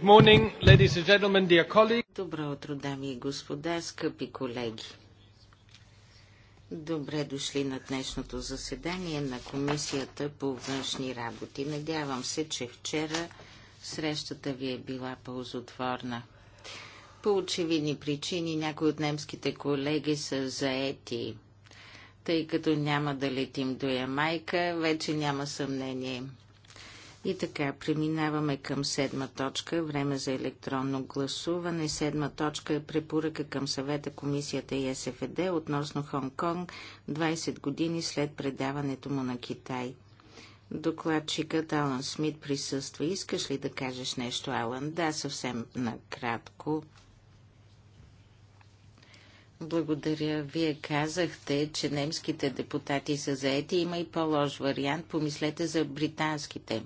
Morning, Добро утро, дами и господа, скъпи колеги! Добре дошли на днешното заседание на Комисията по външни работи. Надявам се, че вчера срещата ви е била ползотворна. По очевидни причини някои от немските колеги са заети. Тъй като няма да летим до Ямайка, вече няма съмнение – и така, преминаваме към седма точка, време за електронно гласуване. Седма точка е препоръка към съвета комисията и СФД относно Хонг-Конг 20 години след предаването му на Китай. Докладчикът Алан Смит присъства. Искаш ли да кажеш нещо, Алан? Да, съвсем накратко. Благодаря. Вие казахте, че немските депутати са заети. Има и по-лош вариант. Помислете за британските.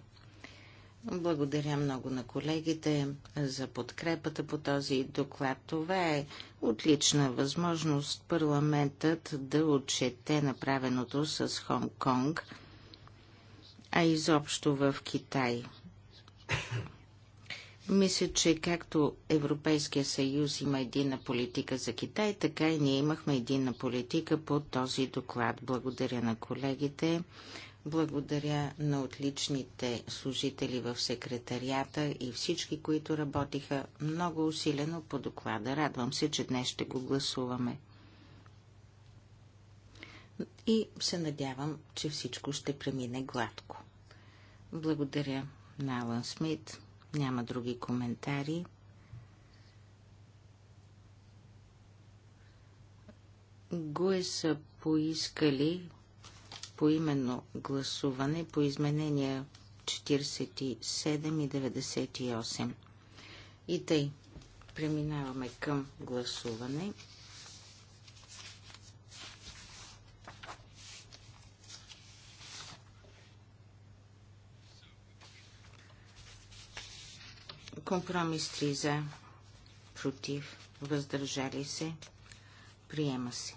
Благодаря много на колегите за подкрепата по този доклад. Това е отлична възможност парламентът да отчете направеното с Хонг-Конг, а изобщо в Китай. Мисля, че както Европейския съюз има единна политика за Китай, така и ние имахме единна политика по този доклад. Благодаря на колегите. Благодаря на отличните служители в секретарията и всички, които работиха много усилено по доклада. Радвам се, че днес ще го гласуваме. И се надявам, че всичко ще премине гладко. Благодаря на Алан Смит. Няма други коментари. Гуе са поискали поименно гласуване по изменения 47 и 98. И тъй, преминаваме към гласуване. Компромис 3 за, против, въздържали се, приема се.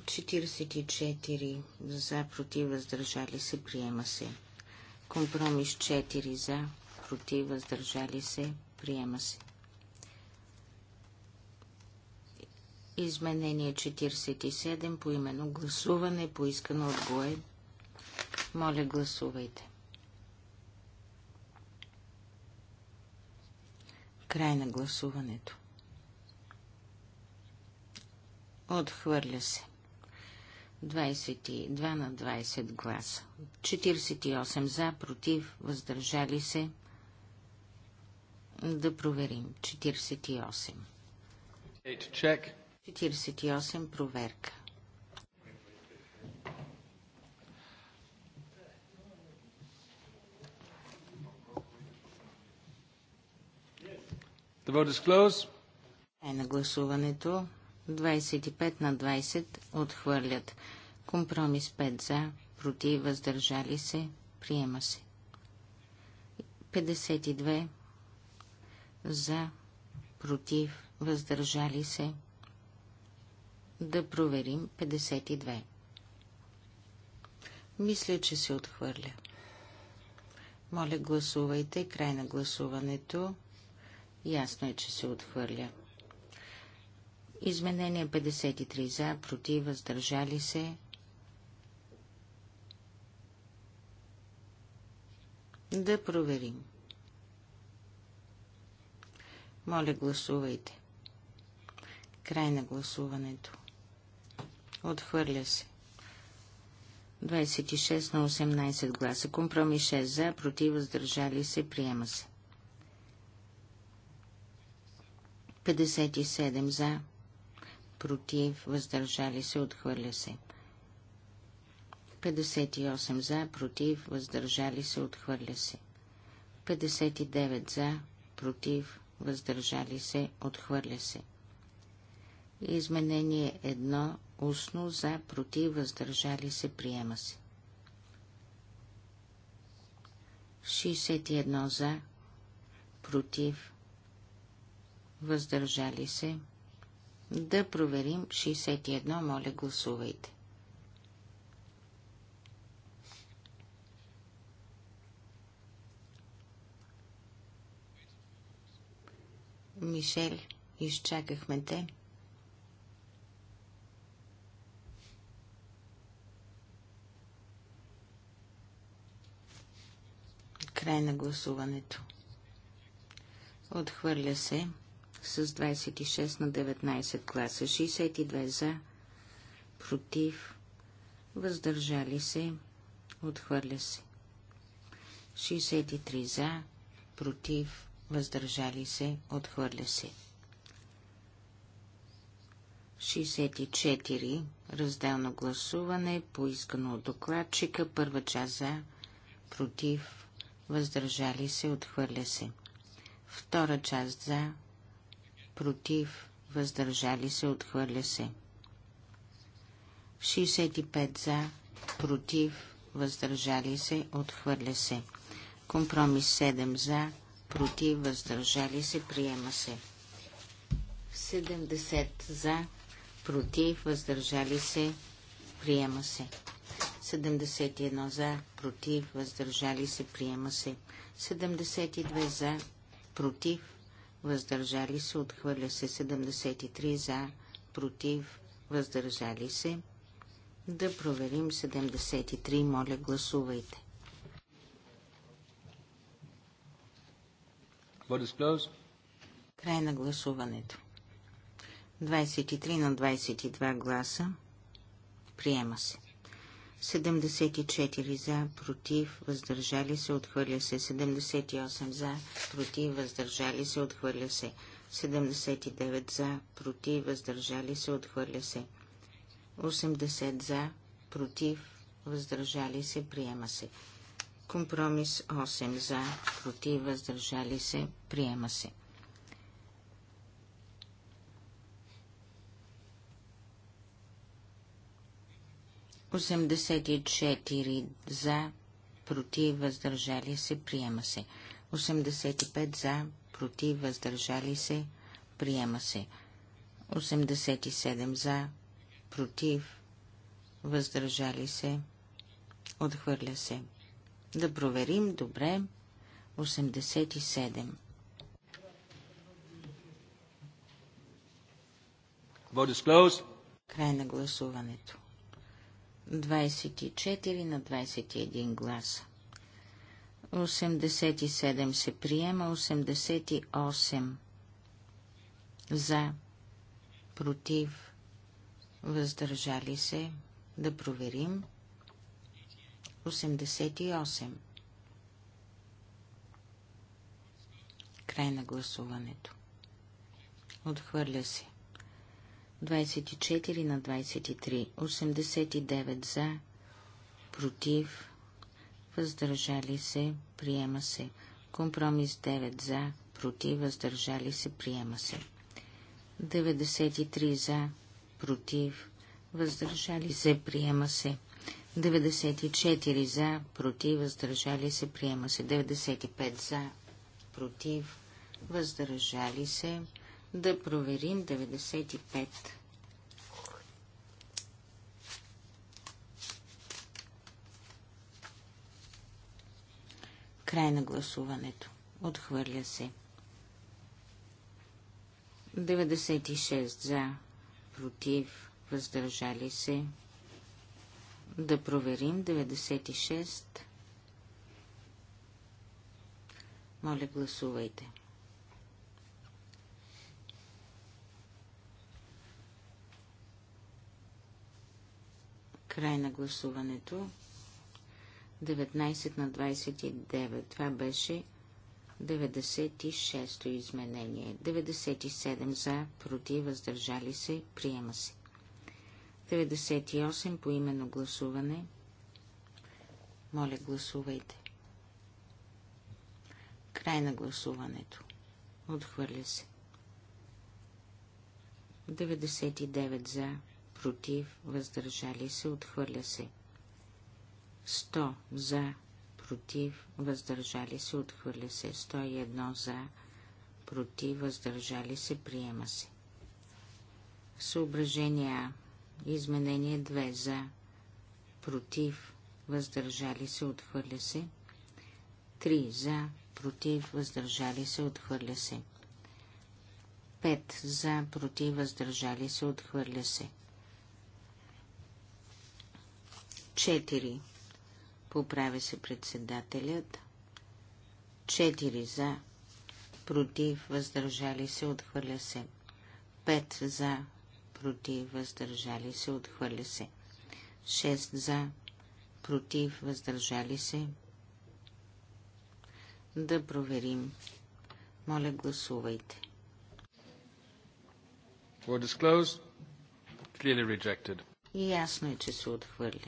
44 за, против, въздържали се, приема се. Компромис 4 за, против, въздържали се, приема се. Изменение 47 по именно гласуване, поискано от ГОЕ. Моля, гласувайте. Край на гласуването. Отхвърля се. 22 на 20 гласа. 48 за, против, въздържали се. Да проверим. 48. 48 проверка. The vote is closed. Е на гласуването. 25 на 20 отхвърлят. Компромис 5 за, против, въздържали се, приема се. 52 за, против, въздържали се. Да проверим 52. Мисля, че се отхвърля. Моля, гласувайте край на гласуването. Ясно е, че се отхвърля. Изменение 53 за, против, въздържали се. Да проверим. Моля, гласувайте. Край на гласуването. Отхвърля се. 26 на 18 гласа. Компромис 6 за, против, въздържали се, приема се. 57 за, против, въздържали се, отхвърля се. 58 за, против, въздържали се, отхвърля се. 59 за, против, въздържали се, отхвърля се. Изменение 1, устно, за, против, въздържали се, приема се. 61 за, против, въздържали се, да проверим 61. Моля, гласувайте. Мишель, изчакахме те. Край на гласуването. Отхвърля се с 26 на 19 гласа. 62 за, против, въздържали се, отхвърля се. 63 за, против, въздържали се, отхвърля се. 64. Разделно гласуване, поискано от докладчика, първа част за, против, въздържали се, отхвърля се. Втора част за, против, въздържали се, отхвърля се. 65 за, против, въздържали се, отхвърля се. Компромис 7 за, против, въздържали се, приема се. 70 за, против, въздържали се, приема се. 71 за, против, въздържали се, приема се. 72 за, против, въздържали се, отхвърля се 73 за, против, въздържали се. Да проверим 73, моля гласувайте. Край на гласуването. 23 на 22 гласа. Приема се. 74 за, против, въздържали се, отхвърля се. 78 за, против, въздържали се, отхвърля се. 79 за, против, въздържали се, отхвърля се. 80 за, против, въздържали се, приема се. Компромис 8 за, против, въздържали се, приема се. 84 за, против, въздържали се, приема се. 85 за, против, въздържали се, приема се. 87 за, против, въздържали се, отхвърля се. Да проверим, добре. 87. Край на гласуването. 24 на 21 гласа. 87 се приема, 88 за, против, въздържали се, да проверим. 88. Край на гласуването. Отхвърля се. 24 на 23, 89 за, против, въздържали се, приема се. Компромис 9 за, против, въздържали се, приема се. 93 за, против, въздържали се, приема се. 94 за, против, въздържали се, приема се. 95 за, против, въздържали се, да проверим 95. Край на гласуването. Отхвърля се. 96 за, против, въздържали се. Да проверим 96. Моля, гласувайте. 96. Край на гласуването. 19 на 29. Това беше 96-то изменение. 97 за, против, въздържали се, приема се. 98 по именно гласуване. Моля, гласувайте. Край на гласуването. Отхвърля се. 99 за, против, въздържали се, отхвърля се. 100 за, против, въздържали се, отхвърля се. 101 за, против, въздържали се, приема се. Съображение А. Изменение 2 за, против, въздържали се, отхвърля се. 3 за, против, въздържали се, отхвърля се. 5 за, против, въздържали се, отхвърля се. 4. Поправя се председателят. 4 за. Против, въздържали се, отхвърля се. 5 за. Против, въздържали се, отхвърля се. 6 за. Против, въздържали се. Да проверим. Моля, гласувайте. Ясно е, че се отхвърля.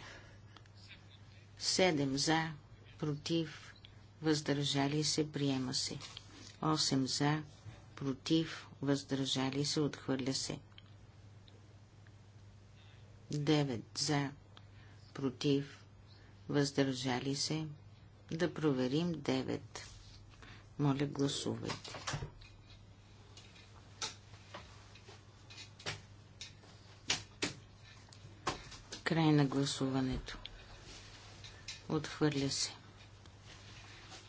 7 за, против, въздържали се, приема се. 8 за, против, въздържали се, отхвърля се. 9 за, против, въздържали се. Да проверим 9. Моля, гласувайте. Край на гласуването. Отхвърля се.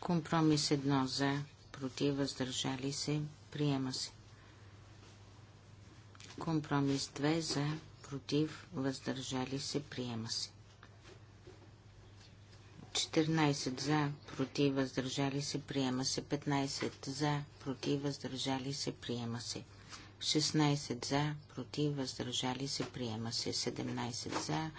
Компромис 1 за, против, въздържали се, приема се. Компромис 2 за, против, въздържали се, приема се. 14 за, против, въздържали се, приема се. 15 за, против, въздържали се, приема се. 16 за, против, въздържали се, приема се. 17 за,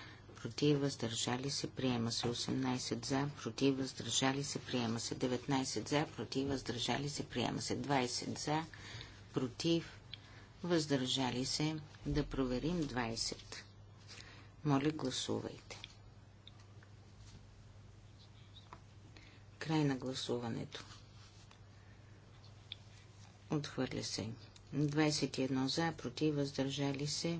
против, въздържали се, приема се. 18 за, против, въздържали се, приема се. 19 за, против, въздържали се, приема се. 20 за, против, въздържали се. Да проверим 20. Моля, гласувайте. Край на гласуването. Отхвърля се. 21 за, против, въздържали се,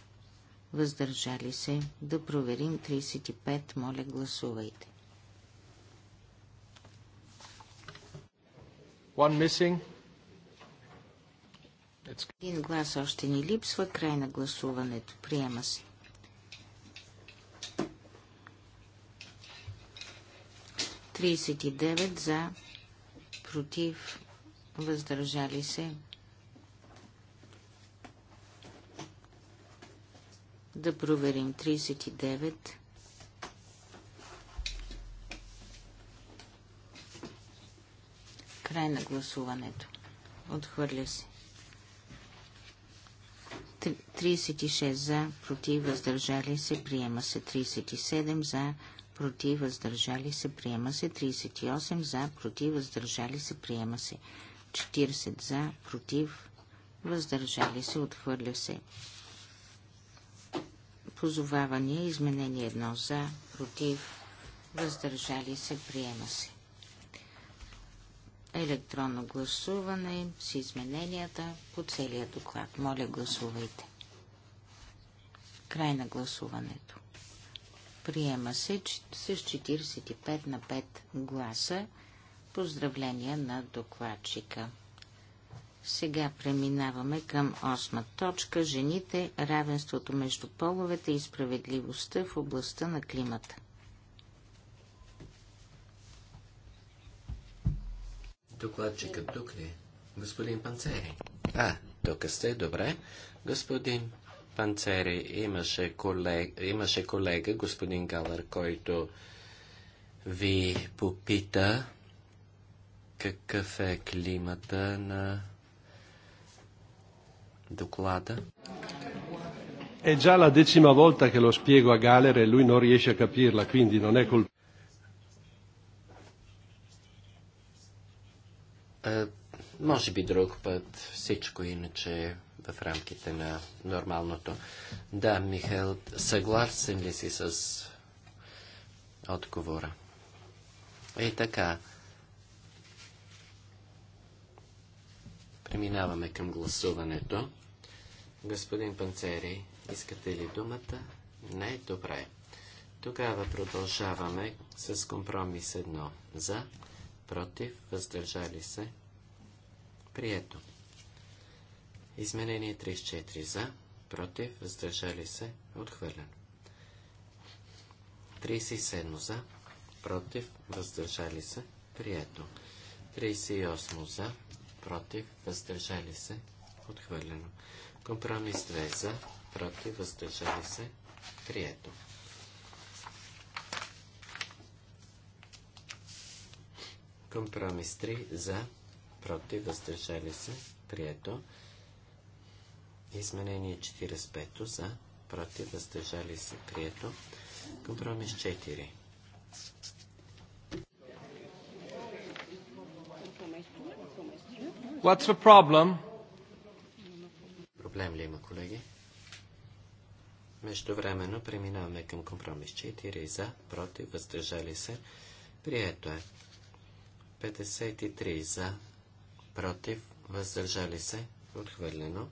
въздържали се. Да проверим 35, моля гласувайте. One missing. Един глас още ни липсва. Край на гласуването. Приема се. Тридесет и девет за, против, въздържали се. Да проверим 39. Край на гласуването. Отхвърля се. 36 за, против, въздържали се, приема се 37 за, против, въздържали се, приема се 38 за, против, въздържали се, приема се 40 за, против, въздържали се, отхвърля се позовавания, изменение едно за, против, въздържали се, приема се. Електронно гласуване с измененията по целия доклад. Моля, гласувайте. Край на гласуването. Приема се с 45 на 5 гласа. Поздравления на докладчика. Сега преминаваме към осма точка – жените, равенството между половете и справедливостта в областта на климата. Докладчикът тук ли? Господин Панцери. А, тук сте, добре. Господин Панцери, имаше колега, имаше колега господин Галър, който ви попита какъв е климата на доклада. È già la decima volta che lo spiego a Galer e lui non riesce a capirla, quindi non è colpa. Е, може би друг път всичко иначе е в рамките на нормалното. Да, Михаил, съгласен ли си с отговора? И е, така, преминаваме към гласуването. Господин Панцери, искате ли думата? Не, добре. Тогава продължаваме с компромис 1. За, против, въздържали се. Прието. Изменение 34 за, против, въздържали се, отхвърлено. 37 за, против, въздържали се, прието. 38 за, против, въздържали се, отхвърлено. Компромис 2 за, против, въздържали се, прието. Компромис 3 за, против, въздържали се, прието. Изменение 45 за, против, въздържали се, прието. Компромис 4. What's the problem? проблем ли има, колеги? Междувременно преминаваме към компромис 4 за, против, въздържали се. Прието е. 53 за, против, въздържали се. Отхвърлено.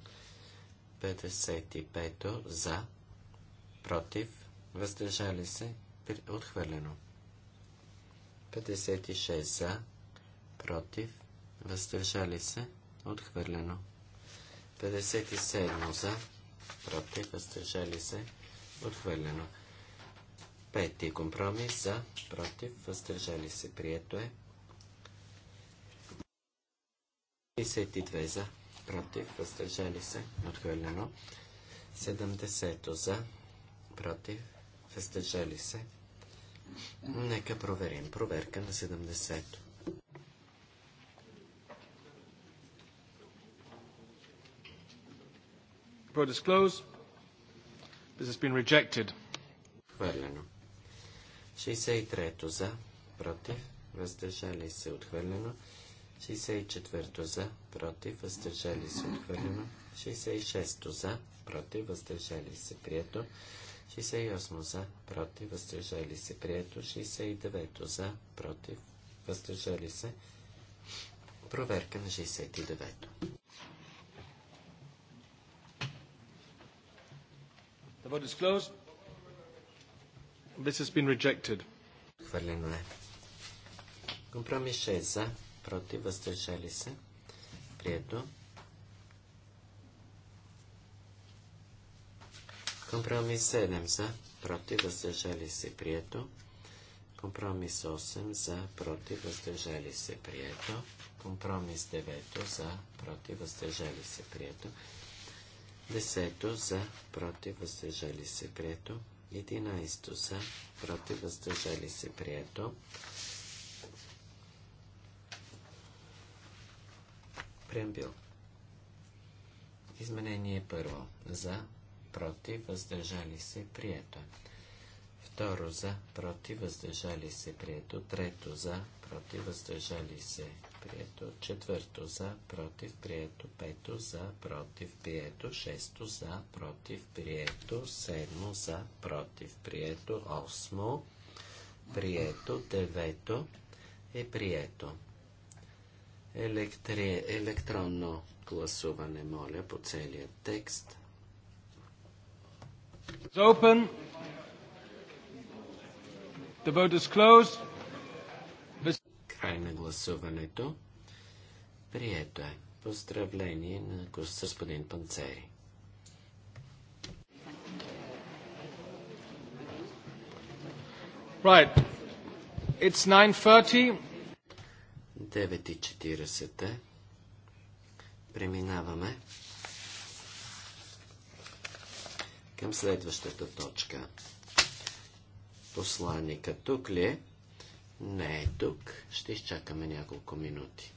55 за, против, въздържали се. Отхвърлено. 56 за, против, въздържали се. Отхвърлено. 57 за, против, въздържали се, отхвърлено. Пети компромис за, против, въздържали се, прието е. 62 за, против, въздържали се, отхвърлено. 70 за, против, въздържали се. Нека проверим. Проверка на 70-то. Vote disclose. This has been rejected. Отхвърлено. 63 за, против, въздържали се, отхвърлено. 64 за, против, въздържали се, отхвърлено. 66 за, против, въздържали се, прието. 68 за, против, въздържали се, прието. 69 за, против, въздържали се. Проверка на 69. то The vote is closed. This has been rejected. Хвърлено е. Компромис 6 за, против, въздържали се. Прието. Компромис 7 за, против, въздържали се. Прието. Компромис 8 за, против, въздържали се. Прието. Компромис 9 за, против, въздържали се. Прието. Десето за, против, въздържали се, прието. Единайсто за, против, въздържали се, прието. Прембил. Изменение първо. За, против, въздържали се, прието. Второ за, против, въздържали се, прието. Трето за, против, въздържали се, прието. Четвърто за, против, прието. Пето за, против, прието. Шесто за, против, прието. Седмо за, против, прието. Осмо прието. Девето е прието. Електри... Електронно гласуване, моля, по целия текст. It's open. The vote is closed. Край на гласуването. Прието е. Поздравление на господин Панцери. Right. It's 9.30. 9.40. Е. Преминаваме към следващата точка. Посланника тук ли е? не е тук. Ще изчакаме няколко минути.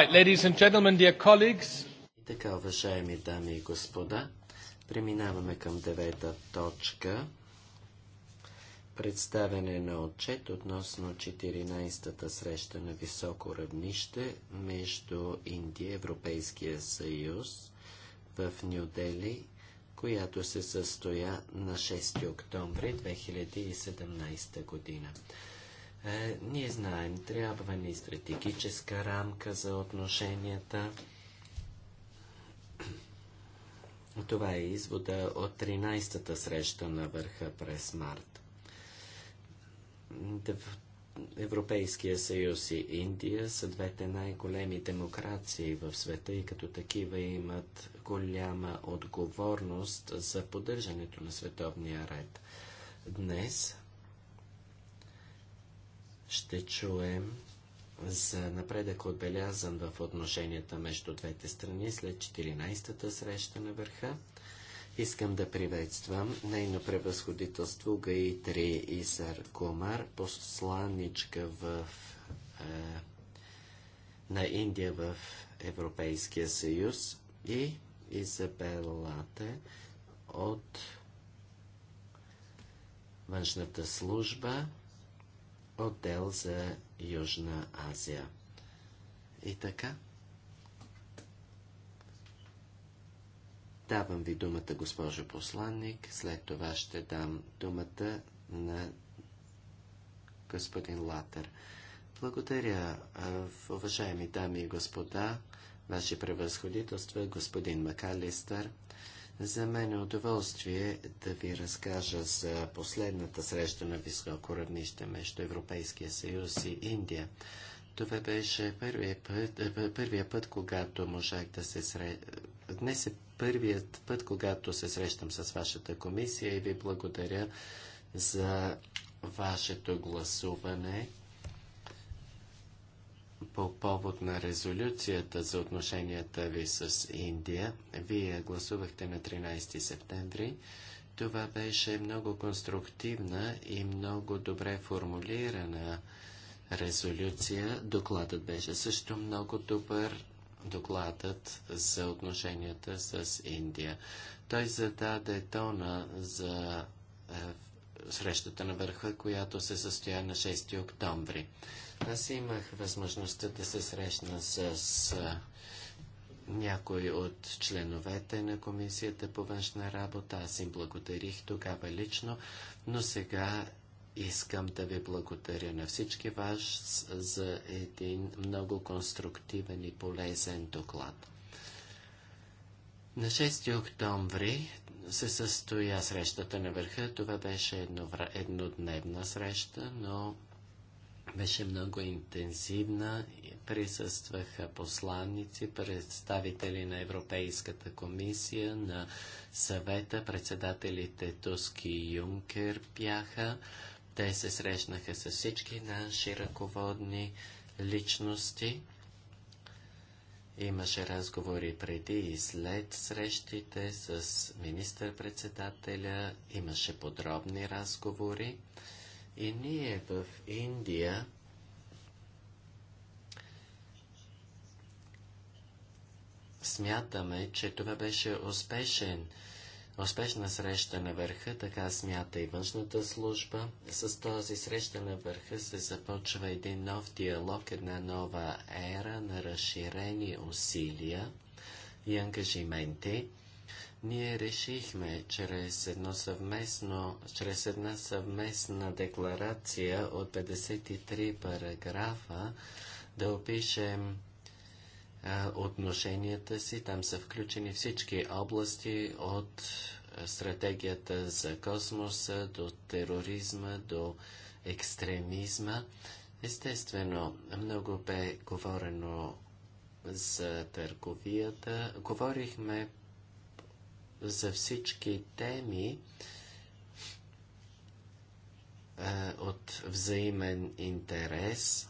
Right, ladies and gentlemen, dear colleagues. така, уважаеми дами и господа, преминаваме към девета точка. Представяне на отчет относно 14-та среща на високо равнище между Индия и Европейския съюз в Нью Дели, която се състоя на 6 октомври 2017 година. Е, ние знаем, трябва ни стратегическа рамка за отношенията. Това е извода от 13-та среща на върха през март. Европейския съюз и Индия са двете най-големи демокрации в света и като такива имат голяма отговорност за поддържането на световния ред. Днес ще чуем за напредък отбелязан в отношенията между двете страни след 14-та среща на върха. Искам да приветствам нейно превъзходителство Гаитри Исар Комар, посланичка в, е, на Индия в Европейския съюз и Изабелате от външната служба отдел за Южна Азия. И така. Давам ви думата, госпожо посланник. След това ще дам думата на господин Латър. Благодаря, уважаеми дами и господа, ваше превъзходителства, господин Макалистър. За мен е удоволствие да ви разкажа за последната среща на високо равнище между Европейския съюз и Индия. Това беше първият път, е, първия път, когато можах да се срещам. Днес е първият път, когато се срещам с вашата комисия и ви благодаря за вашето гласуване по повод на резолюцията за отношенията ви с Индия. Вие гласувахте на 13 септември. Това беше много конструктивна и много добре формулирана резолюция. Докладът беше също много добър. Докладът за отношенията с Индия. Той зададе тона за е, срещата на върха, която се състоя на 6 октомври. Аз имах възможността да се срещна с някой от членовете на Комисията по външна работа. Аз им благодарих тогава лично, но сега искам да ви благодаря на всички вас за един много конструктивен и полезен доклад. На 6 октомври се състоя срещата на върха. Това беше едно, еднодневна среща, но беше много интензивна. Присъстваха посланници, представители на Европейската комисия, на съвета, председателите Туски и Юнкер бяха. Те се срещнаха с всички наши ръководни личности. Имаше разговори преди и след срещите с министър-председателя. Имаше подробни разговори. И ние в Индия смятаме, че това беше успешен, успешна среща на върха, така смята и външната служба. С този среща на върха се започва един нов диалог, една нова ера на разширени усилия и ангажименти ние решихме чрез, едно съвместно, чрез една съвместна декларация от 53 параграфа да опишем а, отношенията си. Там са включени всички области от стратегията за космоса до тероризма, до екстремизма. Естествено, много бе говорено за търговията. Говорихме за всички теми е, от взаимен интерес,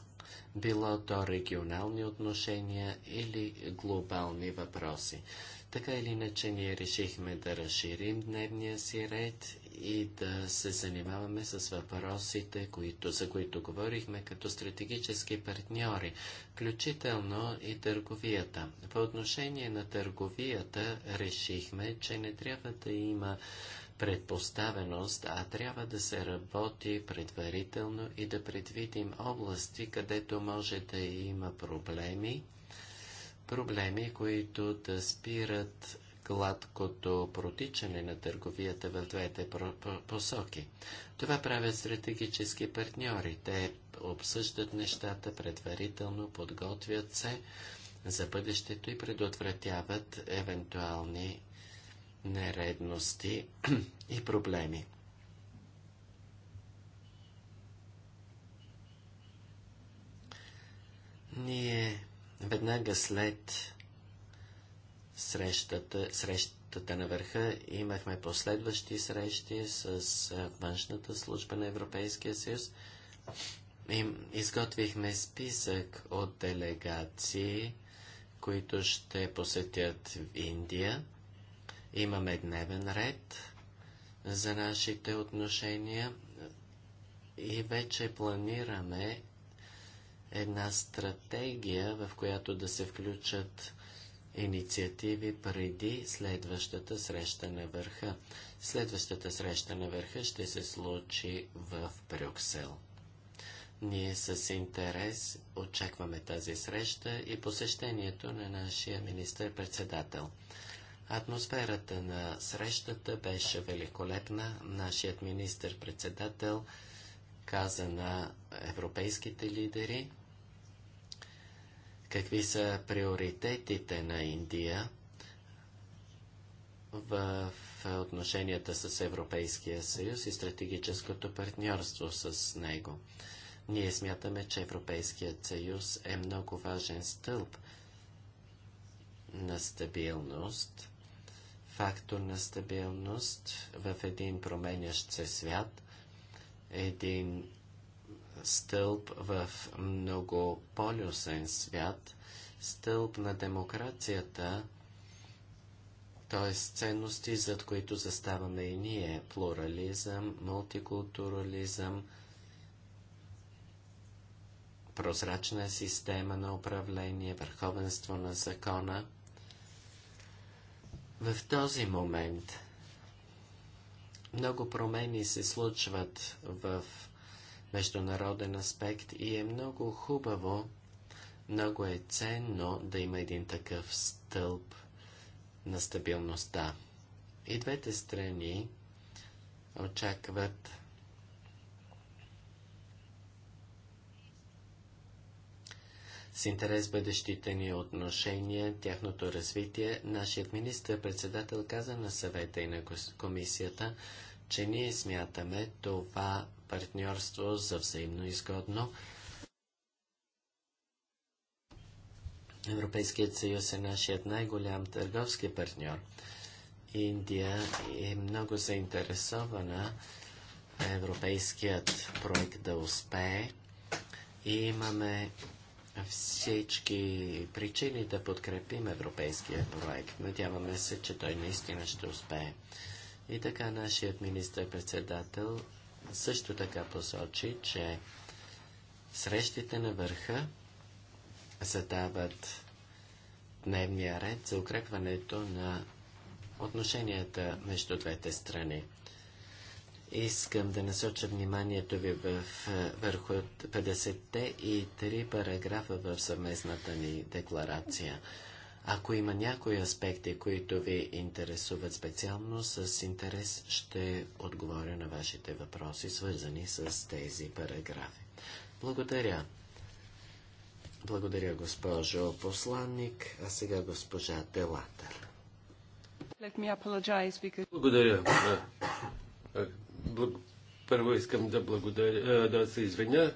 било то регионални отношения или глобални въпроси. Така или иначе ние решихме да разширим дневния си ред и да се занимаваме с въпросите, които, за които говорихме като стратегически партньори, включително и търговията. По отношение на търговията решихме, че не трябва да има предпоставеност, а трябва да се работи предварително и да предвидим области, където може да има проблеми, проблеми, които да спират гладкото протичане на търговията в двете посоки. Това правят стратегически партньори. Те обсъждат нещата предварително, подготвят се за бъдещето и предотвратяват евентуални нередности и проблеми. Ние веднага след срещата, срещата на върха. Имахме последващи срещи с външната служба на Европейския съюз. Им изготвихме списък от делегации, които ще посетят в Индия. Имаме дневен ред за нашите отношения и вече планираме една стратегия, в която да се включат инициативи преди следващата среща на върха. Следващата среща на върха ще се случи в Брюксел. Ние с интерес очакваме тази среща и посещението на нашия министър-председател. Атмосферата на срещата беше великолепна. Нашият министър-председател каза на европейските лидери – какви са приоритетите на Индия в отношенията с Европейския съюз и стратегическото партньорство с него. Ние смятаме, че Европейският съюз е много важен стълб на стабилност, фактор на стабилност в един променящ се свят, един стълб в многополюсен свят, стълб на демокрацията, т.е. ценности, зад които заставаме и ние – плурализъм, мултикултурализъм, прозрачна система на управление, върховенство на закона. В този момент много промени се случват в международен аспект и е много хубаво, много е ценно да има един такъв стълб на стабилността. И двете страни очакват с интерес бъдещите ни отношения, тяхното развитие. Нашият министр-председател каза на съвета и на комисията, че ние смятаме това партньорство за взаимно изгодно. Европейският съюз е нашият най-голям търговски партньор. Индия е много заинтересована европейският проект да успее и имаме всички причини да подкрепим европейския проект. Надяваме се, че той наистина ще успее. И така нашият министър-председател също така посочи, че срещите на върха задават дневния ред за укрепването на отношенията между двете страни. Искам да насоча вниманието ви в, върху 53 параграфа в съвместната ни декларация. Ако има някои аспекти, които ви интересуват специално, с интерес ще отговоря на вашите въпроси, свързани с тези параграфи. Благодаря. Благодаря, госпожо посланник, а сега госпожа Делатър. Because... Благодаря. Първо искам да, благодаря, да се извиня.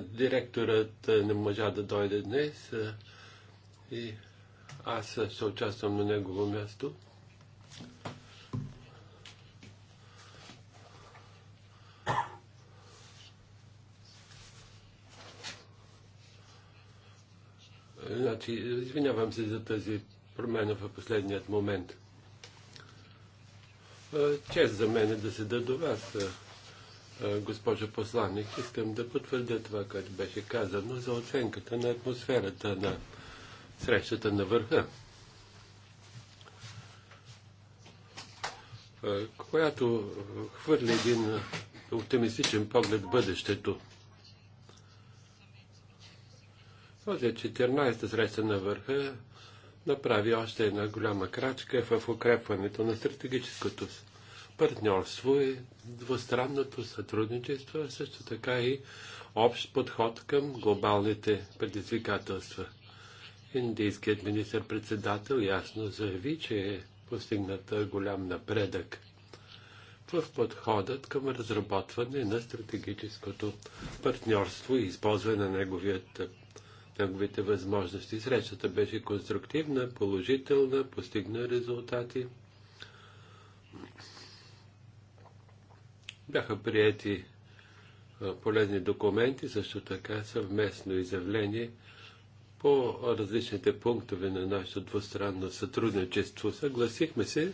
Директорът не можа да дойде днес. И аз се участвам на негово място. Значи, извинявам се за тази промена в последният момент. Е, чест за мен е да се до вас, е, е, госпожо посланник. Искам да потвърдя това, което беше казано за оценката на атмосферата на срещата на върха, която хвърли един оптимистичен поглед в бъдещето. Този 14-та среща на върха направи още една голяма крачка в укрепването на стратегическото партньорство и двустранното сътрудничество, също така и общ подход към глобалните предизвикателства – Индийският министр-председател ясно заяви, че е постигната голям напредък в подходът към разработване на стратегическото партньорство и използване на неговият, неговите възможности. Срещата беше конструктивна, положителна, постигна резултати. Бяха приети полезни документи, също така съвместно изявление по различните пунктове на нашето двустранно сътрудничество. Съгласихме се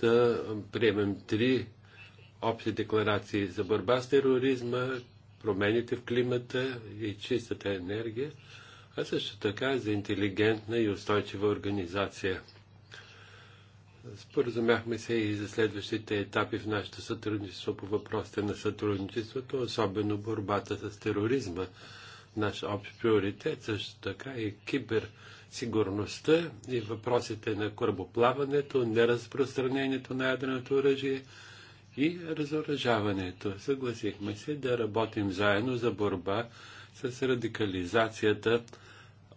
да приемем три общи декларации за борба с тероризма, промените в климата и чистата енергия, а също така за интелигентна и устойчива организация. Споразумяхме се и за следващите етапи в нашето сътрудничество по въпросите на сътрудничеството, особено борбата с тероризма наш общ приоритет, също така и киберсигурността и въпросите на корабоплаването, неразпространението на ядреното оръжие и разоръжаването. Съгласихме се да работим заедно за борба с радикализацията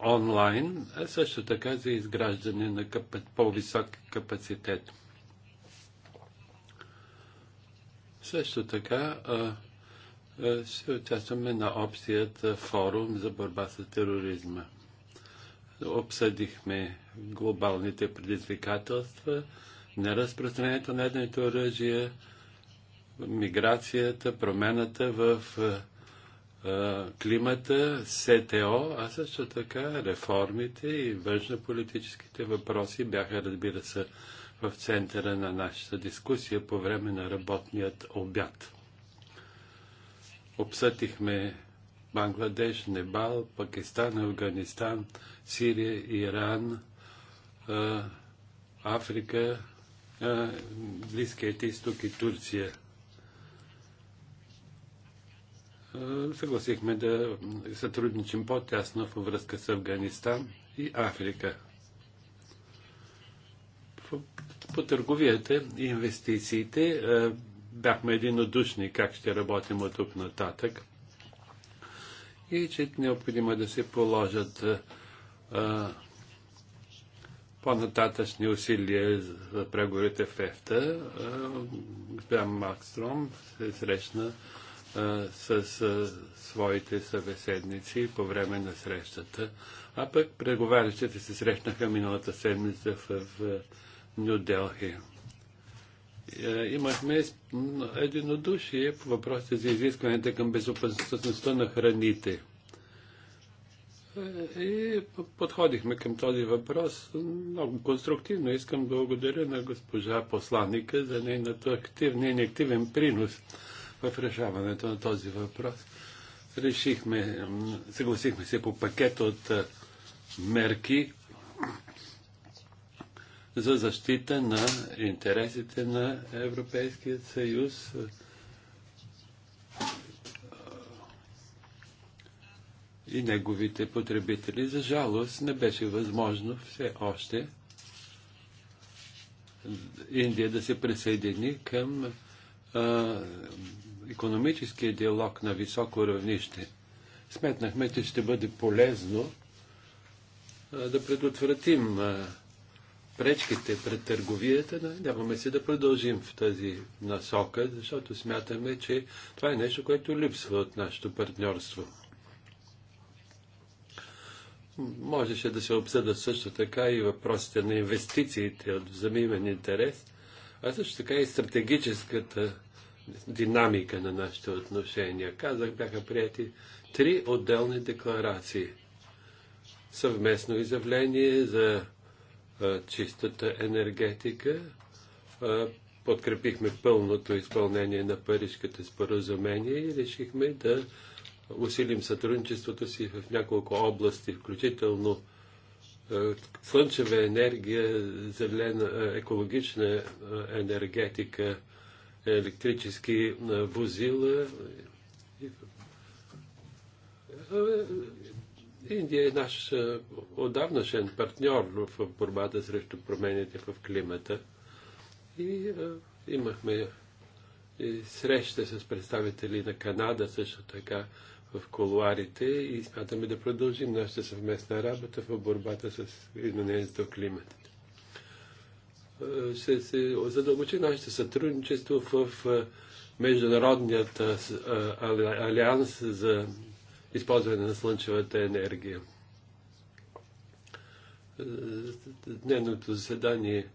онлайн, а също така за изграждане на капа... по-висок капацитет. Също така а, е, ще участваме на общият е, форум за борба с тероризма. Обсъдихме глобалните предизвикателства, неразпространението на едното оръжие, миграцията, промената в е, климата, СТО, а също така реформите и външнополитическите въпроси бяха, разбира се, в центъра на нашата дискусия по време на работният обяд. Обсъдихме Бангладеш, Небал, Пакистан, Афганистан, Сирия, Иран, Африка, Близкият изток и Турция. Съгласихме да сътрудничим по-тясно във връзка с Афганистан и Африка. По, търговията и инвестициите бяхме единодушни как ще работим от тук нататък и че необходимо е да се положат по-нататъчни усилия за преговорите в ЕФТА. Господин Макстром се срещна с своите събеседници по време на срещата, а пък преговарящите се срещнаха миналата седмица в, в Нью Делхи. Е, имахме единодушие по въпросите за изискванията към безопасността на храните. Е, и подходихме към този въпрос много конструктивно. Искам да благодаря на госпожа посланника за нейната активен и активен принос в решаването на този въпрос. Решихме, съгласихме се по пакет от е, мерки, за защита на интересите на Европейския съюз. и неговите потребители. За жалост не беше възможно все още Индия да се присъедини към а, економическия диалог на високо равнище. Сметнахме, че ще бъде полезно а, да предотвратим а, пречките пред търговията, надяваме се да продължим в тази насока, защото смятаме, че това е нещо, което липсва от нашето партньорство. Можеше да се обсъда също така и въпросите на инвестициите от взаимен интерес, а също така и стратегическата динамика на нашите отношения. Казах, бяха прияти три отделни декларации. Съвместно изявление за чистата енергетика. Подкрепихме пълното изпълнение на Парижката споразумение и решихме да усилим сътрудничеството си в няколко области, включително слънчева енергия, зелена, екологична енергетика, електрически возила, Индия е наш е, отдавнашен партньор в борбата срещу промените в климата. И а, е, имахме и среща с представители на Канада също така в колуарите и смятаме да продължим нашата съвместна работа в борбата с изменението в климата. Ще се задълбочи нашето сътрудничество в е, Международният алианс за използване на слънчевата енергия. Дневното заседание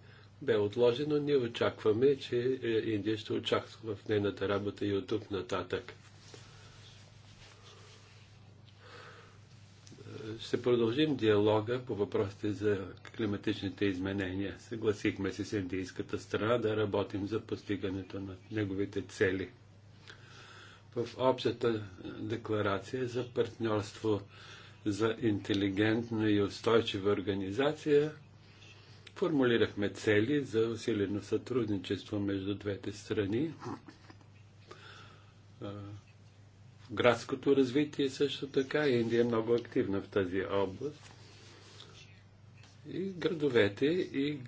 бе отложено. Ние очакваме, че е, Индия ще очаква в нейната работа и от тук нататък. Ще продължим диалога по въпросите за климатичните изменения. Съгласихме се с индийската страна да работим за постигането на неговите цели в общата декларация за партньорство за интелигентна и устойчива организация формулирахме цели за усилено сътрудничество между двете страни. Градското развитие също така. Индия е много активна в тази област. И градовете и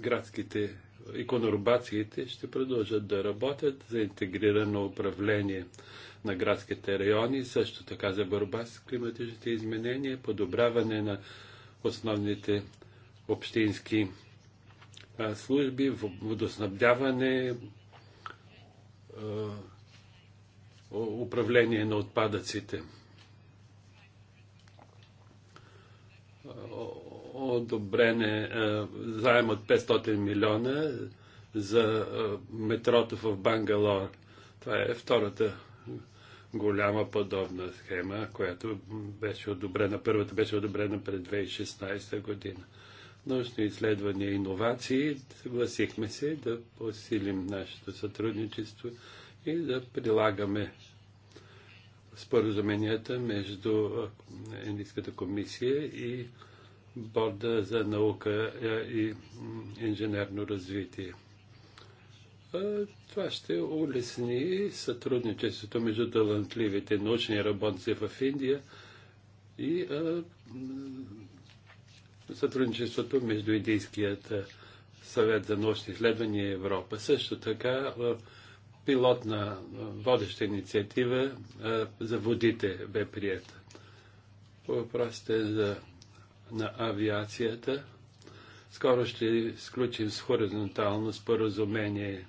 градските иконорубациите ще продължат да работят за интегрирано управление на градските райони, също така за борба с климатичните изменения, подобряване на основните общински служби, водоснабдяване, управление на отпадъците одобрен е заем от 500 милиона за метрото в Бангалор. Това е втората голяма подобна схема, която беше одобрена, първата беше одобрена през 2016 година. Научни изследвания и иновации, съгласихме се да посилим нашето сътрудничество и да прилагаме споразуменията между Индийската комисия и борда за наука и инженерно развитие. Това ще улесни сътрудничеството между талантливите научни работници в Индия и сътрудничеството между Индийският съвет за научни изследвания и Европа. Също така пилотна водеща инициатива за водите бе прията. Въпросът е за на авиацията. Скоро ще сключим с хоризонтално споразумение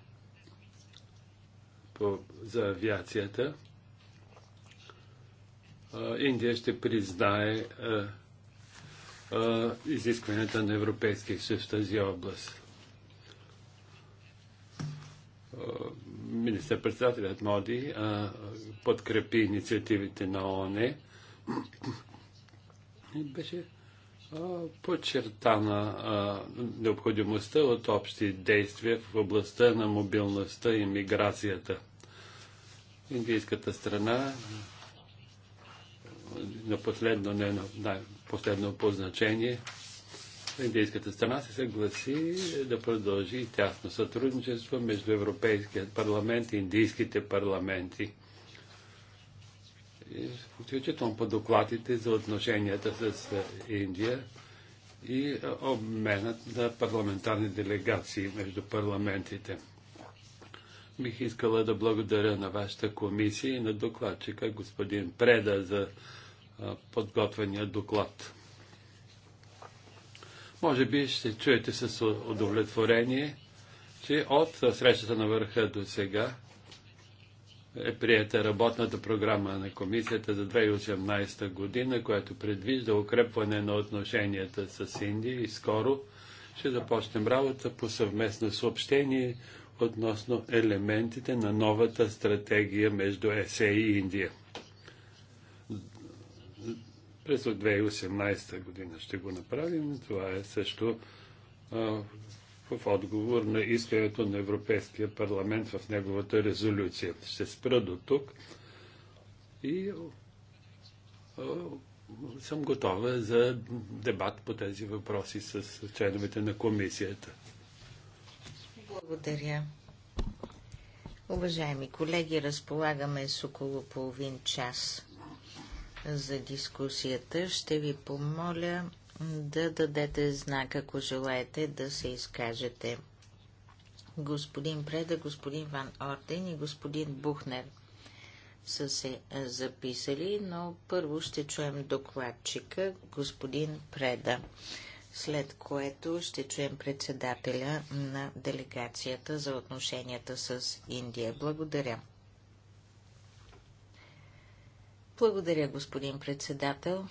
по, за авиацията. А, Индия ще признае а, а, изискванията на Европейския съюз в тази област. Министър-председателят Моди а, подкрепи инициативите на ООН. Беше подчертана необходимостта от общи действия в областта на мобилността и миграцията. Индийската страна на последно, не на последно по значение, индийската страна се съгласи да продължи тясно сътрудничество между Европейският парламент и индийските парламенти – включително по докладите за отношенията с е, Индия и е, обменът на парламентарни делегации между парламентите. Бих искала да благодаря на вашата комисия и на докладчика господин Преда за е, подготвения доклад. Може би ще чуете с удовлетворение, че от срещата на върха до сега е прията работната програма на комисията за 2018 година, която предвижда укрепване на отношенията с Индия и скоро ще започнем работа по съвместно съобщение относно елементите на новата стратегия между ЕСЕ и Индия. През 2018 година ще го направим. Това е също в отговор на искането на Европейския парламент в неговата резолюция. Ще спра до тук и съм готова за дебат по тези въпроси с членовете на комисията. Благодаря. Уважаеми колеги, разполагаме с около половин час за дискусията. Ще ви помоля да дадете знак, ако желаете да се изкажете. Господин Преда, господин Ван Орден и господин Бухнер са се е, записали, но първо ще чуем докладчика, господин Преда, след което ще чуем председателя на делегацията за отношенията с Индия. Благодаря. Благодаря, господин председател.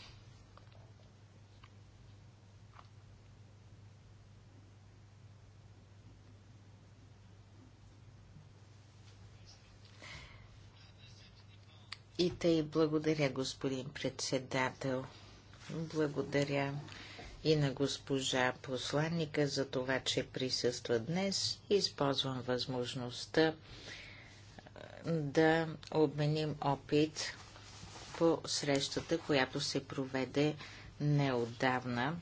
И тъй благодаря, господин председател. Благодаря и на госпожа посланника за това, че присъства днес. Използвам възможността да обменим опит по срещата, която се проведе неодавна.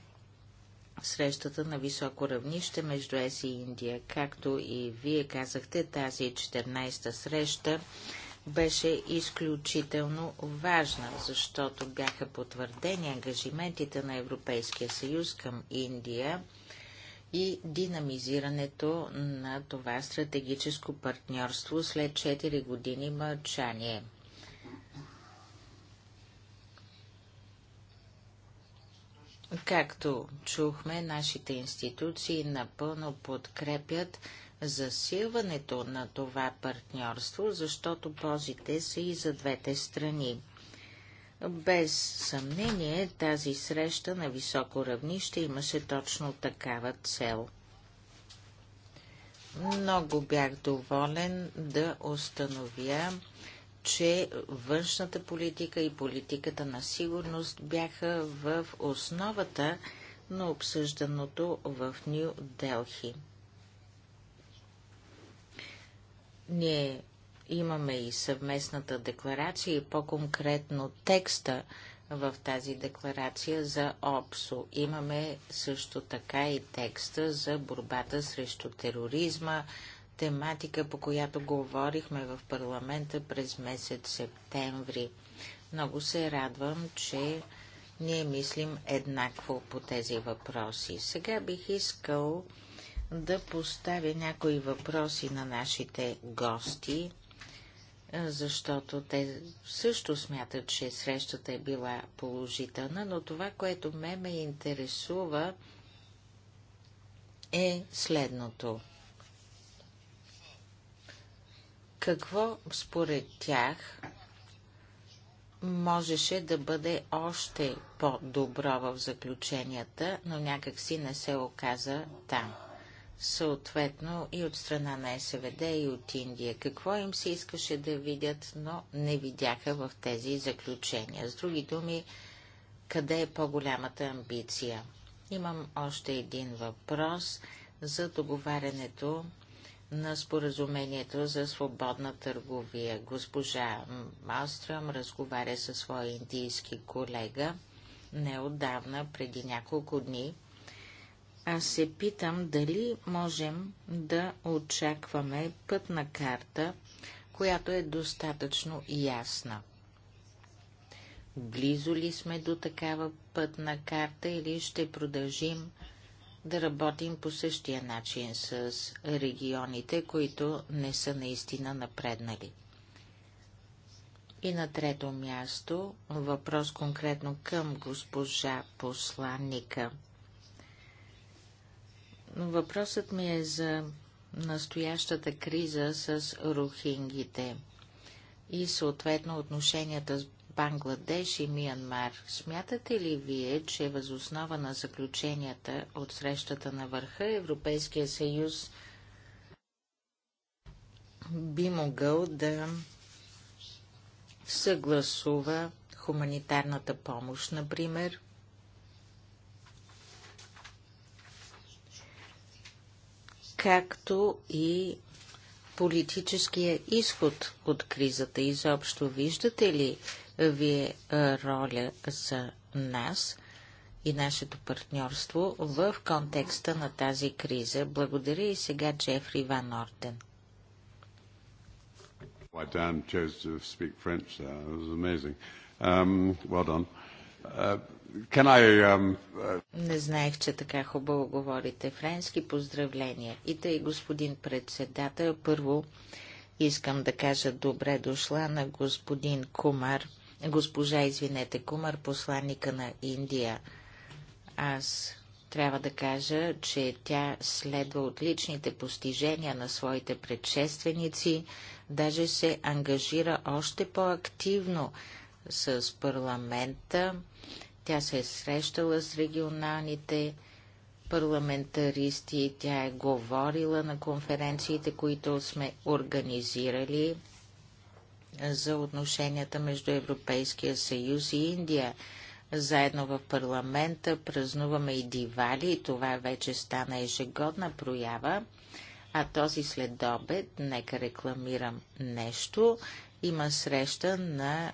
Срещата на високо равнище между ЕС и Индия. Както и вие казахте, тази 14-та среща беше изключително важна, защото бяха потвърдени ангажиментите на Европейския съюз към Индия и динамизирането на това стратегическо партньорство след 4 години мълчание. Както чухме, нашите институции напълно подкрепят засилването на това партньорство, защото позите са и за двете страни. Без съмнение тази среща на високо равнище имаше точно такава цел. Много бях доволен да установя, че външната политика и политиката на сигурност бяха в основата на обсъжданото в Нью Делхи. Ние имаме и съвместната декларация и по-конкретно текста в тази декларация за ОПСО. Имаме също така и текста за борбата срещу тероризма, тематика, по която говорихме в парламента през месец септември. Много се радвам, че ние мислим еднакво по тези въпроси. Сега бих искал да поставя някои въпроси на нашите гости, е, защото те също смятат, че срещата е била положителна, но това, което ме ме интересува, е следното. Какво според тях можеше да бъде още по-добро в заключенията, но някакси не се оказа там? съответно и от страна на СВД и от Индия. Какво им се искаше да видят, но не видяха в тези заключения. С други думи, къде е по-голямата амбиция? Имам още един въпрос за договарянето на споразумението за свободна търговия. Госпожа Малстрам разговаря със своя индийски колега неодавна, преди няколко дни, аз се питам дали можем да очакваме пътна карта, която е достатъчно ясна. Близо ли сме до такава пътна карта или ще продължим да работим по същия начин с регионите, които не са наистина напреднали? И на трето място въпрос конкретно към госпожа посланника – Въпросът ми е за настоящата криза с рухингите и съответно отношенията с Бангладеш и Миянмар. Смятате ли вие, че възоснова на заключенията от срещата на върха Европейския съюз би могъл да съгласува хуманитарната помощ, например, както и политическия изход от кризата. Изобщо виждате ли вие роля за нас и нашето партньорство в контекста на тази криза? Благодаря и сега Джефри Ван Орден. Why Dan chose to speak French there. It was amazing. Um, well done. Uh, I, um... Не знаех, че така хубаво говорите френски. Поздравления. И тъй, господин председател, първо искам да кажа добре дошла на господин Кумар, госпожа, извинете, Кумар, посланника на Индия. Аз трябва да кажа, че тя следва отличните постижения на своите предшественици, даже се ангажира още по-активно с парламента тя се е срещала с регионалните парламентаристи, тя е говорила на конференциите, които сме организирали за отношенията между Европейския съюз и Индия. Заедно в парламента празнуваме и Дивали, и това вече стана ежегодна проява. А този следобед, нека рекламирам нещо, има среща на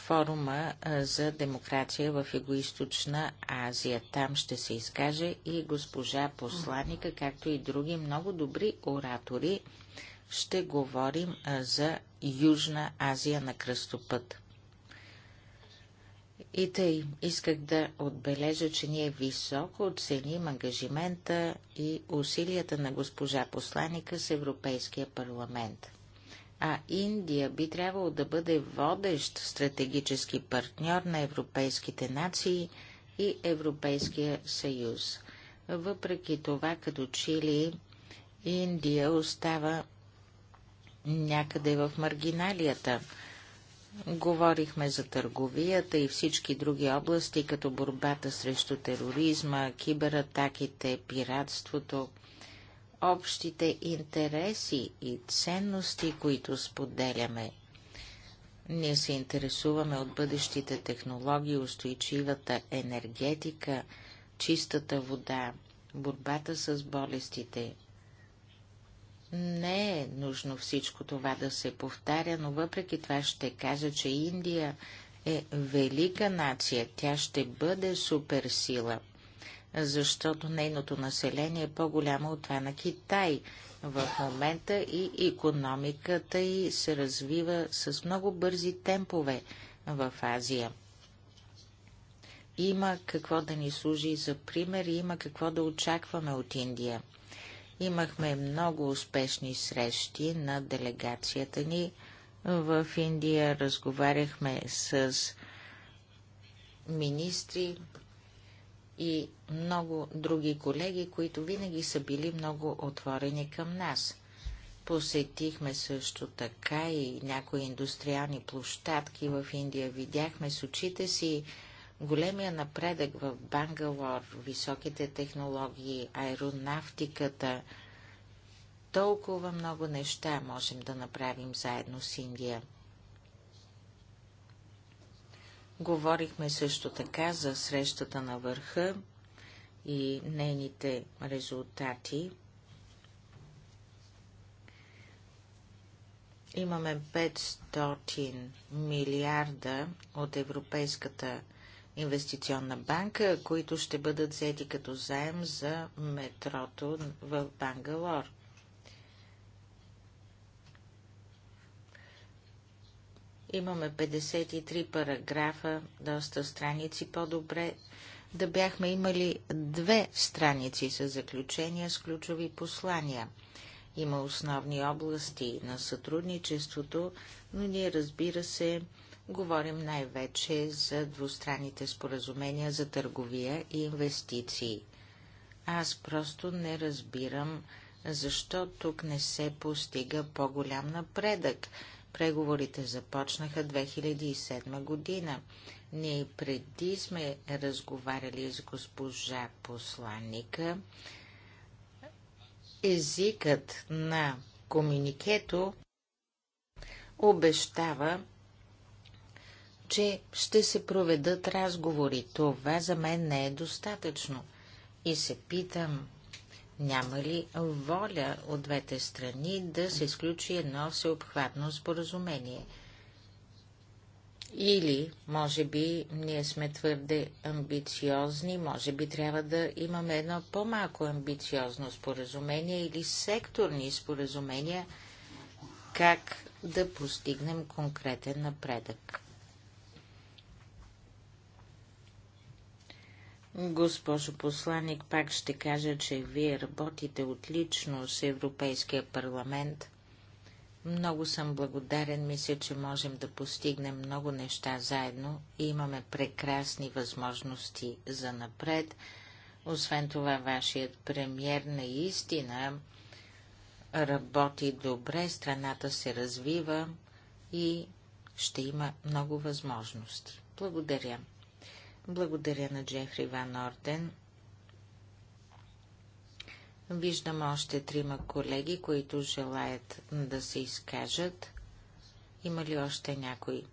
форума за демокрация в егоисточна Азия. Там ще се изкаже и госпожа посланика, както и други много добри оратори. Ще говорим за Южна Азия на кръстопът. И тъй исках да отбележа, че ние високо оценим ангажимента и усилията на госпожа посланика с Европейския парламент а Индия би трябвало да бъде водещ стратегически партньор на европейските нации и Европейския съюз. Въпреки това, като Чили, Индия остава някъде в маргиналията. Говорихме за търговията и всички други области, като борбата срещу тероризма, кибератаките, пиратството – общите интереси и ценности, които споделяме. Ние се интересуваме от бъдещите технологии, устойчивата енергетика, чистата вода, борбата с болестите. Не е нужно всичко това да се повтаря, но въпреки това ще кажа, че Индия е велика нация. Тя ще бъде суперсила – защото нейното население е по-голямо от това на Китай в момента и економиката й се развива с много бързи темпове в Азия. Има какво да ни служи за пример и има какво да очакваме от Индия. Имахме много успешни срещи на делегацията ни в Индия. Разговаряхме с министри, и много други колеги, които винаги са били много отворени към нас. Посетихме също така и някои индустриални площадки в Индия. Видяхме с очите си големия напредък в Бангалор, високите технологии, аеронавтиката. Толкова много неща можем да направим заедно с Индия. Говорихме също така за срещата на върха и нейните резултати. Имаме 500 милиарда от Европейската инвестиционна банка, които ще бъдат взети като заем за метрото в Бангалор. Имаме 53 параграфа, доста страници по-добре. Да бяхме имали две страници с заключения с ключови послания. Има основни области на сътрудничеството, но ние разбира се говорим най-вече за двустранните споразумения за търговия и инвестиции. Аз просто не разбирам защо тук не се постига по-голям напредък. Преговорите започнаха 2007 година. Ние преди сме разговаряли с госпожа посланника. Езикът на комуникето обещава, че ще се проведат разговори. Това за мен не е достатъчно. И се питам, няма ли воля от двете страни да се изключи едно всеобхватно споразумение? Или, може би, ние сме твърде амбициозни, може би трябва да имаме едно по-малко амбициозно споразумение или секторни споразумения, как да постигнем конкретен напредък. Госпожо посланник, пак ще кажа, че вие работите отлично с Европейския парламент. Много съм благодарен, мисля, че можем да постигнем много неща заедно и имаме прекрасни възможности за напред. Освен това, вашият премьер наистина работи добре, страната се развива и ще има много възможности. Благодаря. Благодаря на Джефри Ван Орден. Виждам още трима колеги, които желаят да се изкажат. Има ли още някой?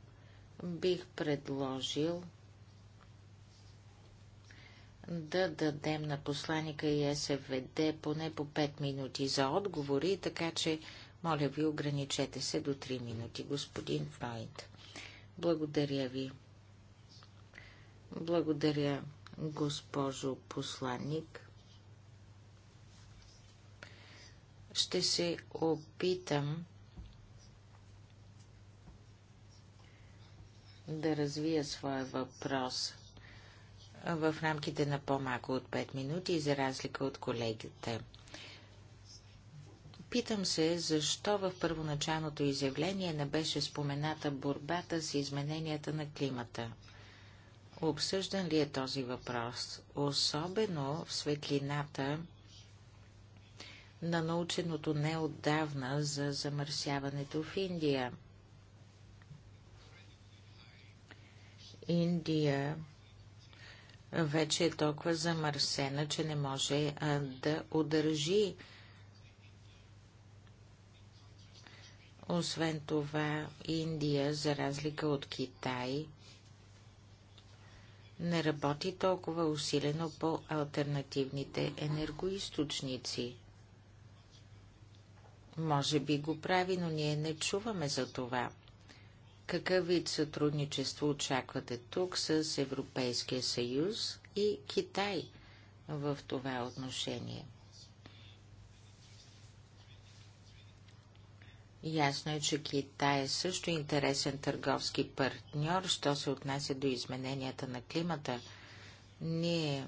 Бих предложил да дадем на посланика и СВД поне по 5 минути за отговори, така че, моля ви, ограничете се до 3 минути, господин Фройд. Благодаря ви. Благодаря, госпожо посланник. Ще се опитам да развия своя въпрос в рамките на по-малко от 5 минути, за разлика от колегите. Питам се, защо в първоначалното изявление не беше спомената борбата с измененията на климата. Обсъждан ли е този въпрос, особено в светлината на наученото неотдавна за замърсяването в Индия? Индия вече е толкова замърсена, че не може а, да удържи. Освен това, Индия, за разлика от Китай, не работи толкова усилено по альтернативните енергоисточници. Може би го прави, но ние не чуваме за това. Какъв вид сътрудничество очаквате тук с Европейския съюз и Китай в това отношение? Ясно е, че Китай е също интересен търговски партньор, що се отнася до измененията на климата. Ние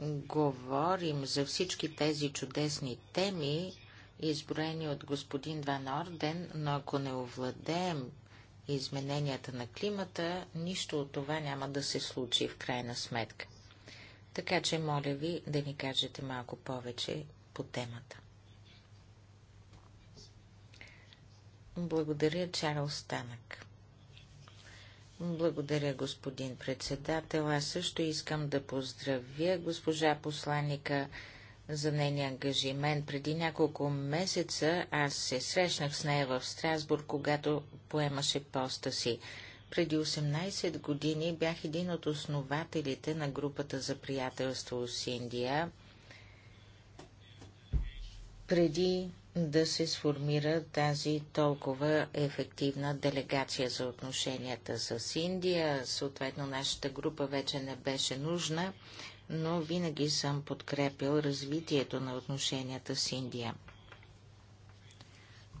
говорим за всички тези чудесни теми, изброени от господин Ван Орден, но ако не овладеем измененията на климата, нищо от това няма да се случи в крайна сметка. Така че моля ви да ни кажете малко повече по темата. Благодаря, Чарл Станък. Благодаря, господин председател. Аз също искам да поздравя госпожа посланника за нейния ангажимент. Преди няколко месеца аз се срещнах с нея в Страсбург, когато поемаше поста си. Преди 18 години бях един от основателите на групата за приятелство с Индия. Преди да се сформира тази толкова ефективна делегация за отношенията с Индия. Съответно, нашата група вече не беше нужна, но винаги съм подкрепил развитието на отношенията с Индия.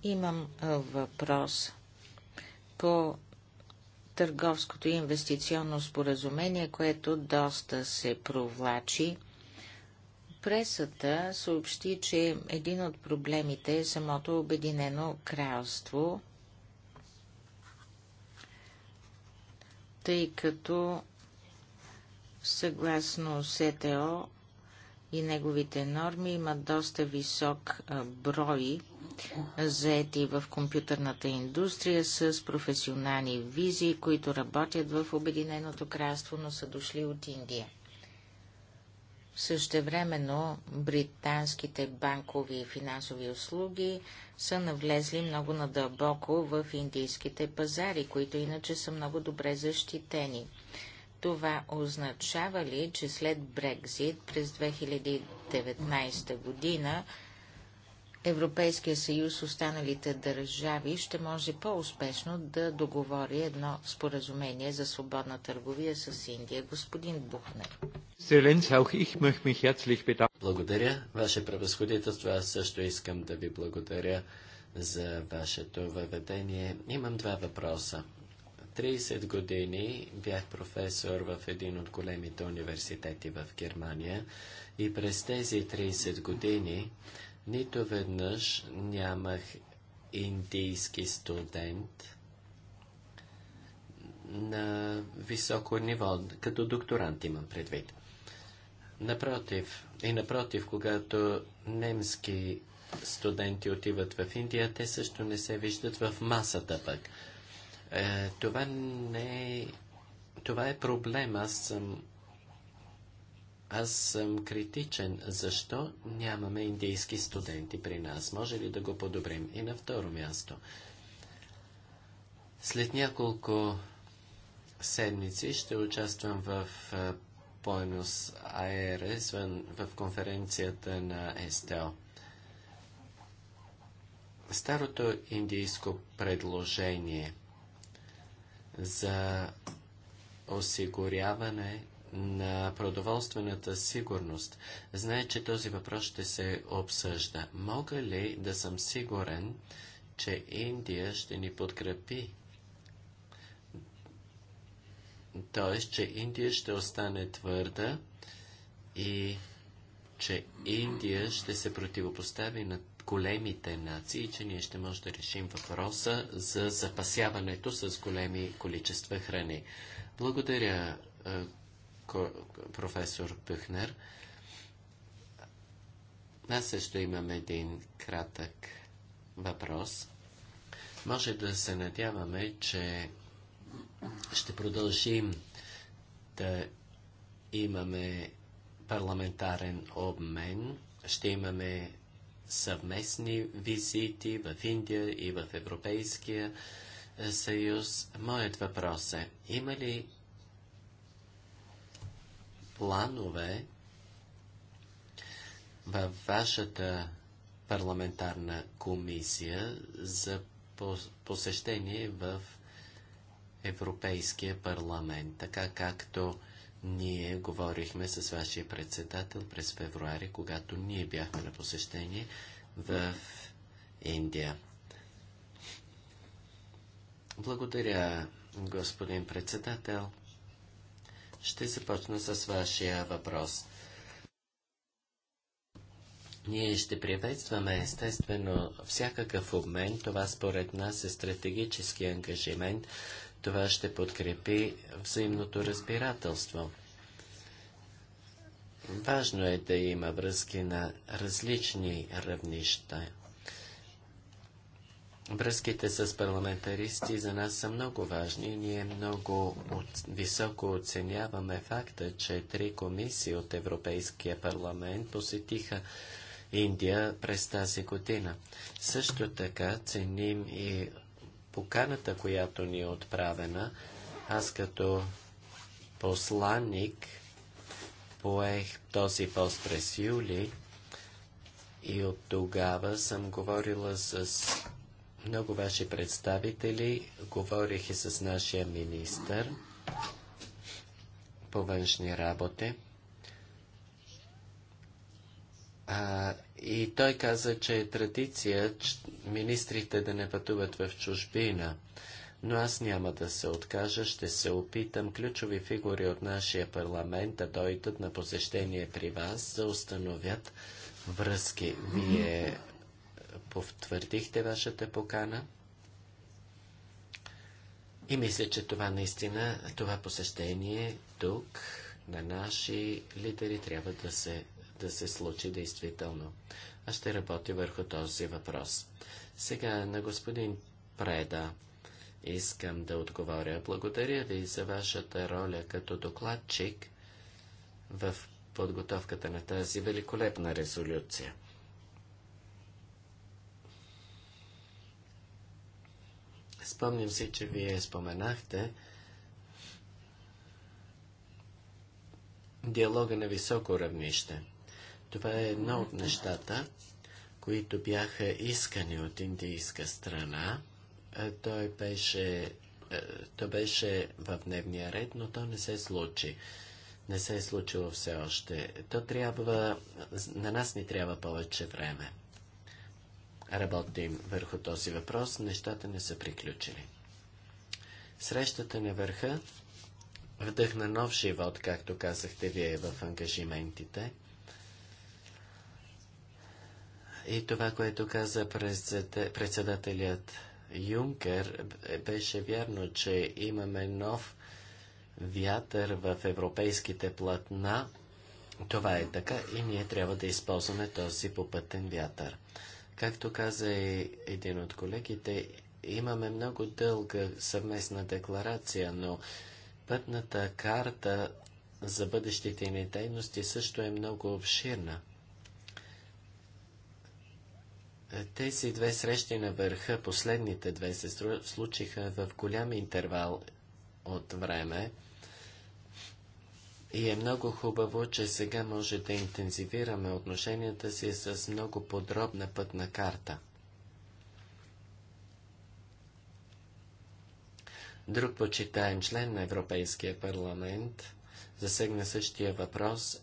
Имам въпрос по търговското и инвестиционно споразумение, което доста се провлачи. Пресата съобщи, че един от проблемите е самото Обединено кралство, тъй като съгласно СТО и неговите норми имат доста висок брой заети в компютърната индустрия с професионални визии, които работят в Обединеното кралство, но са дошли от Индия. Същевременно британските банкови и финансови услуги са навлезли много надълбоко в индийските пазари, които иначе са много добре защитени. Това означава ли, че след Брекзит през 2019 година Европейския съюз останалите държави ще може по-успешно да договори едно споразумение за свободна търговия с Индия. Господин Бухнер. Благодаря, Ваше превъзходителство. Аз също искам да ви благодаря за вашето въведение. Имам два въпроса. 30 години бях професор в един от големите университети в Германия и през тези 30 години нито веднъж нямах индийски студент на високо ниво, като докторант имам предвид. Напротив, и напротив, когато немски студенти отиват в Индия, те също не се виждат в масата пък. Е, това не е... Това е проблем. Аз съм аз съм критичен. Защо нямаме индийски студенти при нас? Може ли да го подобрим? И на второ място. След няколко седмици ще участвам в Буенос Айрес в конференцията на СТО. Старото индийско предложение за осигуряване на продоволствената сигурност. Знае, че този въпрос ще се обсъжда. Мога ли да съм сигурен, че Индия ще ни подкрепи? Тоест, че Индия ще остане твърда и че Индия ще се противопостави на големите нации, че ние ще може да решим въпроса за запасяването с големи количества храни. Благодаря, професор Пюхнер. Аз също имам един кратък въпрос. Може да се надяваме, че ще продължим да имаме парламентарен обмен, ще имаме съвместни визити в Индия и в Европейския съюз. Моят въпрос е, има ли планове във вашата парламентарна комисия за посещение в Европейския парламент, така както ние говорихме с вашия председател през февруари, когато ние бяхме на посещение в Индия. Благодаря, господин председател. Ще започна с вашия въпрос. Ние ще приветстваме естествено всякакъв обмен. Това според нас е стратегически ангажимент. Това ще подкрепи взаимното разбирателство. Важно е да има връзки на различни равнища. Връзките с парламентаристи за нас са много важни. Ние много от, високо оценяваме факта, че три комисии от Европейския парламент посетиха Индия през тази година. Също така ценим и поканата, която ни е отправена. Аз като посланник поех този пост през юли и от тогава съм говорила с много ваши представители, говорих и с нашия министър по външни работи. А, и той каза, че е традиция че министрите да не пътуват в чужбина. Но аз няма да се откажа, ще се опитам ключови фигури от нашия парламент да дойдат на посещение при вас, да установят връзки. Вие потвърдихте вашата покана. И мисля, че това наистина, това посещение тук на наши лидери трябва да се, да се случи действително. Аз ще работя върху този въпрос. Сега на господин Преда искам да отговоря. Благодаря ви за вашата роля като докладчик в подготовката на тази великолепна резолюция. Спомням си, че вие споменахте диалога на високо равнище. Това е едно от нещата, които бяха искани от индийска страна. Е, той беше, е, то беше в дневния ред, но то не се случи. Не се е случило все още. То трябва, на нас ни трябва повече време работим върху този въпрос. Нещата не са приключили. Срещата на върха вдъхна нов живот, както казахте вие в ангажиментите. И това, което каза председателят Юнкер, беше вярно, че имаме нов вятър в европейските платна. Това е така и ние трябва да използваме този попътен вятър. Както каза и един от колегите, имаме много дълга съвместна декларация, но пътната карта за бъдещите ни дейности също е много обширна. Тези две срещи на върха, последните две, се случиха в голям интервал от време. И е много хубаво, че сега може да интензивираме отношенията си с много подробна пътна карта. Друг почитаем член на Европейския парламент засегна същия въпрос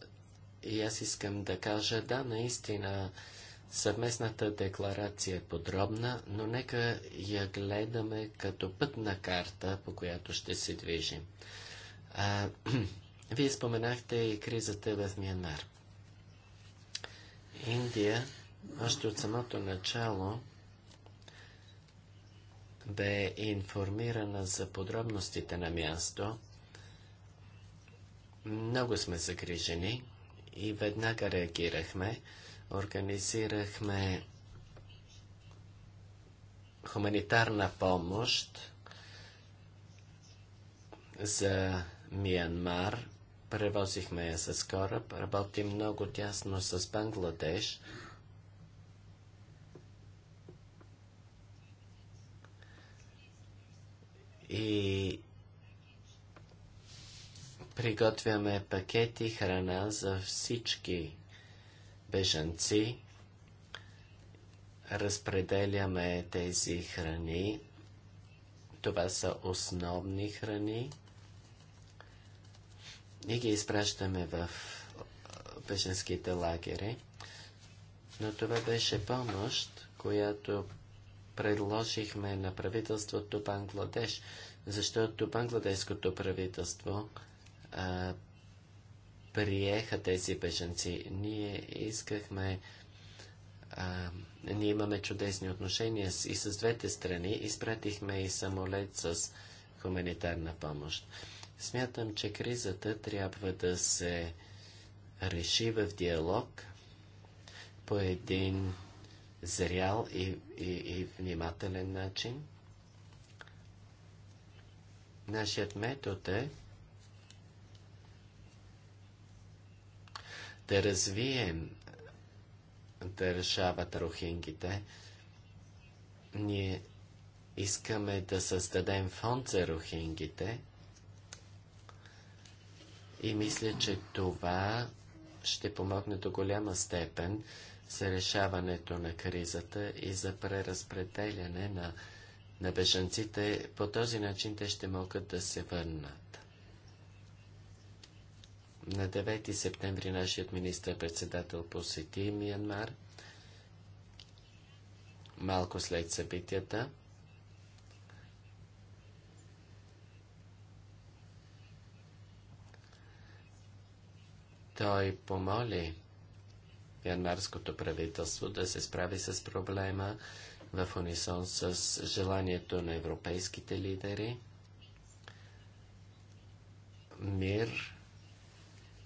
и аз искам да кажа, да, наистина, съвместната декларация е подробна, но нека я гледаме като пътна карта, по която ще се движим. А, Вие споменахте и кризата в Миянмар. Индия още от самото начало бе информирана за подробностите на място. Много сме загрижени и веднага реагирахме. Организирахме хуманитарна помощ за Миянмар. Превозихме я с кораб, работим много тясно с Бангладеш. И приготвяме пакети храна за всички бежанци. Разпределяме тези храни. Това са основни храни. Ние ги изпращаме в беженските лагери. Но това беше помощ, която предложихме на правителството Бангладеш, защото бангладешското правителство а, приеха тези беженци. Ние искахме а, ние имаме чудесни отношения и с двете страни. Изпратихме и самолет с хуманитарна помощ. Смятам, че кризата трябва да се реши в диалог по един зрял и, и, и внимателен начин. Нашият метод е да развием държавата рухингите. Ние искаме да създадем фонд за рухингите – и мисля, че това ще помогне до голяма степен за решаването на кризата и за преразпределяне на, на бежанците. По този начин те ще могат да се върнат. На 9 септември нашият министр-председател посети Миянмар малко след събитията. Той помоли янмарското правителство да се справи с проблема в унисон с желанието на европейските лидери. Мир,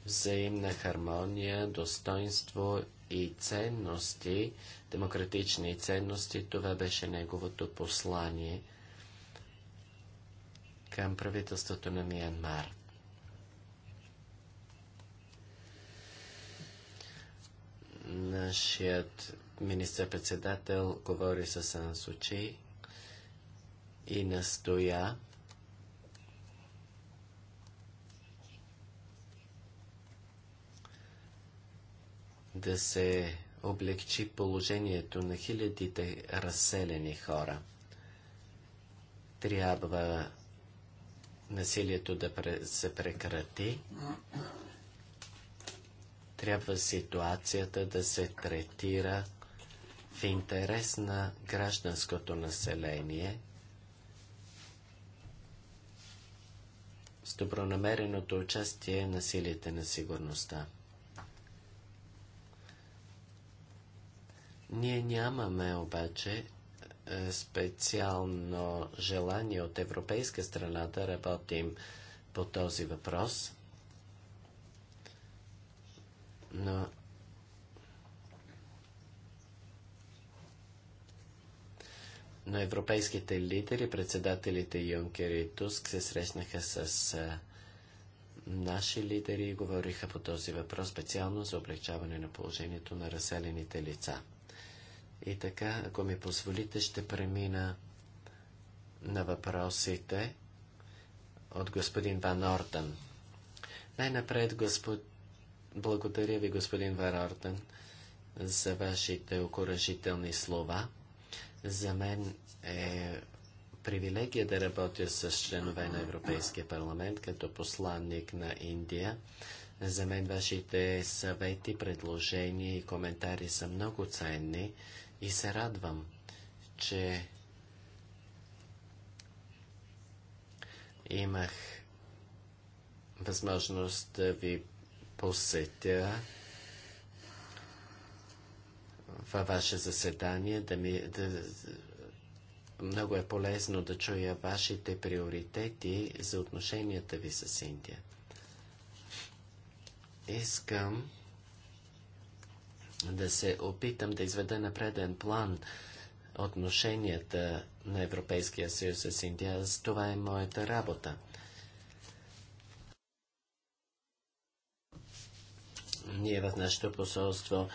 взаимна хармония, достоинство и ценности, демократични ценности, това беше неговото послание към правителството на Миянмар. Нашият министър-председател говори с Сан Сучи и настоя да се облегчи положението на хилядите разселени хора. Трябва насилието да се прекрати трябва ситуацията да се третира в интерес на гражданското население, с добронамереното участие на силите на сигурността. Ние нямаме обаче е, специално желание от европейска страна да работим по този въпрос. На но европейските лидери, председателите Юнкер и Туск се срещнаха с а, наши лидери и говориха по този въпрос специално за облегчаване на положението на разселените лица. И така, ако ми позволите, ще премина на въпросите от господин Ван Ортън. Най-напред господ... Благодаря ви, господин Варортен, за вашите окоръжителни слова. За мен е привилегия да работя с членове на Европейския парламент като посланник на Индия. За мен вашите съвети, предложения и коментари са много ценни и се радвам, че имах възможност да ви посетя във ваше заседание, да ми, да, много е полезно да чуя вашите приоритети за отношенията ви с Индия. Искам да се опитам да изведа на преден план отношенията на Европейския съюз с Индия. това е моята работа. Ние в нашето посолство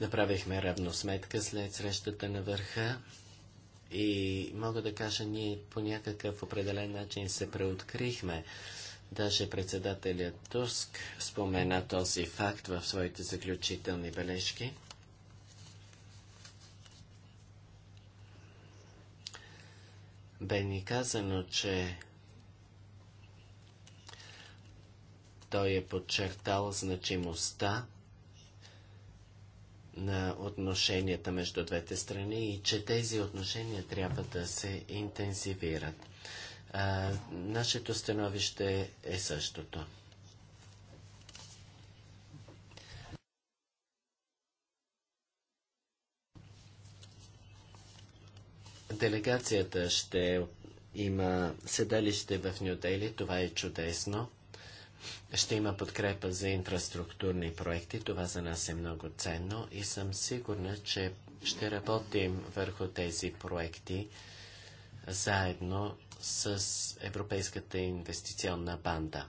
направихме сметка след срещата на върха и мога да кажа, ние по някакъв определен начин се преоткрихме. Даже председателят Туск спомена този факт в своите заключителни бележки. Бе ни казано, че Той е подчертал значимостта на отношенията между двете страни и че тези отношения трябва да се интензивират. А, нашето становище е същото. Делегацията ще има седалище в Нью-Дели. Това е чудесно ще има подкрепа за инфраструктурни проекти. Това за нас е много ценно и съм сигурна, че ще работим върху тези проекти заедно с Европейската инвестиционна банда.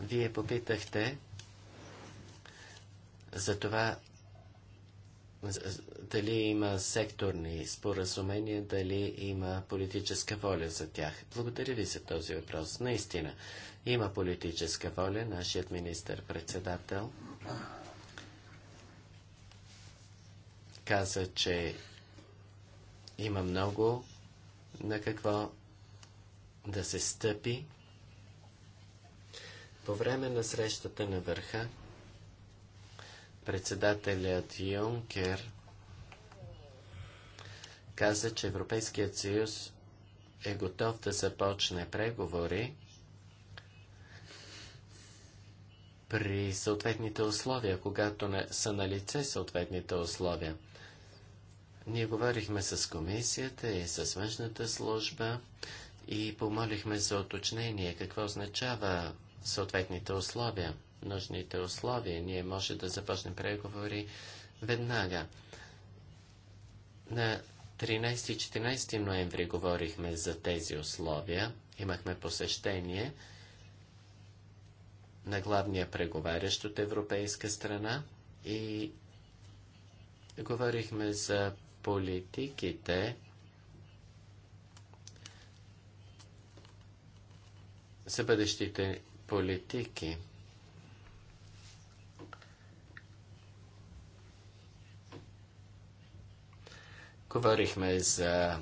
Вие попитахте за това дали има секторни споразумения, дали има политическа воля за тях. Благодаря ви за този въпрос. Наистина, има политическа воля, нашият министр-председател каза, че има много на какво да се стъпи. По време на срещата на върха, председателят Юнкер каза, че Европейският съюз е готов да започне преговори при съответните условия, когато не са на лице съответните условия. Ние говорихме с комисията и с външната служба и помолихме за уточнение какво означава съответните условия, нужните условия. Ние може да започнем преговори веднага. На 13-14 ноември говорихме за тези условия, имахме посещение – на главния преговарящ от европейска страна и говорихме за политиките, за бъдещите политики. Говорихме за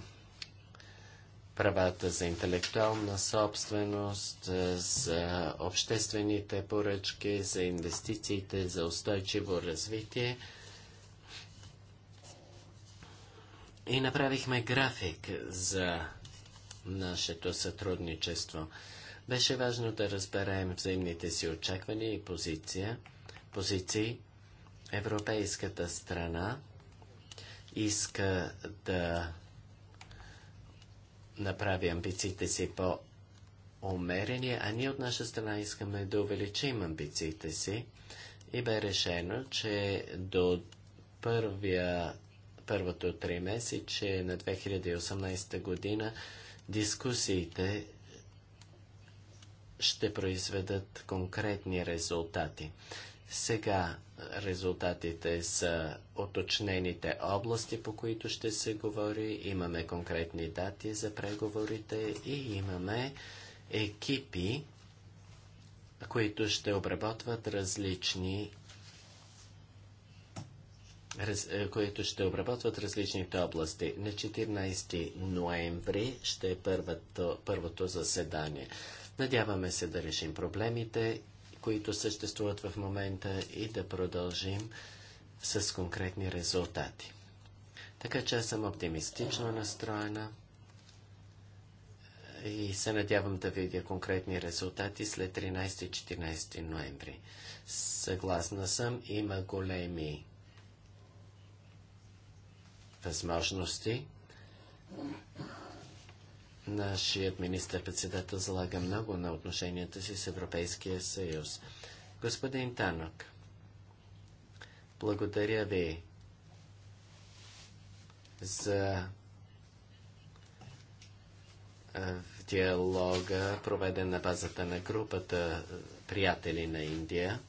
правата за интелектуална собственост, е, за обществените поръчки, за инвестициите, за устойчиво развитие. И направихме график за нашето сътрудничество. Беше важно да разберем взаимните си очаквания и позиция, позиции. Европейската страна иска да направи амбициите си по-умерени, а ние от наша страна искаме да увеличим амбициите си и бе решено, че до първия, първото три месече на 2018 година дискусиите ще произведат конкретни резултати. Сега резултатите са оточнените области, по които ще се говори, имаме конкретни дати за преговорите и имаме екипи, които ще обработват различни раз, е, които ще обработват различните области. На 14 ноември ще е първото, първото заседание. Надяваме се да решим проблемите които съществуват в момента и да продължим с конкретни резултати. Така че аз съм оптимистично настроена и се надявам да видя конкретни резултати след 13-14 ноември. Съгласна съм, има големи възможности Нашият министър-председател залага много на отношенията си с Европейския съюз. Господин Танок, благодаря ви за диалога, проведен на базата на групата Приятели на Индия.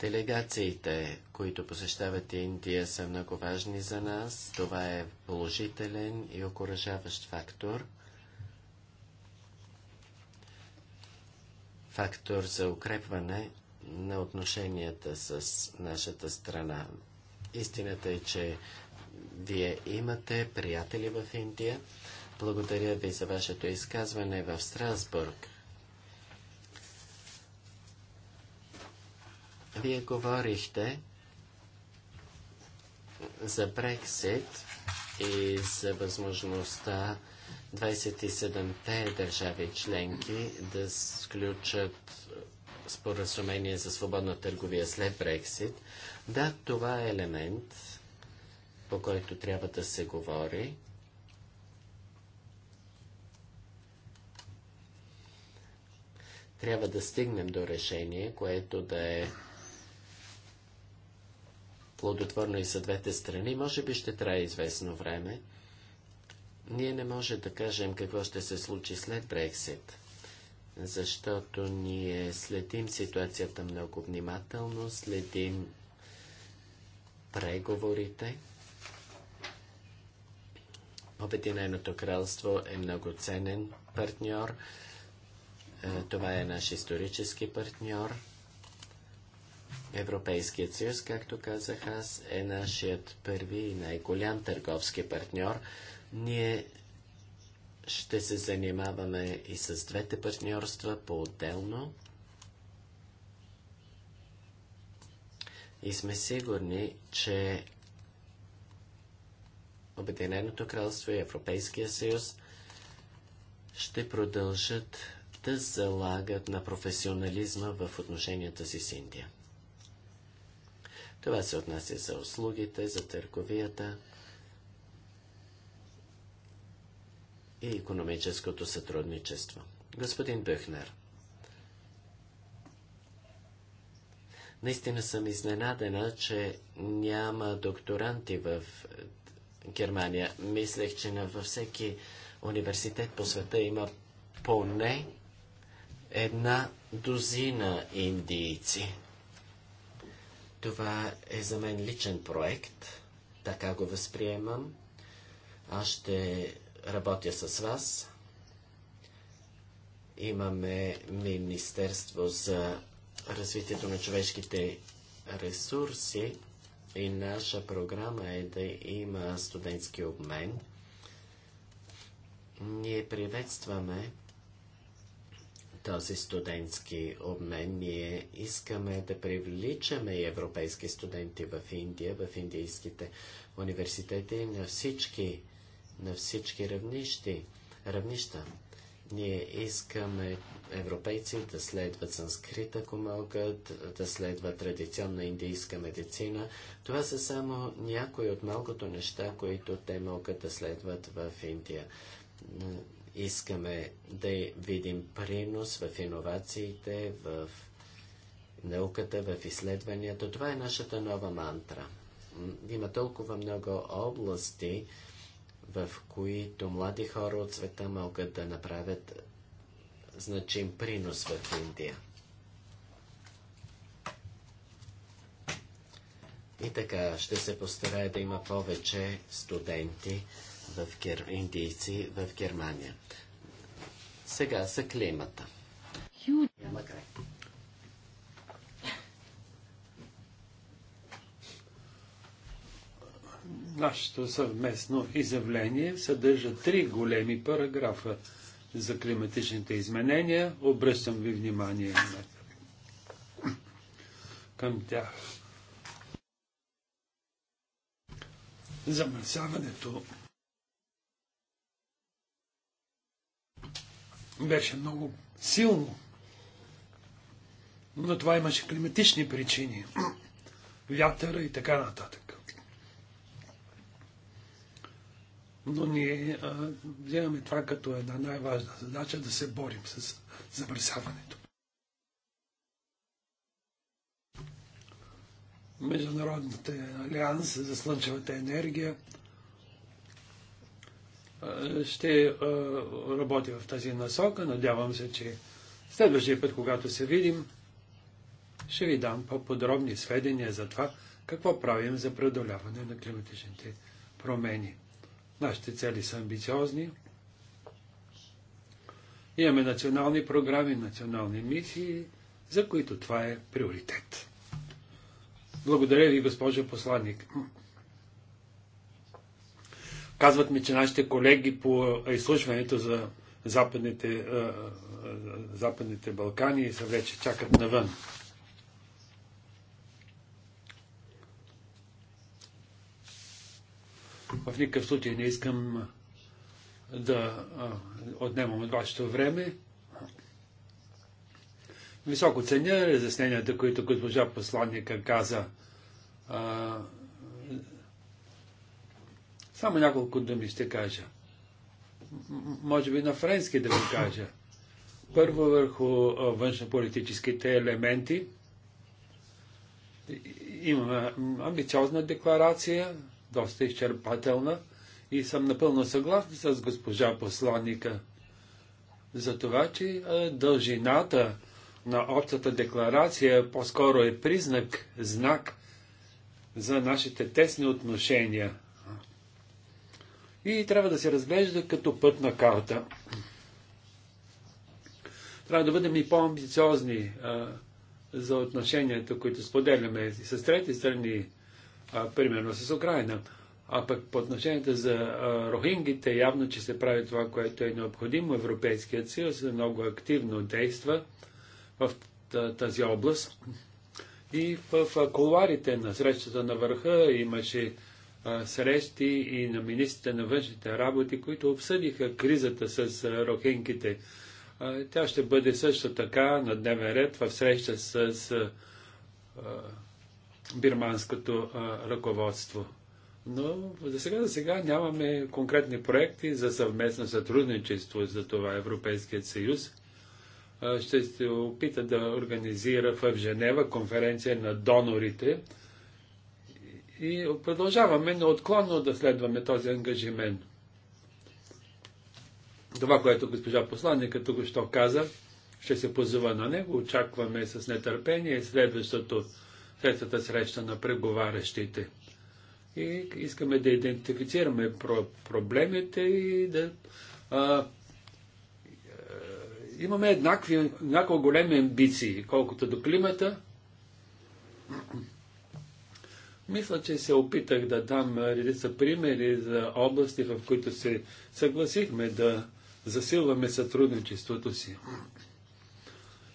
Делегациите, които посещават Индия, са много важни за нас. Това е положителен и окоръжаващ фактор. Фактор за укрепване на отношенията с нашата страна. Истината е, че вие имате приятели в Индия. Благодаря ви за вашето изказване в Страсбург. Вие говорихте за Брексит и за възможността 27-те държави членки да сключат споразумение за свободна търговия след Брексит. Да, това е елемент, по който трябва да се говори. Трябва да стигнем до решение, което да е плодотворно и за двете страни, може би ще трае известно време. Ние не може да кажем какво ще се случи след Брексит, защото ние следим ситуацията много внимателно, следим преговорите. Обединеното кралство е много ценен партньор. Е, това е наш исторически партньор. Европейският съюз, както казах аз, е нашият първи и най-голям търговски партньор. Ние ще се занимаваме и с двете партньорства по-отделно. И сме сигурни, че Обединеното кралство и Европейския съюз ще продължат да залагат на професионализма в отношенията си с Индия. Това се отнася за услугите, за търговията и економическото сътрудничество. Господин Бюхнер, наистина съм изненадена, че няма докторанти в Германия. Мислех, че на във всеки университет по света има поне една дозина индийци. Това е за мен личен проект, така го възприемам. Аз ще работя с вас. Имаме Министерство за развитието на човешките ресурси и наша програма е да има студентски обмен. Ние приветстваме този студентски обмен. Ние искаме да привличаме европейски студенти в Индия, в индийските университети на всички, на всички равнищи, равнища. Ние искаме европейци да следват санскрит, ако могат, да следват традиционна индийска медицина. Това са само някои от малкото неща, които те могат да следват в Индия Искаме да видим принос в иновациите, в науката, в изследванията. Това е нашата нова мантра. Има толкова много области, в които млади хора от света могат да направят значим принос в Индия. И така ще се постарая да има повече студенти в Гер... индийци в Германия. Сега са климата. Няма край. Нашето съвместно изявление съдържа три големи параграфа за климатичните изменения. Обръщам ви внимание на... към тях. Замърсяването беше много силно. Но това имаше климатични причини. Вятъра и така нататък. Но ние а, вземаме това като една най-важна задача да се борим с замърсяването. Международната алианс за слънчевата енергия – е, ще е, работя в тази насока. Надявам се, че следващия път, когато се видим, ще ви дам по-подробни сведения за това, какво правим за преодоляване на климатичните промени. Нашите цели са амбициозни. Имаме национални програми, национални мисии, за които това е приоритет. Благодаря ви, госпожа посланник. Казват ми, че нашите колеги по изслушването за Западните, Западните Балкани са вече чакат навън. В никакъв случай не искам да отнемам от вашето време. Високо ценя разясненията, които госпожа посланника каза само няколко думи ще кажа. Може би на френски да ви кажа. Първо върху външнополитическите елементи. Има амбициозна декларация, доста изчерпателна и съм напълно съгласен с госпожа посланника за това, че дължината на общата декларация по-скоро е признак, знак за нашите тесни отношения – и трябва да се разглежда като пътна карта. Трябва да бъдем и по-амбициозни за отношенията, които споделяме с трети страни, а, примерно с Украина. А пък по отношенията за а, рохингите, явно, че се прави това, което е необходимо. Европейският съюз много активно действа в тази област. И в, в колуарите на срещата на върха имаше срещи и на министрите на външните работи, които обсъдиха кризата с рохинките. Тя ще бъде също така на дневен ред в среща с бирманското ръководство. Но за сега, за сега нямаме конкретни проекти за съвместно сътрудничество за това Европейският съюз. Ще се опита да организира в Женева конференция на донорите, и продължаваме неотклонно да следваме този ангажимент. Това, което госпожа посланника тук що каза, ще се позова на него. Очакваме с нетърпение следващото, следващата среща на преговарящите. И искаме да идентифицираме про- проблемите и да а, имаме еднакви, еднакво големи амбиции, колкото до климата, мисля, че се опитах да дам редица примери за области, в които се съгласихме да засилваме сътрудничеството си.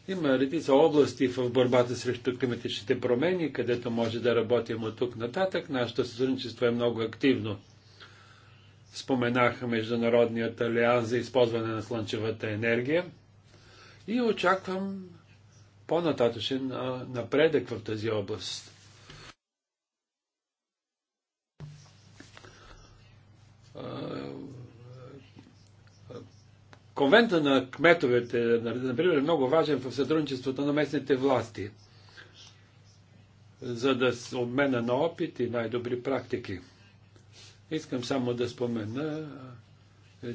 Има редица области в борбата срещу климатичните промени, където може да работим от тук нататък. Нашето сътрудничество е много активно. Споменаха Международният алианс за използване на слънчевата енергия и очаквам по-нататъчен напредък в тази област. Конвента на кметовете, нали, например, е много важен в сътрудничеството на местните власти, за да се обмена на опит и най-добри практики. Искам само да спомена,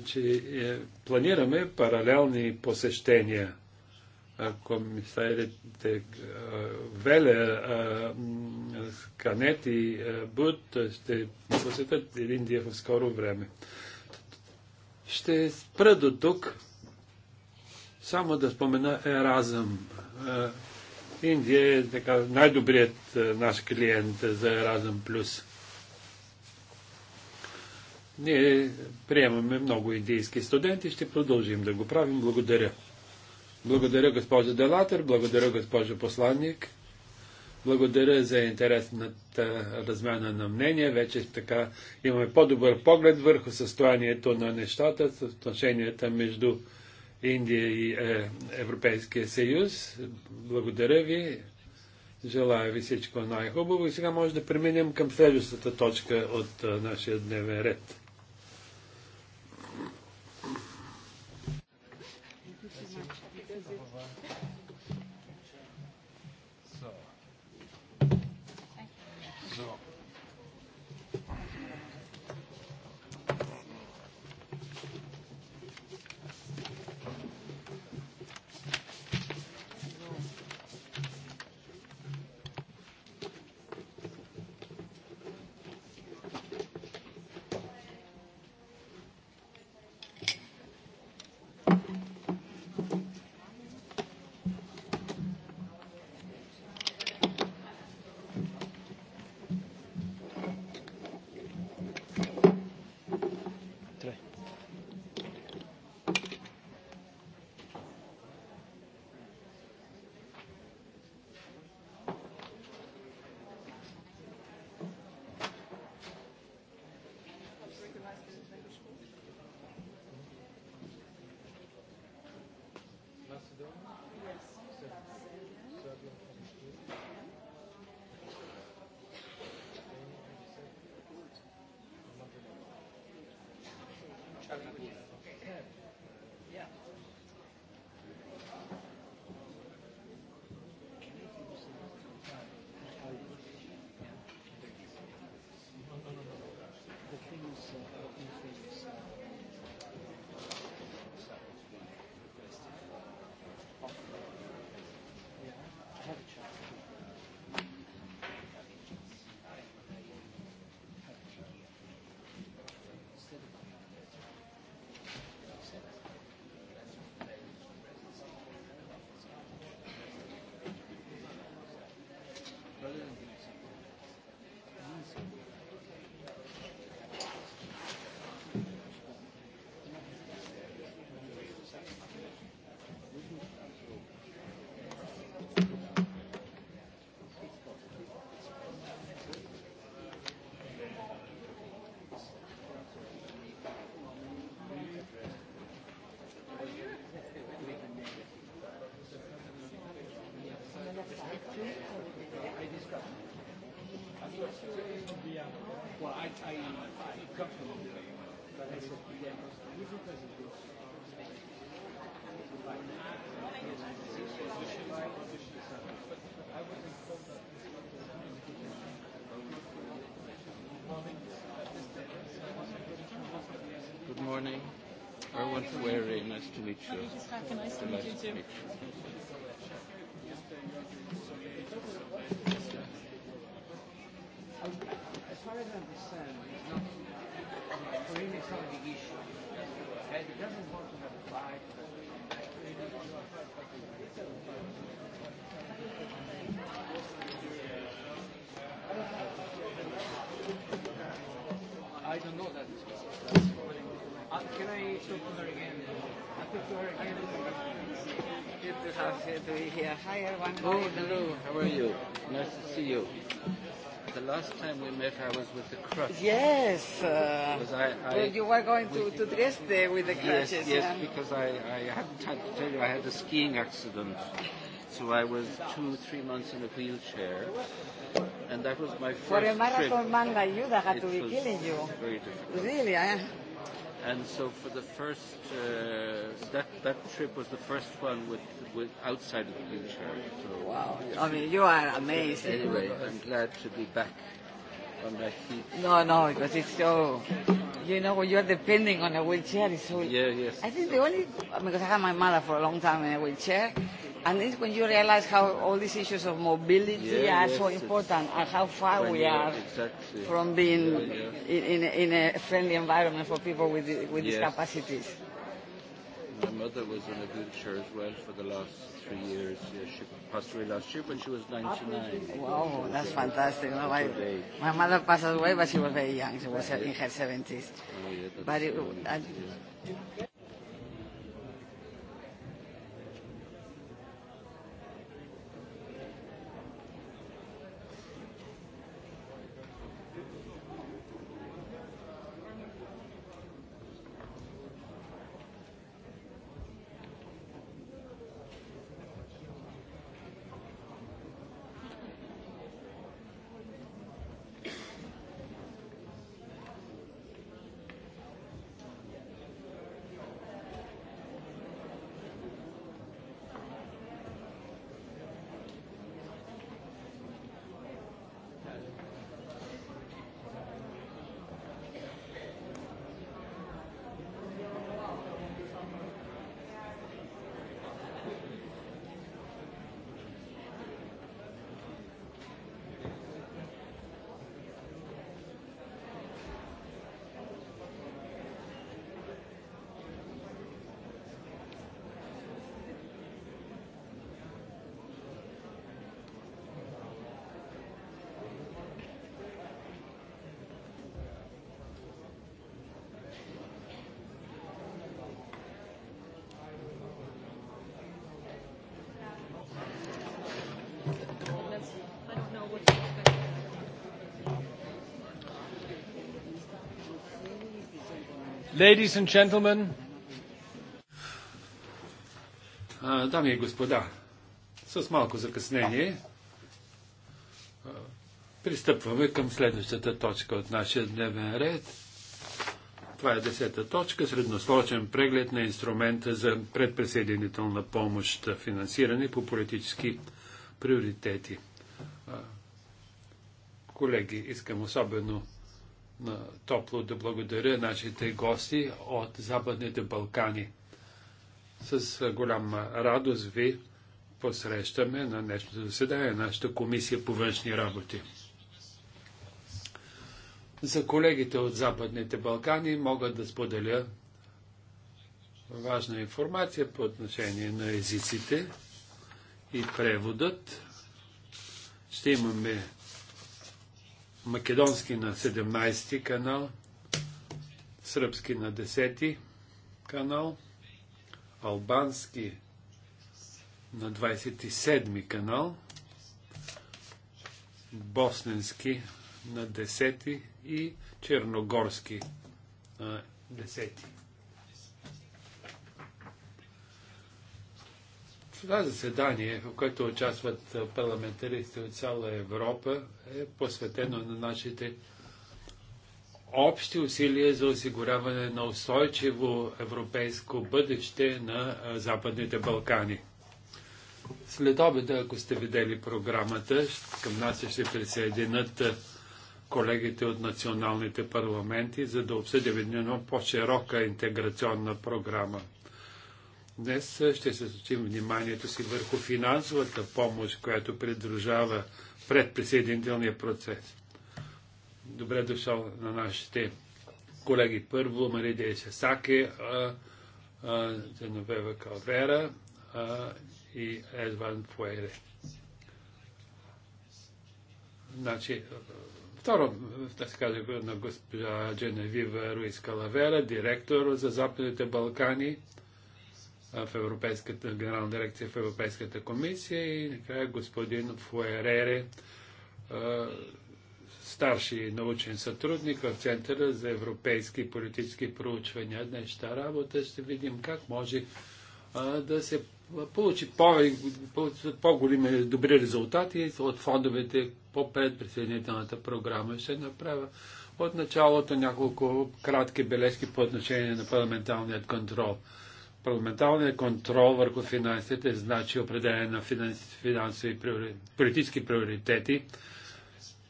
че е, планираме паралелни посещения – комисарите Веле, Канет и Бут ще посетят Индия в скоро време. Ще спра до тук. Само да спомена Еразъм. Индия е така, най-добрият наш клиент за Еразъм Плюс. Ние приемаме много индийски студенти, ще продължим да го правим. Благодаря. Благодаря, госпожо Делатър, благодаря, госпожо посланник. Благодаря за интересната размяна на мнение. Вече така имаме по-добър поглед върху състоянието на нещата, отношенията между Индия и е, Европейския съюз. Благодаря ви. Желая ви всичко най-хубаво. И сега може да преминем към следващата точка от е, нашия дневен ред. I discussed. Well, I, I, I got from him, but I said, yeah, I that this Good morning. Everyone's wearing. Nice to meet you. nice to meet you too? don't understand it's not, for him it's not a big issue. And he doesn't want to have a fight. I don't know that. Uh, can I talk to her again? I talk to her again. Good to have you here. Hi, everyone. Oh, hello. How are you? Nice to see you. The last time we met, I was with the crutches. Yes. Uh, was I, I, well, you were going to, to Dresde with the crutches. Yes, yes yeah. because I, I hadn't had to tell you, I had a skiing accident. So I was two, three months in a wheelchair. And that was my first For a marathon trip. man like you, that had it to be killing you. Very difficult. Really, I and so for the first uh, that that trip was the first one with with outside of the blue So wow! I mean, you are amazing. Anyway, I'm glad to be back on my feet. No, no, because it's so. You know, when you're depending on a wheelchair, it's so. Yeah, yes. I think the only because I had my mother for a long time in a wheelchair And it's when you realize how all these issues of mobility yeah, are yes, so important and how far we are exactly. from being yeah, yeah. In, in, a, in a friendly environment for people with, with yes. discapacities. My mother was in a wheelchair as well for the last three years. Yeah, she passed away last year when she was 99. Wow, that's fantastic. No, my, my mother passed away, but she was very young. She was in her 70s. Oh, yeah, that's but it, I, Ladies and gentlemen. Дами и господа, с малко закъснение пристъпваме към следващата точка от нашия дневен ред. Това е десета точка, средносрочен преглед на инструмента за предпреседенителна помощ, финансиране по политически приоритети. Колеги, искам особено топло да благодаря нашите гости от Западните Балкани. С голяма радост ви посрещаме на днешното заседание нашата комисия по външни работи. За колегите от Западните Балкани могат да споделя важна информация по отношение на езиците и преводът. Ще имаме македонски на 17 ти канал, сръбски на 10 ти канал, албански на 27 канал, босненски на 10 ти и черногорски на 10. Това заседание, в което участват парламентаристи от цяла Европа, е посветено на нашите общи усилия за осигуряване на устойчиво европейско бъдеще на Западните Балкани. След обеда, ако сте видели програмата, към нас ще присъединят колегите от националните парламенти, за да обсъдим една по-широка интеграционна програма. Днес ще се случим вниманието си върху финансовата помощ, която придружава предприсъединителния процес. Добре дошъл на нашите колеги. Първо Маридия Шасаке, Женовева Калвера а, и Едван Фуере. Значи, второ, да се каже на госпожа Дженевива Руис Калавера, директор за Западните Балкани – в Европейската генерална дирекция в Европейската комисия и накрая господин Фуерере, старши научен сътрудник в Центъра за европейски политически проучвания. Днешта работа ще видим как може да се получи по-големи по добри резултати от фондовете по предприсъединителната програма. Ще направя от началото няколко кратки бележки по отношение на парламенталният контрол парламенталният контрол върху финансите значи определение на финансови приори... политически приоритети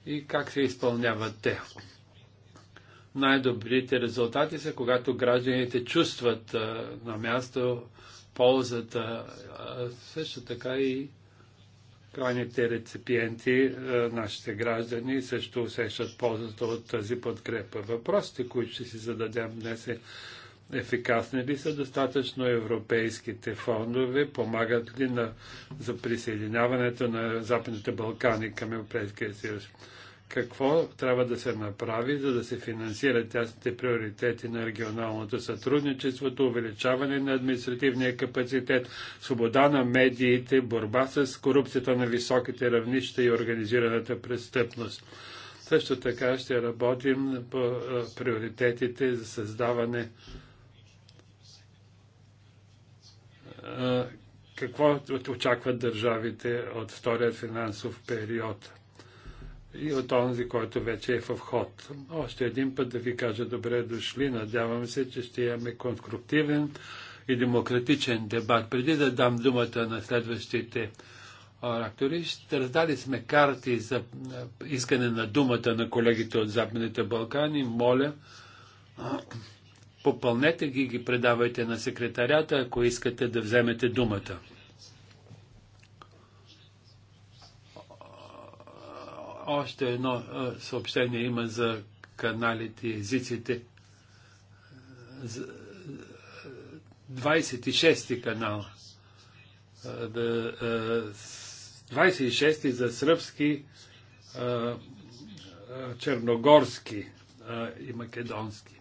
и как се изпълняват те. Най-добрите резултати са, когато гражданите чувстват а, на място ползата, а също така и крайните реципиенти, нашите граждани, също усещат ползата от тази подкрепа. Въпросите, които ще си зададем днес е Ефикасни ли са достатъчно европейските фондове? Помагат ли на, за присъединяването на Западните Балкани към Европейския съюз? Какво трябва да се направи, за да се финансират тясните приоритети на регионалното сътрудничеството, увеличаване на административния капацитет, свобода на медиите, борба с корупцията на високите равнища и организираната престъпност? Също така ще работим по приоритетите за създаване какво очакват държавите от втория финансов период и от онзи, който вече е в ход. Още един път да ви кажа добре дошли. Надявам се, че ще имаме конструктивен и демократичен дебат. Преди да дам думата на следващите Ще раздали сме карти за искане на думата на колегите от Западните Балкани. Моля попълнете ги, ги предавайте на секретарята, ако искате да вземете думата. Още едно съобщение има за каналите и езиците. 26-ти канал. 26-ти за сръбски, черногорски и македонски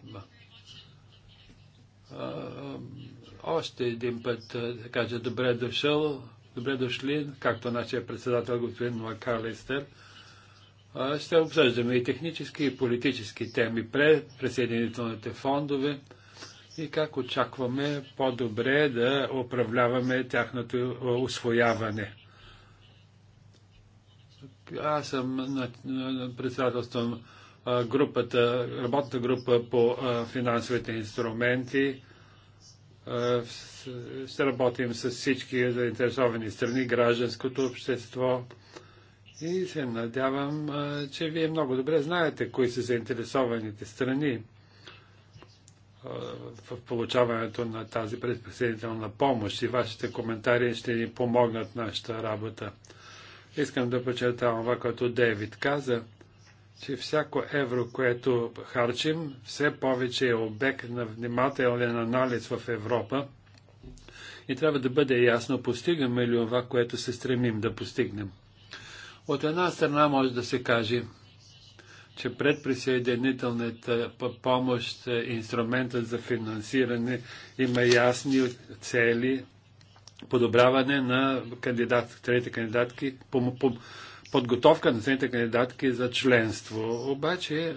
още един път да кажа добре дошъл, добре дошли, както нашия председател господин Макалистер. Ще обсъждаме и технически, и политически теми пред присъединителните фондове и как очакваме по-добре да управляваме тяхното освояване. Аз съм председателствам групата, работната група по финансовите инструменти. Ще работим с всички заинтересовани страни, гражданското общество. И се надявам, че вие много добре знаете кои са заинтересованите страни в получаването на тази предприсъединителна помощ и вашите коментари ще ни помогнат нашата работа. Искам да подчертавам това, което Дейвид каза – че всяко евро, което харчим, все повече е обект на внимателен анализ в Европа и трябва да бъде ясно постигаме ли това, което се стремим да постигнем. От една страна може да се каже, че предприсъединителната помощ, е инструментът за финансиране има ясни цели, подобряване на кандидат, трети кандидатки, по, по, подготовка на самите кандидатки за членство. Обаче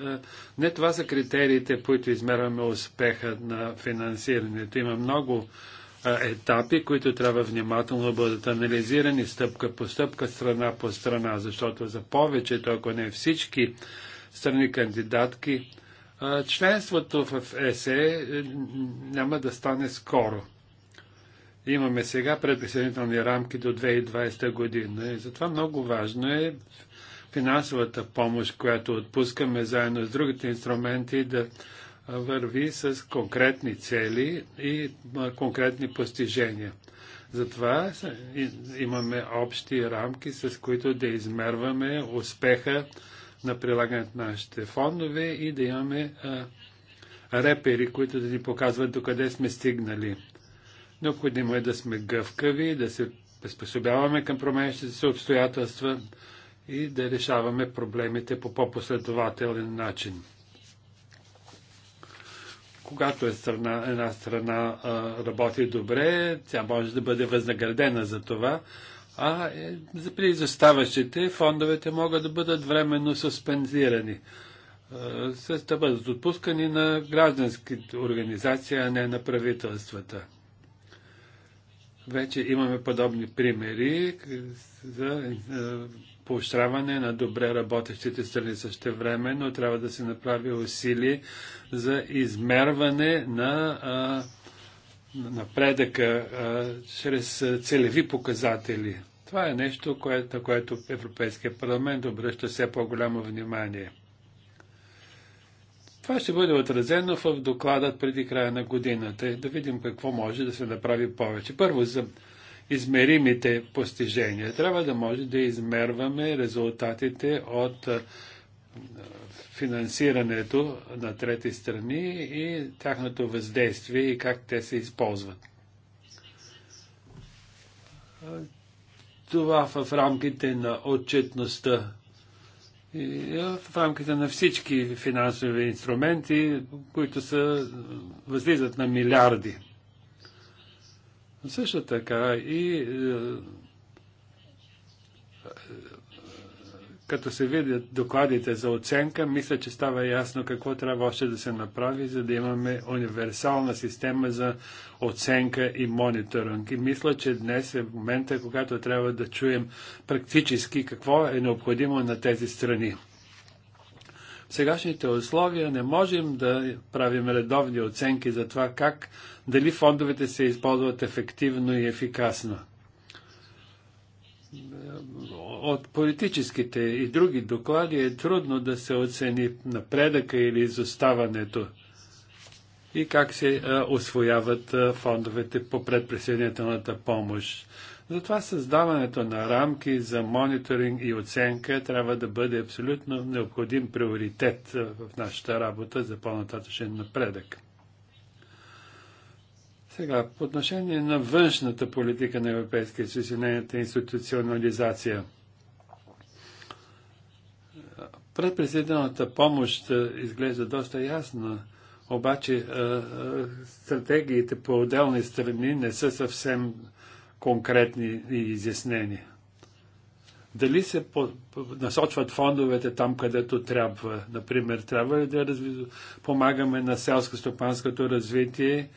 не това са критериите, които измерваме успеха на финансирането. Има много етапи, които трябва внимателно да бъдат анализирани стъпка по стъпка, страна по страна, защото за повечето, ако не всички страни кандидатки, членството в ЕСЕ няма да стане скоро имаме сега предприсъединителни рамки до 2020 година. И затова много важно е финансовата помощ, която отпускаме заедно с другите инструменти да върви с конкретни цели и конкретни постижения. Затова имаме общи рамки, с които да измерваме успеха на прилагането на нашите фондове и да имаме репери, които да ни показват докъде сме стигнали. Необходимо е да сме гъвкави, да се приспособяваме към променящите се обстоятелства и да решаваме проблемите по по-последователен начин. Когато е страна, една страна а, работи добре, тя може да бъде възнаградена за това, а е, при изоставащите фондовете могат да бъдат временно суспензирани, а, да бъдат отпускани на гражданските организации, а не на правителствата. Вече имаме подобни примери за е, поощряване на добре работещите страни също време, но трябва да се направи усилие за измерване на напредъка чрез целеви показатели. Това е нещо, което, на което Европейския парламент обръща все по-голямо внимание. Това ще бъде отразено в докладът преди края на годината. Да видим какво може да се направи повече. Първо за измеримите постижения. Трябва да може да измерваме резултатите от финансирането на трети страни и тяхното въздействие и как те се използват. Това в рамките на отчетността в рамките на всички финансови инструменти, които са, възлизат на милиарди. Също така и Като се видят докладите за оценка, мисля, че става ясно какво трябва още да се направи, за да имаме универсална система за оценка и мониторинг. И мисля, че днес е момента, когато трябва да чуем практически какво е необходимо на тези страни. В сегашните условия не можем да правим редовни оценки за това как дали фондовете се използват ефективно и ефикасно от политическите и други доклади е трудно да се оцени напредъка или изоставането и как се а, освояват а, фондовете по предприсъединителната помощ. Затова създаването на рамки за мониторинг и оценка трябва да бъде абсолютно необходим приоритет в нашата работа за по-нататъчен напредък. Сега, по отношение на външната политика на Европейския съюз и нейната институционализация – Предприсъединената помощ изглежда доста ясна, обаче стратегиите по отделни страни не са съвсем конкретни и изяснени. Дали се насочват фондовете там, където трябва? Например, трябва ли да помагаме на селско-стопанското развитие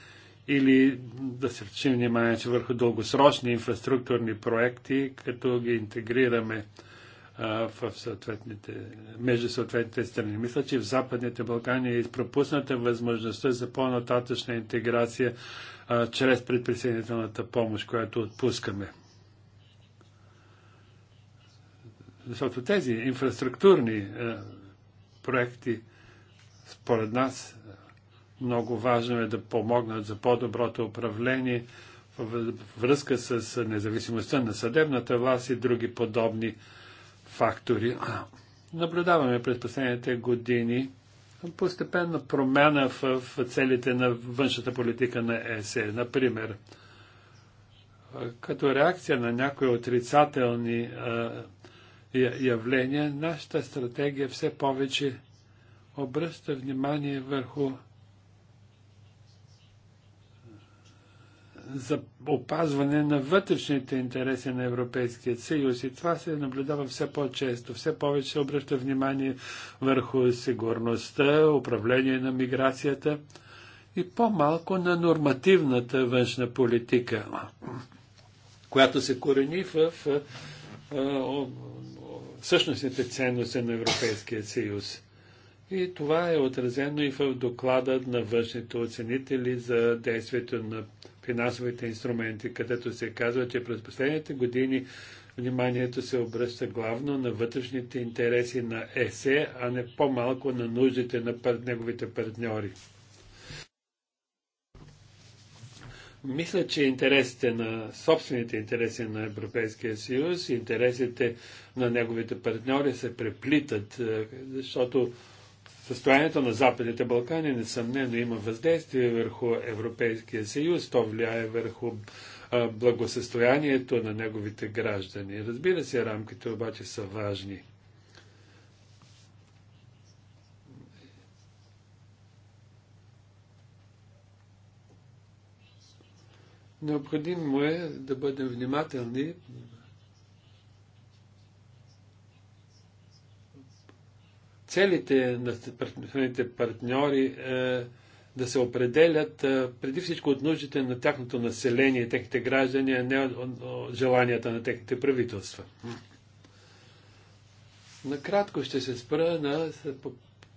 или да се речим внимание, че върху дългосрочни инфраструктурни проекти, като ги интегрираме? в съответните, между съответните страни. Мисля, че в Западните Балкани е изпропусната възможността за по-нататъчна интеграция а, чрез предприсъединителната помощ, която отпускаме. Защото тези инфраструктурни а, проекти, според нас, много важно е да помогнат за по-доброто управление във връзка с независимостта на съдебната власт и други подобни а, фактори. Наблюдаваме през последните години постепенна промяна в, целите на външната политика на ЕСЕ. Например, като реакция на някои отрицателни явления, нашата стратегия все повече обръща внимание върху за опазване на вътрешните интереси на Европейския съюз. И това се наблюдава все по-често. Все повече се обръща внимание върху сигурността, управление на миграцията и по-малко на нормативната външна политика, която се корени в, всъщностните в същностните ценности на Европейския съюз. И това е отразено и в доклада на външните оценители за действието на финансовите инструменти, където се казва, че през последните години вниманието се обръща главно на вътрешните интереси на ЕСЕ, а не по-малко на нуждите на пар... неговите партньори. Мисля, че интересите на собствените интереси на Европейския съюз, интересите на неговите партньори се преплитат, е, защото Състоянието на Западните Балкани несъмнено има въздействие върху Европейския съюз, то влияе върху благосъстоянието на неговите граждани. Разбира се, рамките обаче са важни. Необходимо е да бъдем внимателни целите на страните партньори е, да се определят е, преди всичко от нуждите на тяхното население, техните граждани, а не от желанията на техните правителства. Накратко ще се спра на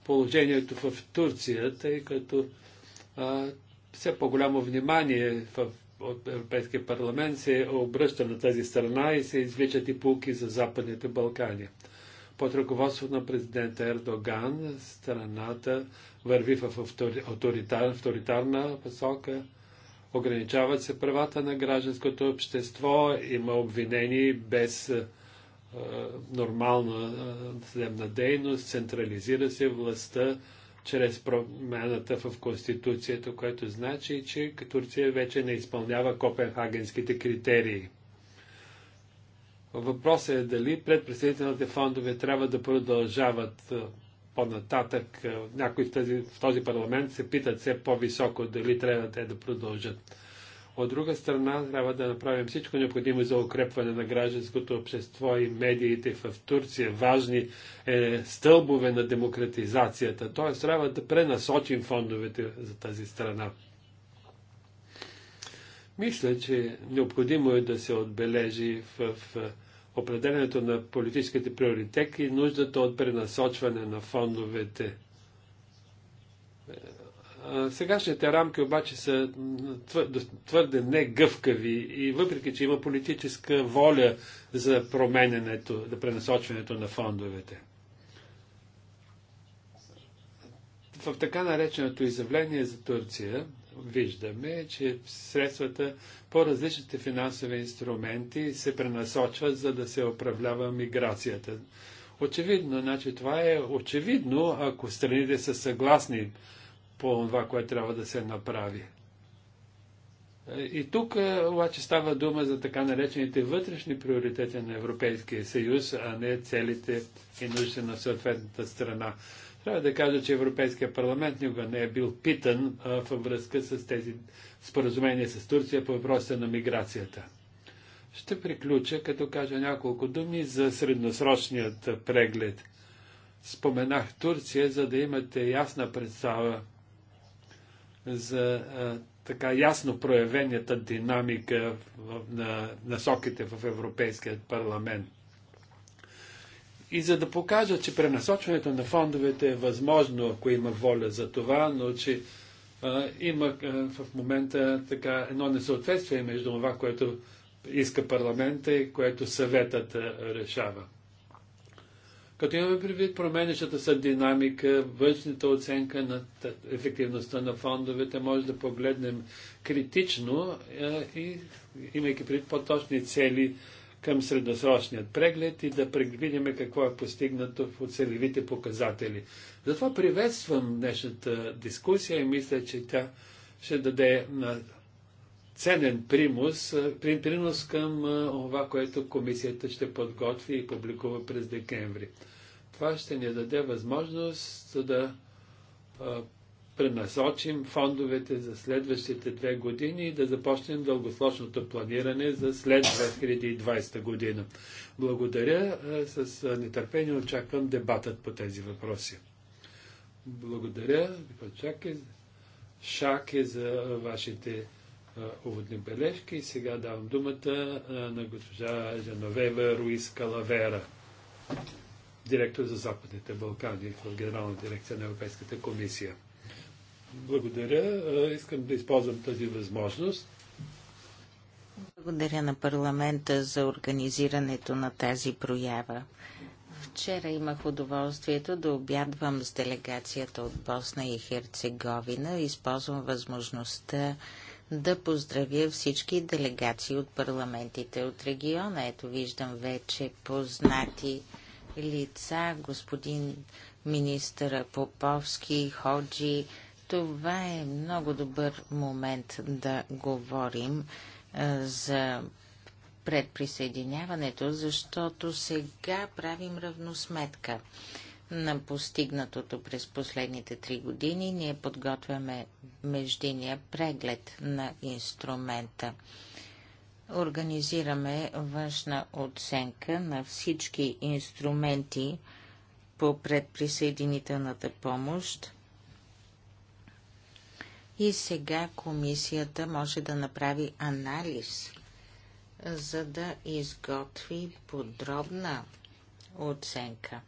положението в Турция, тъй като а, все по-голямо внимание в, от Европейския парламент се обръща на тази страна и се извличат и пулки за Западните Балкани. Под ръководството на президента Ердоган страната върви в авторитар, авторитарна посока, ограничават се правата на гражданското общество, има обвинени без е, нормална е, съдебна дейност, централизира се властта чрез промената в Конституцията, което значи, че Турция вече не изпълнява копенхагенските критерии. Въпросът е дали предпредседителните фондове трябва да продължават по-нататък. Някои в този, в този парламент се питат все по-високо дали трябва те да продължат. От друга страна, трябва да направим всичко необходимо за укрепване на гражданското общество и медиите в Турция, важни е, стълбове на демократизацията. Т.е. трябва да пренасочим фондовете за тази страна. Мисля, че необходимо е да се отбележи в, в определенето на политическите приоритети и нуждата от пренасочване на фондовете. Сегашните рамки обаче са твърде негъвкави и въпреки, че има политическа воля за промененето, за пренасочването на фондовете. В така нареченото изявление за Турция виждаме, че средствата по различните финансови инструменти се пренасочват, за да се управлява миграцията. Очевидно, значи това е очевидно, ако страните са съгласни по това, което трябва да се направи. И тук е, обаче става дума за така наречените вътрешни приоритети на Европейския съюз, а не целите и нуждите на съответната страна. Трябва да кажа, че Европейския парламент никога не е бил питан а, във връзка с тези споразумения с Турция по въпроса на миграцията. Ще приключа, като кажа няколко думи за средносрочният преглед. Споменах Турция, за да имате ясна представа за а, така ясно проявената динамика в, на насоките в Европейският парламент. И за да покажа, че пренасочването на фондовете е възможно, ако има воля за това, но че а, има а, в момента така едно несъответствие между това, което иска парламента и което съветът решава. Като имаме предвид променящата се динамика, външната оценка на ефективността на фондовете, може да погледнем критично а, и, имайки предвид по-точни цели, към средносрочният преглед и да предвидим какво е постигнато в целевите показатели. Затова приветствам днешната дискусия и мисля, че тя ще даде на ценен примус, принос към това, което комисията ще подготви и публикува през декември. Това ще ни даде възможност да пренасочим фондовете за следващите две години и да започнем дългосрочното планиране за след 2020 година. Благодаря. Е, с е, нетърпение очаквам дебатът по тези въпроси. Благодаря, Шак Шаке, за вашите е, уводни бележки. И сега давам думата на госпожа Жановева Руис Калавера, директор за Западните Балкани в Генерална дирекция на Европейската комисия. Благодаря. Искам да използвам тази възможност. Благодаря на парламента за организирането на тази проява. Вчера имах удоволствието да обядвам с делегацията от Босна и Херцеговина. Използвам възможността да поздравя всички делегации от парламентите от региона. Ето виждам вече познати лица, господин министър Поповски, Ходжи, това е много добър момент да говорим за предприсъединяването, защото сега правим равносметка на постигнатото през последните три години. Ние подготвяме междиния преглед на инструмента. Организираме външна оценка на всички инструменти по предприсъединителната помощ и сега комисията може да направи анализ, за да изготви подробна оценка.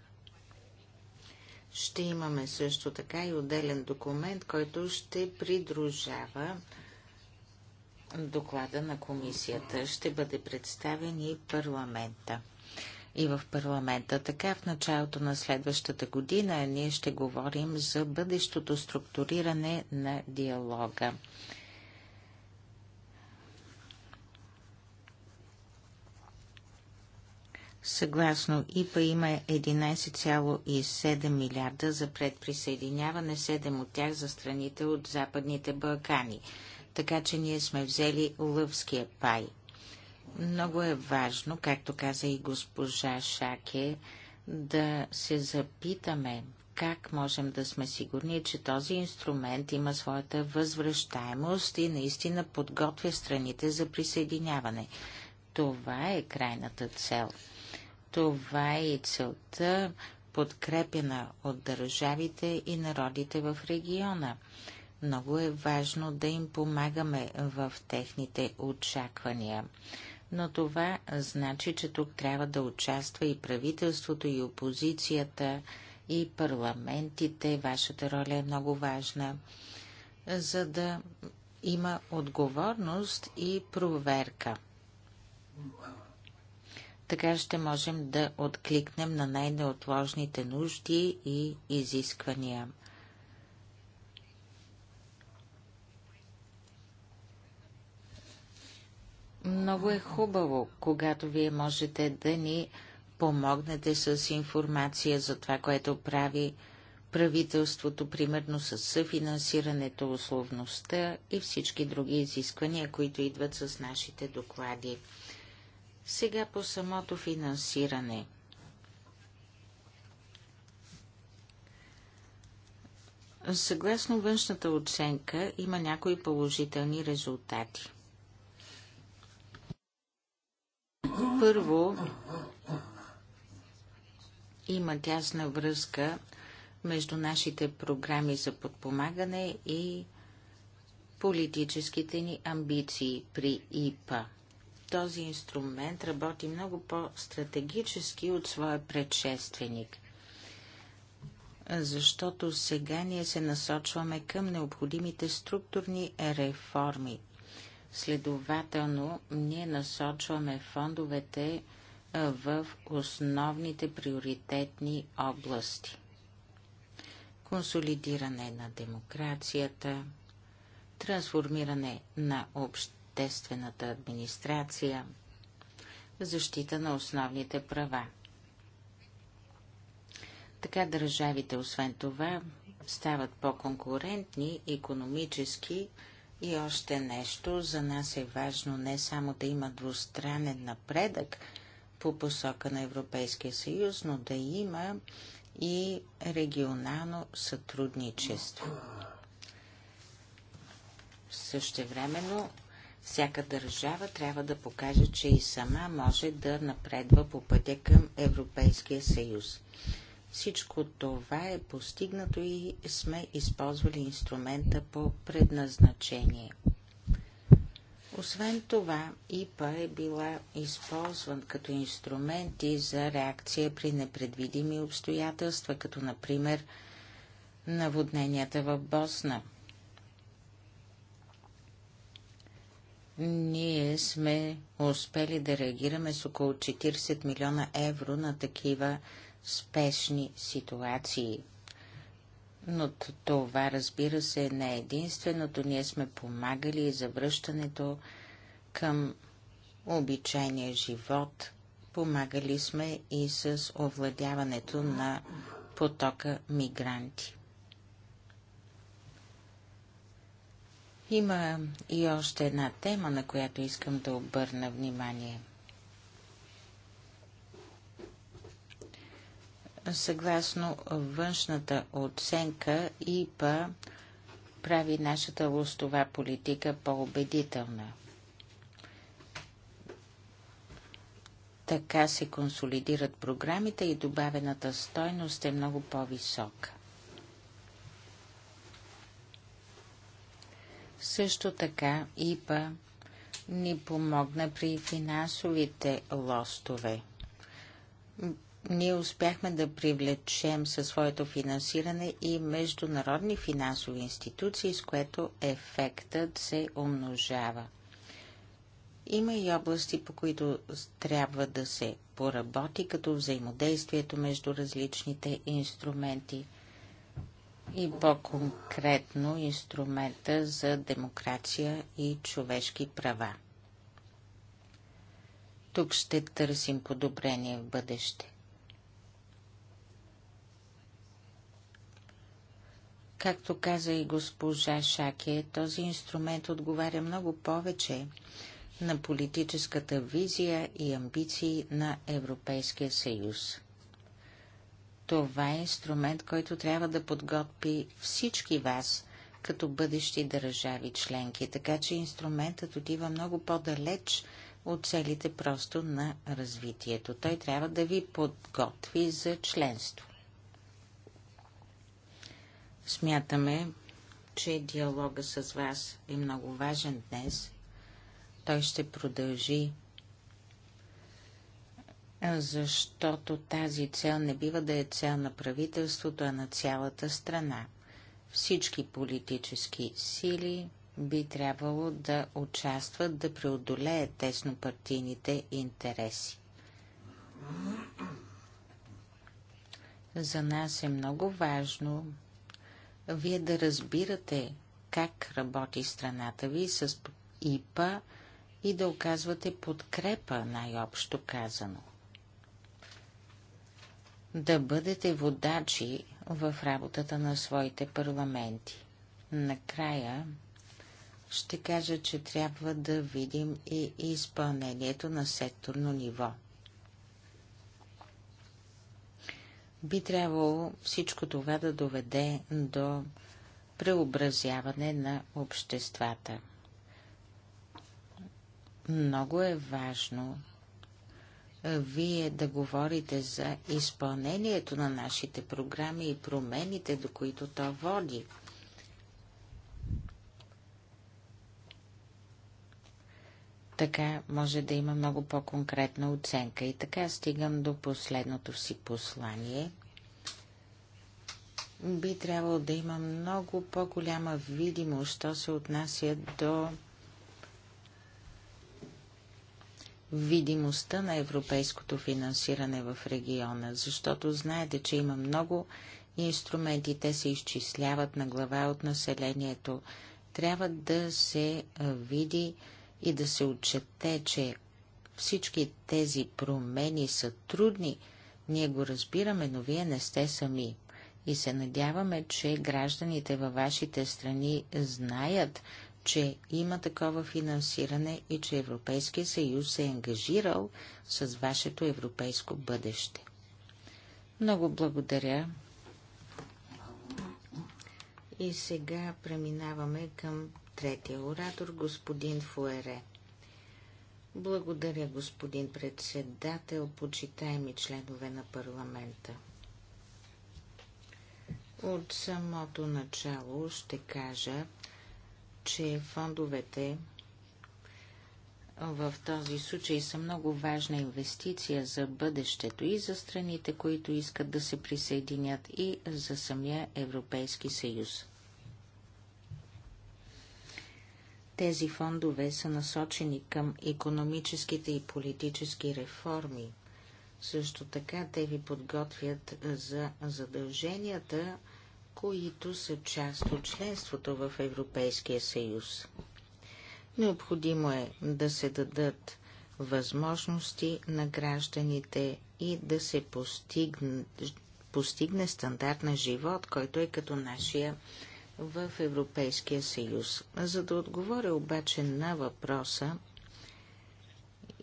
Ще имаме също така и отделен документ, който ще придружава доклада на комисията. Ще бъде представен и парламента и в парламента. Така в началото на следващата година ние ще говорим за бъдещото структуриране на диалога. Съгласно ИПА има 11,7 милиарда за предприсъединяване, 7 от тях за страните от Западните Балкани. Така че ние сме взели лъвския пай – много е важно, както каза и госпожа Шаке, да се запитаме как можем да сме сигурни, че този инструмент има своята възвръщаемост и наистина подготвя страните за присъединяване. Това е крайната цел. Това е и целта, подкрепена от държавите и народите в региона. Много е важно да им помагаме в техните очаквания но това значи, че тук трябва да участва и правителството, и опозицията, и парламентите. Вашата роля е много важна, за да има отговорност и проверка. Така ще можем да откликнем на най-неотложните нужди и изисквания. Много е хубаво, когато вие можете да ни помогнете с информация за това, което прави правителството, примерно с съфинансирането, условността и всички други изисквания, които идват с нашите доклади. Сега по самото финансиране. Съгласно външната оценка има някои положителни резултати. Първо, има тясна връзка между нашите програми за подпомагане и политическите ни амбиции при ИПА. Този инструмент работи много по-стратегически от своя предшественик, защото сега ние се насочваме към необходимите структурни реформи. Следователно, ние насочваме фондовете в основните приоритетни области. Консолидиране на демокрацията, трансформиране на обществената администрация, защита на основните права. Така държавите, освен това, стават по-конкурентни економически, и още нещо, за нас е важно не само да има двустранен напредък по посока на Европейския съюз, но да има и регионално сътрудничество. Същевременно, всяка държава трябва да покаже, че и сама може да напредва по пътя към Европейския съюз. Всичко това е постигнато и сме използвали инструмента по предназначение. Освен това, ИПА е била използван като инструменти за реакция при непредвидими обстоятелства, като например наводненията в Босна. Ние сме успели да реагираме с около 40 милиона евро на такива спешни ситуации. Но това, разбира се, не е единственото. Ние сме помагали и за връщането към обичайния живот. Помагали сме и с овладяването на потока мигранти. Има и още една тема, на която искам да обърна внимание – Съгласно външната оценка, ИПА прави нашата лостова политика по-убедителна. Така се консолидират програмите и добавената стойност е много по-висока. Също така ИПА ни помогна при финансовите лостове. Ние успяхме да привлечем със своето финансиране и международни финансови институции, с което ефектът се умножава. Има и области, по които трябва да се поработи, като взаимодействието между различните инструменти и по-конкретно инструмента за демокрация и човешки права. Тук ще търсим подобрение в бъдеще. Както каза и госпожа Шаке, този инструмент отговаря много повече на политическата визия и амбиции на Европейския съюз. Това е инструмент, който трябва да подготви всички вас като бъдещи държави членки, така че инструментът отива много по-далеч от целите просто на развитието. Той трябва да ви подготви за членство. Смятаме, че диалога с вас е много важен днес. Той ще продължи, защото тази цел не бива да е цел на правителството, а на цялата страна. Всички политически сили би трябвало да участват да преодолеят теснопартийните интереси. За нас е много важно вие да разбирате как работи страната ви с ИПА и да оказвате подкрепа, най-общо казано. Да бъдете водачи в работата на своите парламенти. Накрая ще кажа, че трябва да видим и изпълнението на секторно ниво – Би трябвало всичко това да доведе до преобразяване на обществата. Много е важно вие да говорите за изпълнението на нашите програми и промените, до които то води. Така може да има много по-конкретна оценка. И така стигам до последното си послание. Би трябвало да има много по-голяма видимост, що се отнася до видимостта на европейското финансиране в региона, защото знаете, че има много инструменти, те се изчисляват на глава от населението. Трябва да се види и да се отчете, че всички тези промени са трудни, ние го разбираме, но вие не сте сами. И се надяваме, че гражданите във вашите страни знаят, че има такова финансиране и че Европейския съюз се е ангажирал с вашето европейско бъдеще. Много благодаря. И сега преминаваме към третия оратор, господин Фуере. Благодаря, господин председател, почитаеми членове на парламента. От самото начало ще кажа, че фондовете в този случай са много важна инвестиция за бъдещето и за страните, които искат да се присъединят и за самия Европейски съюз. Тези фондове са насочени към економическите и политически реформи. Също така те ви подготвят за задълженията, които са част от членството в Европейския съюз. Необходимо е да се дадат възможности на гражданите и да се постигне, постигне стандарт на живот, който е като нашия в Европейския съюз. За да отговоря обаче на въпроса,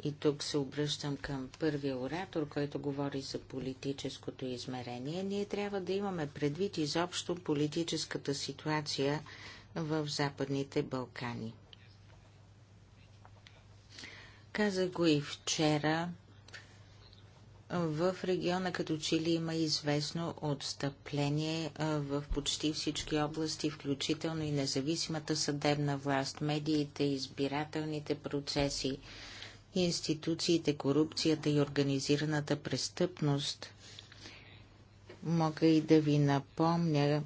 и тук се обръщам към първия оратор, който говори за политическото измерение, ние трябва да имаме предвид изобщо политическата ситуация в Западните Балкани. Каза го и вчера в региона като че ли има известно отстъпление в почти всички области, включително и независимата съдебна власт, медиите, избирателните процеси, институциите, корупцията и организираната престъпност. Мога и да ви напомня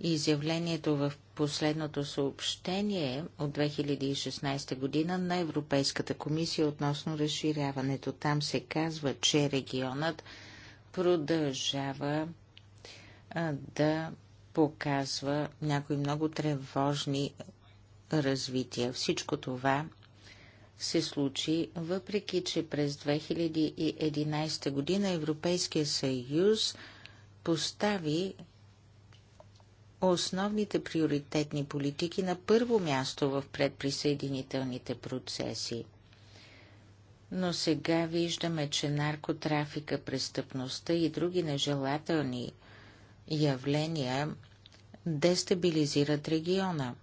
изявлението в последното съобщение от 2016 година на Европейската комисия относно разширяването. Там се казва, че регионът продължава а, да показва някои много тревожни развития. Всичко това се случи, въпреки че през 2011 година Европейския съюз постави основните приоритетни политики на първо място в предприсъединителните процеси. Но сега виждаме, че наркотрафика, престъпността и други нежелателни явления дестабилизират региона.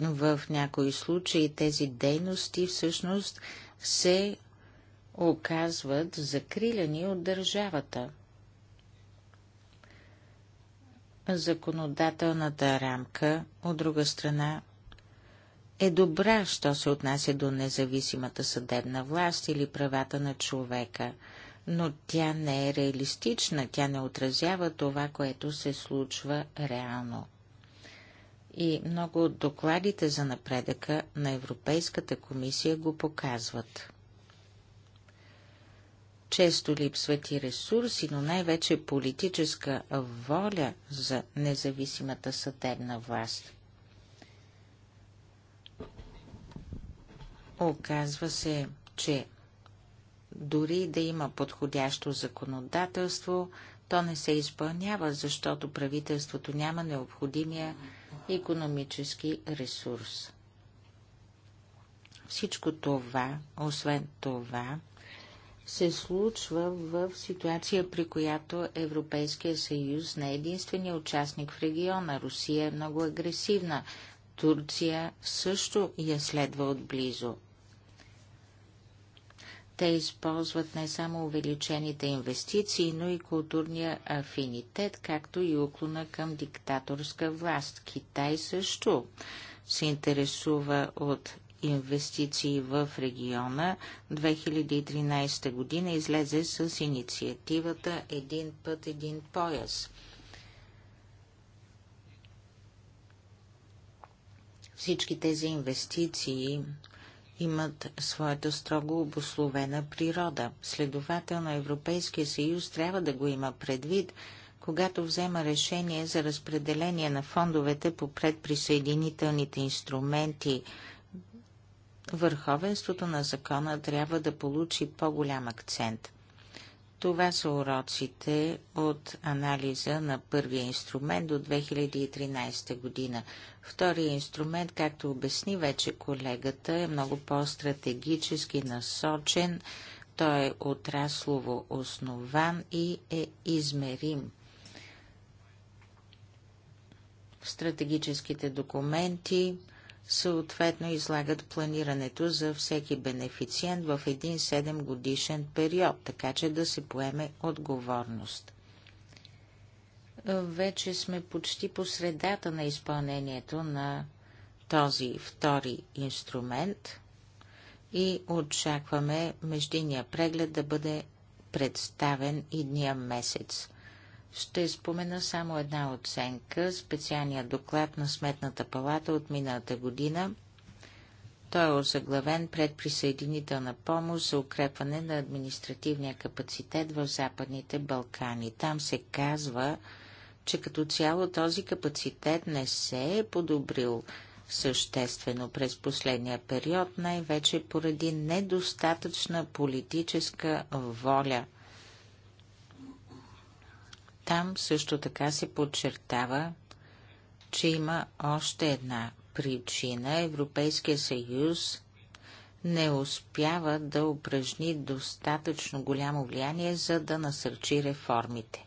В някои случаи тези дейности всъщност се оказват закриляни от държавата – Законодателната рамка, от друга страна, е добра, що се отнася до независимата съдебна власт или правата на човека, но тя не е реалистична, тя не отразява това, което се случва реално. И много от докладите за напредъка на Европейската комисия го показват. Често липсват и ресурси, но най-вече политическа воля за независимата съдебна власт. Оказва се, че дори да има подходящо законодателство, то не се изпълнява, защото правителството няма необходимия економически ресурс. Всичко това, освен това, се случва в ситуация, при която Европейския съюз не е единствения участник в региона. Русия е много агресивна. Турция също я следва отблизо. Те използват не само увеличените инвестиции, но и културния афинитет, както и уклона към диктаторска власт. Китай също се интересува от инвестиции в региона 2013 година излезе с инициативата Един път, един пояс. Всички тези инвестиции имат своята строго обословена природа. Следователно Европейския съюз трябва да го има предвид, когато взема решение за разпределение на фондовете по предприсъединителните инструменти върховенството на закона трябва да получи по-голям акцент. Това са уроците от анализа на първия инструмент до 2013 година. Втория инструмент, както обясни вече колегата, е много по-стратегически насочен. Той е отраслово основан и е измерим. В стратегическите документи съответно излагат планирането за всеки бенефициент в един 7 годишен период, така че да се поеме отговорност. Вече сме почти по средата на изпълнението на този втори инструмент и очакваме междиния преглед да бъде представен идния месец. Ще спомена само една оценка, специалния доклад на Сметната палата от миналата година. Той е озаглавен пред присъединителна помощ за укрепване на административния капацитет в Западните Балкани. Там се казва, че като цяло този капацитет не се е подобрил съществено през последния период, най-вече поради недостатъчна политическа воля – там също така се подчертава, че има още една причина. Европейския съюз не успява да упражни достатъчно голямо влияние, за да насърчи реформите.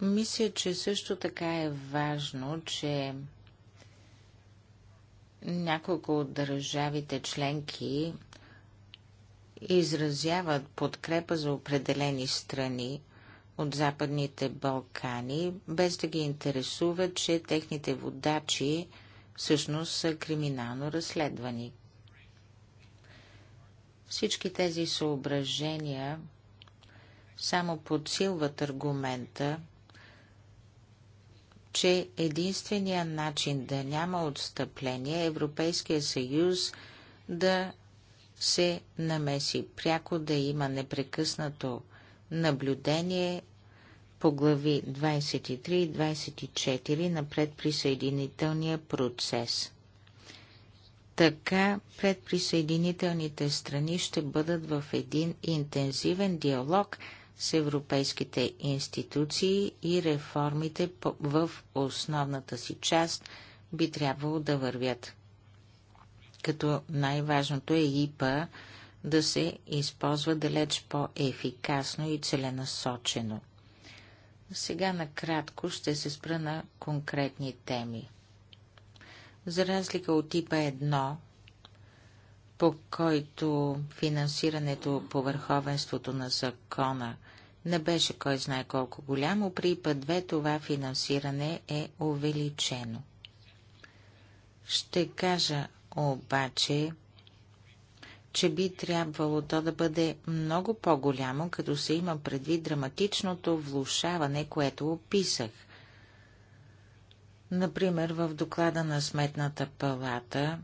Мисля, че също така е важно, че няколко от държавите членки изразяват подкрепа за определени страни от Западните Балкани, без да ги интересуват, че техните водачи всъщност са криминално разследвани. Всички тези съображения само подсилват аргумента, че единствения начин да няма отстъпление е Европейския съюз да се намеси пряко да има непрекъснато наблюдение по глави 23 и 24 на предприсъединителния процес. Така предприсъединителните страни ще бъдат в един интензивен диалог с европейските институции и реформите в основната си част би трябвало да вървят като най-важното е ИПА да се използва далеч по-ефикасно и целенасочено. Сега накратко ще се спра на конкретни теми. За разлика от Ипа 1, по който финансирането по върховенството на закона не беше кой знае колко голямо, при ипа 2 това финансиране е увеличено. Ще кажа обаче, че би трябвало то да бъде много по-голямо, като се има предвид драматичното влушаване, което описах. Например, в доклада на Сметната палата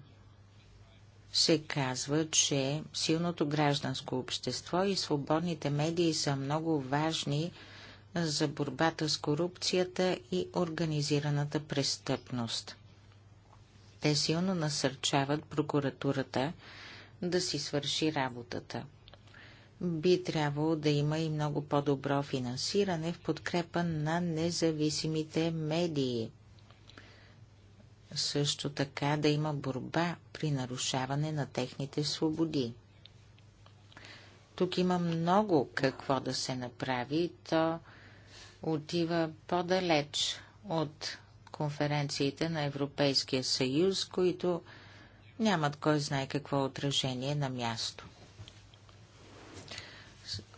се казва, че силното гражданско общество и свободните медии са много важни за борбата с корупцията и организираната престъпност. Те силно насърчават прокуратурата да си свърши работата. Би трябвало да има и много по-добро финансиране в подкрепа на независимите медии. Също така да има борба при нарушаване на техните свободи. Тук има много какво да се направи, то отива по-далеч от конференциите на Европейския съюз, които нямат кой знае какво отражение на място.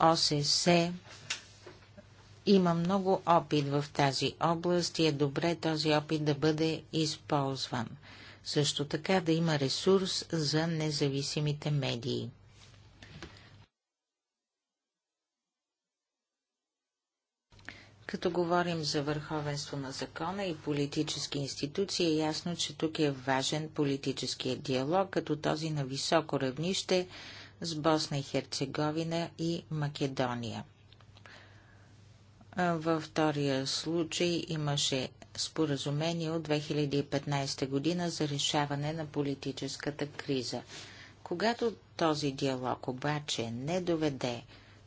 ОССЕ има много опит в тази област и е добре този опит да бъде използван. Също така да има ресурс за независимите медии. Като говорим за върховенство на закона и политически институции, е ясно, че тук е важен политическия диалог, като този на високо равнище с Босна и Херцеговина и Македония. Във втория случай имаше споразумение от 2015 година за решаване на политическата криза. Когато този диалог обаче не доведе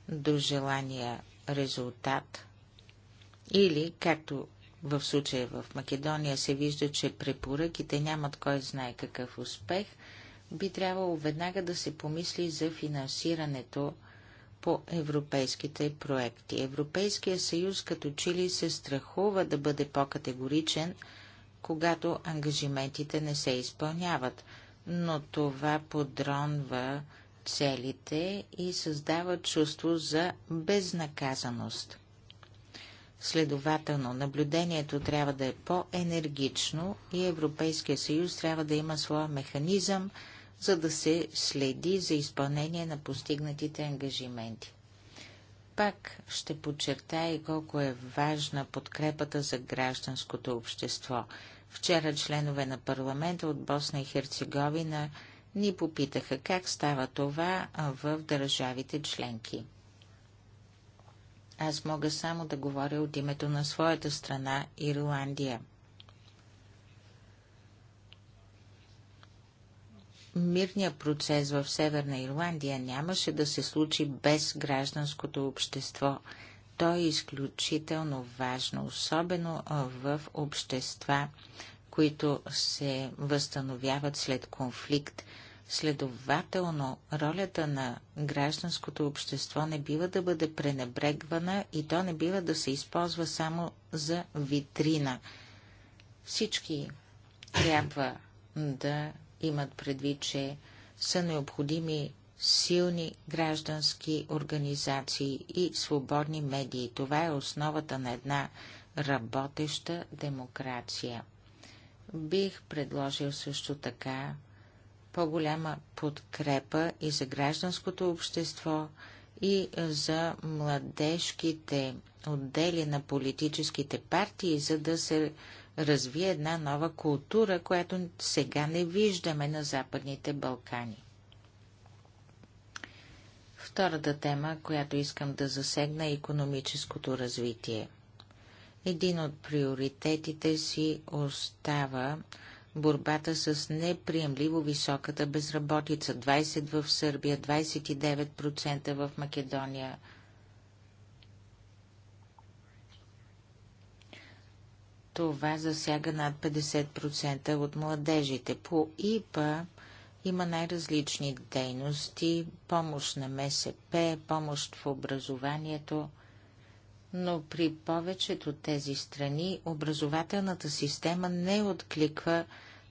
до желания резултат – или, както в случая в Македония се вижда, че препоръките нямат кой знае какъв успех, би трябвало веднага да се помисли за финансирането по европейските проекти. Европейския съюз като чили се страхува да бъде по-категоричен, когато ангажиментите не се изпълняват, но това подронва целите и създава чувство за безнаказаност. Следователно, наблюдението трябва да е по-енергично и Европейския съюз трябва да има своя механизъм, за да се следи за изпълнение на постигнатите ангажименти. Пак ще подчертая колко е важна подкрепата за гражданското общество. Вчера членове на парламента от Босна и Херцеговина ни попитаха как става това в държавите членки. Аз мога само да говоря от името на своята страна, Ирландия. Мирният процес в Северна Ирландия нямаше да се случи без гражданското общество. То е изключително важно, особено в общества, които се възстановяват след конфликт – Следователно, ролята на гражданското общество не бива да бъде пренебрегвана и то не бива да се използва само за витрина. Всички трябва да имат предвид, че са необходими силни граждански организации и свободни медии. Това е основата на една работеща демокрация. Бих предложил също така по-голяма подкрепа и за гражданското общество, и за младежките отдели на политическите партии, за да се развие една нова култура, която сега не виждаме на Западните Балкани. Втората тема, която искам да засегна е економическото развитие. Един от приоритетите си остава борбата с неприемливо високата безработица 20 в Сърбия, 29% в Македония. Това засяга над 50% от младежите. По ИПА има най-различни дейности, помощ на МСП, помощ в образованието, но при повечето тези страни образователната система не откликва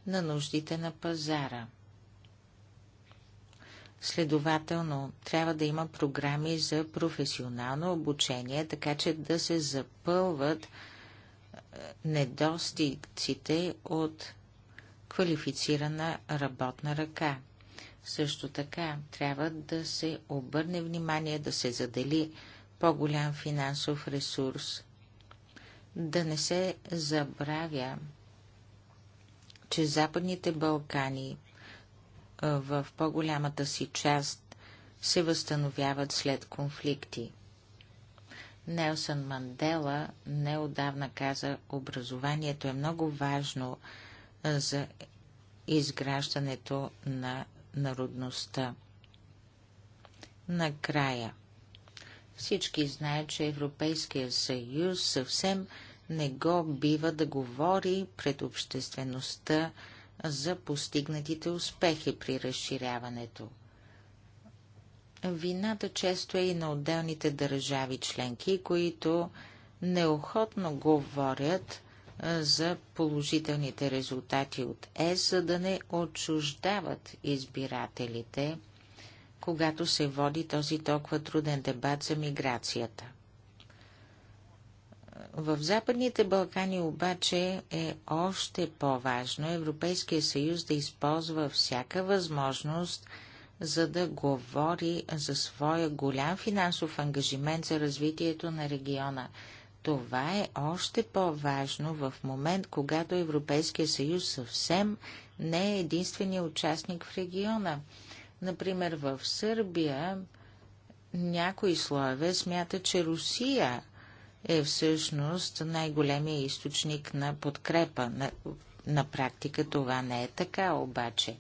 на нуждите на пазара. Следователно, трябва да има програми за професионално обучение, така че да се запълват е, недостигците от квалифицирана работна ръка. Също така трябва да се обърне внимание да се задели по-голям финансов ресурс. Да не се забравя че Западните Балкани в по-голямата си част се възстановяват след конфликти. Нелсън Мандела неодавна каза, образованието е много важно за изграждането на народността. Накрая. Всички знаят, че Европейския съюз съвсем не го бива да говори пред обществеността за постигнатите успехи при разширяването. Вината често е и на отделните държави членки, които неохотно говорят за положителните резултати от ЕС, за да не отчуждават избирателите, когато се води този толкова труден дебат за миграцията. В Западните Балкани обаче е още по-важно Европейския съюз да използва всяка възможност, за да говори за своя голям финансов ангажимент за развитието на региона. Това е още по-важно в момент, когато Европейския съюз съвсем не е единствения участник в региона. Например, в Сърбия някои слоеве смятат, че Русия е всъщност най-големия източник на подкрепа. На, на практика това не е така обаче.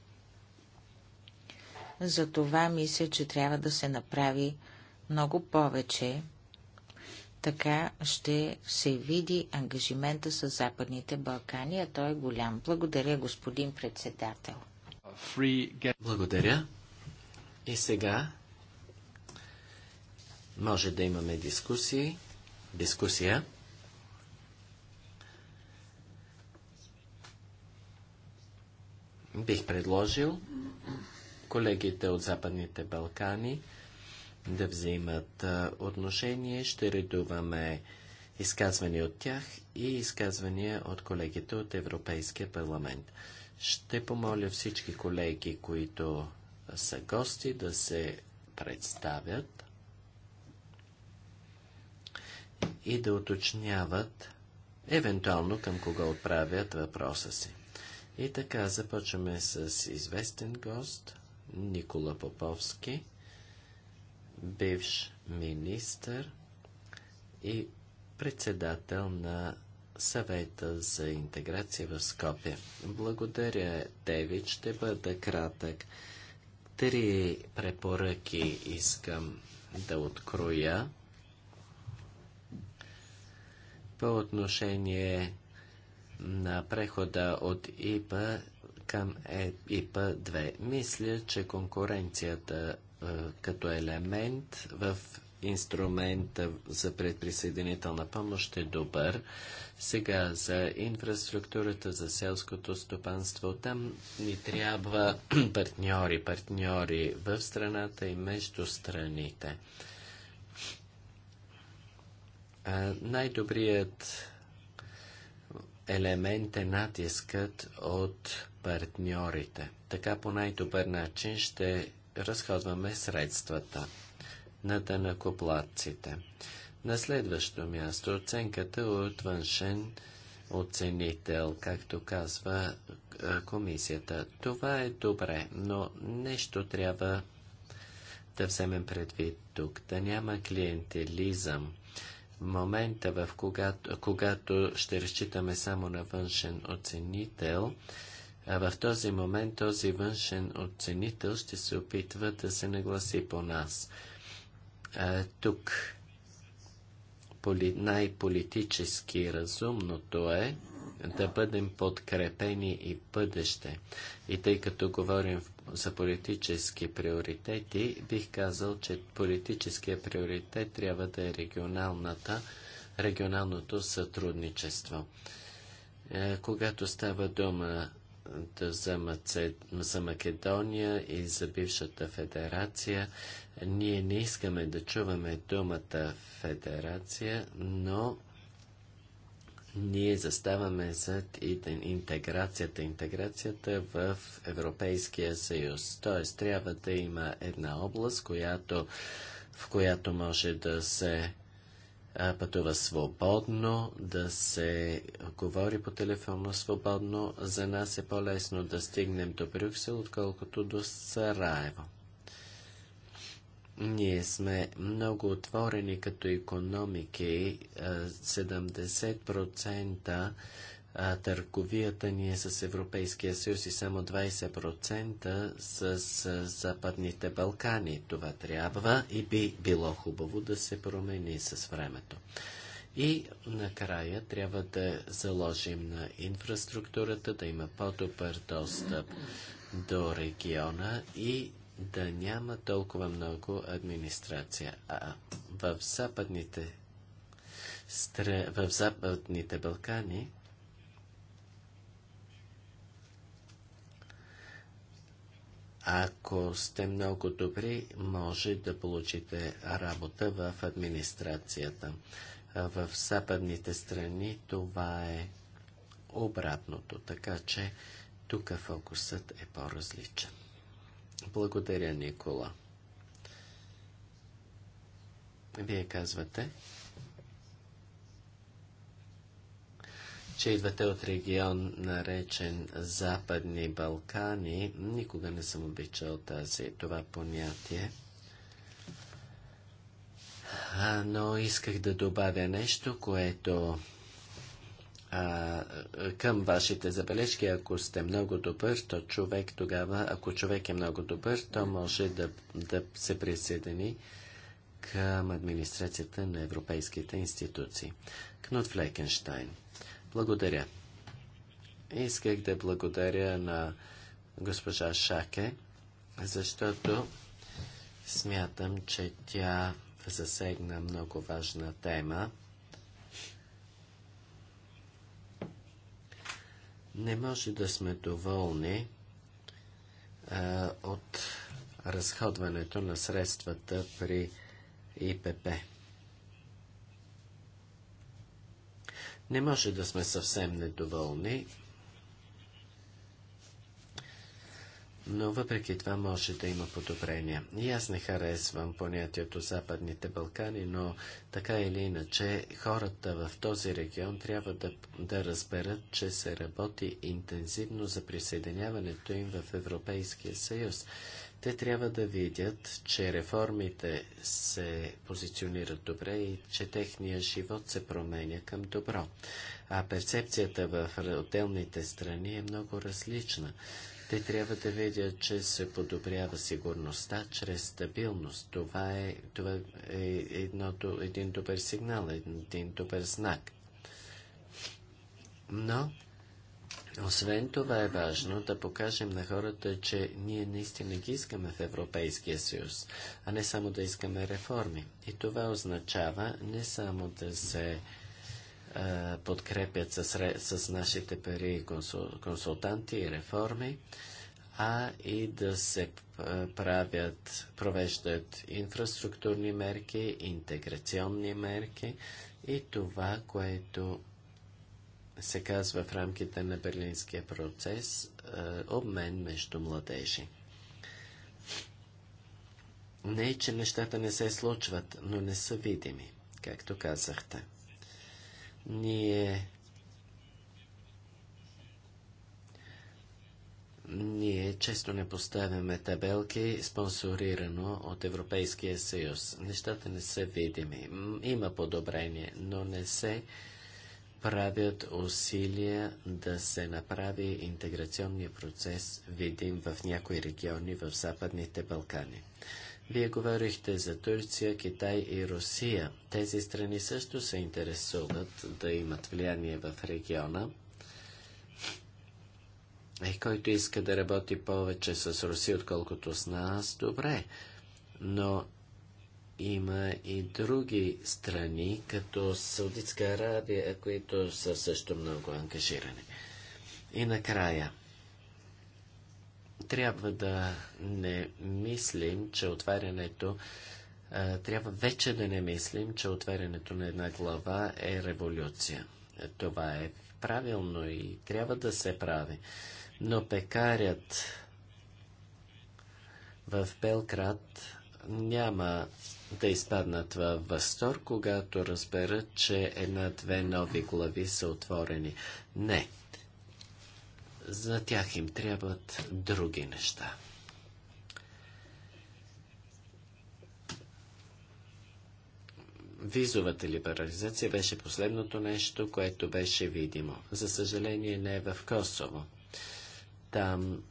Затова мисля, че трябва да се направи много повече. Така ще се види ангажимента с Западните Балкани, а той е голям. Благодаря, господин председател. Благодаря. И сега може да имаме дискусии дискусия. Бих предложил колегите от Западните Балкани да взимат отношение. Ще редуваме изказвания от тях и изказвания от колегите от Европейския парламент. Ще помоля всички колеги, които са гости, да се представят и да уточняват евентуално към кого отправят въпроса си. И така започваме с известен гост Никола Поповски, бивш министър и председател на съвета за интеграция в Скопия. Благодаря, Девид. Ще бъда кратък. Три препоръки искам да откроя по отношение на прехода от ИПА към е, ИПА 2. Мисля, че конкуренцията е, като елемент в инструмента за предприсъединителна помощ е добър. Сега за инфраструктурата, за селското стопанство, там ни трябва партньори, партньори в страната и между страните най-добрият елемент е натискът от партньорите. Така по най-добър начин ще разходваме средствата на тънакоплатците. На следващо място оценката от външен оценител, както казва комисията. Това е добре, но нещо трябва да вземем предвид тук, да няма клиентелизъм момента, в когато, когато ще разчитаме само на външен оценител, в този момент този външен оценител ще се опитва да се нагласи по нас. Тук най-политически разумното е да бъдем подкрепени и бъдеще. И тъй като говорим в за политически приоритети, бих казал, че политическия приоритет трябва да е регионалната, регионалното сътрудничество. Е, когато става дума за Македония и за бившата федерация, ние не искаме да чуваме думата федерация, но ние заставаме зад интеграцията. Интеграцията в Европейския съюз. Т.е. трябва да има една област, която, в която може да се пътува свободно, да се говори по телефона свободно. За нас е по-лесно да стигнем до Брюксел, отколкото до Сараево. Ние сме много отворени като економики. 70% търговията ни е с Европейския съюз и само 20% с, с Западните Балкани. Това трябва и би било хубаво да се промени с времето. И накрая трябва да заложим на инфраструктурата, да има по-добър достъп до региона и да няма толкова много администрация. А в западните, в западните Балкани Ако сте много добри, може да получите работа в администрацията. В западните страни това е обратното, така че тук фокусът е по-различен. Благодаря, Никола. Вие казвате, че идвате от регион, наречен Западни Балкани. Никога не съм обичал тази, това понятие. А, но исках да добавя нещо, което а, към вашите забележки, ако сте много добър, то човек тогава, ако човек е много добър, то може да, да се присъедини към администрацията на европейските институции. Кнут Флекенштайн. Благодаря. Исках да благодаря на госпожа Шаке, защото смятам, че тя засегна много важна тема. Не може да сме доволни а, от разходването на средствата при ИПП. Не може да сме съвсем недоволни, но въпреки това може да има подобрения. И аз не харесвам понятието Западните Балкани, но така или иначе хората в този регион трябва да, да разберат, че се работи интензивно за присъединяването им в Европейския съюз. Те трябва да видят, че реформите се позиционират добре и че техният живот се променя към добро. А перцепцията в отделните страни е много различна. Те трябва да видят, че се подобрява сигурността чрез стабилност. Това е, това е едното, един добър сигнал, един добър знак. Но, освен това е важно да покажем на хората, че ние наистина ги искаме в Европейския съюз, а не само да искаме реформи. И това означава не само да се подкрепят с, с нашите пари консултанти и реформи, а и да се правят, провеждат инфраструктурни мерки, интеграционни мерки и това, което се казва в рамките на берлинския процес обмен между младежи. Не, че нещата не се случват, но не са видими, както казахте. Ние ние често не поставяме табелки, спонсорирано от Европейския съюз. Нещата не са видими. Има подобрение, но не се правят усилия да се направи интеграционния процес видим в някои региони в Западните Балкани. Вие говорихте за Турция, Китай и Русия. Тези страни също се интересуват да имат влияние в региона. И е, който иска да работи повече с Русия, отколкото с нас, добре. Но има и други страни, като Саудитска Арабия, които са също много ангажирани. И накрая – трябва да не мислим, че отварянето трябва вече да не мислим, че отварянето на една глава е революция. Това е правилно и трябва да се прави. Но пекарят в Белград няма да изпаднат в възторг, когато разберат, че една-две нови глави са отворени. Не, за тях им трябват други неща. Визовата либерализация беше последното нещо, което беше видимо. За съжаление не е в Косово. Там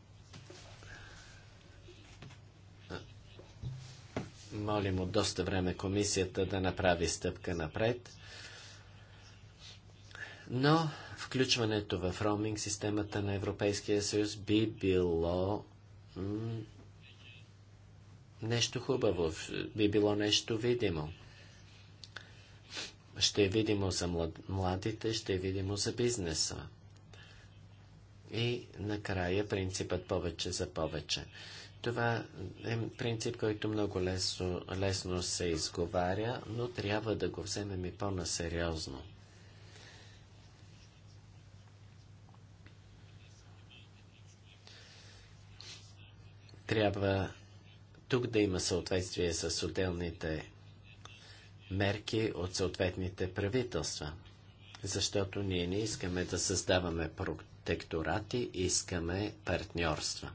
молим от доста време комисията да направи стъпка напред. Но включването в роуминг системата на Европейския съюз би било нещо хубаво, би било нещо видимо. Ще е видимо за младите, ще е видимо за бизнеса. И накрая принципът повече за повече. Това е принцип, който много лесно, лесно се изговаря, но трябва да го вземем и по-насериозно. Трябва тук да има съответствие с отделните мерки от съответните правителства. Защото ние не искаме да създаваме протекторати, искаме партньорства.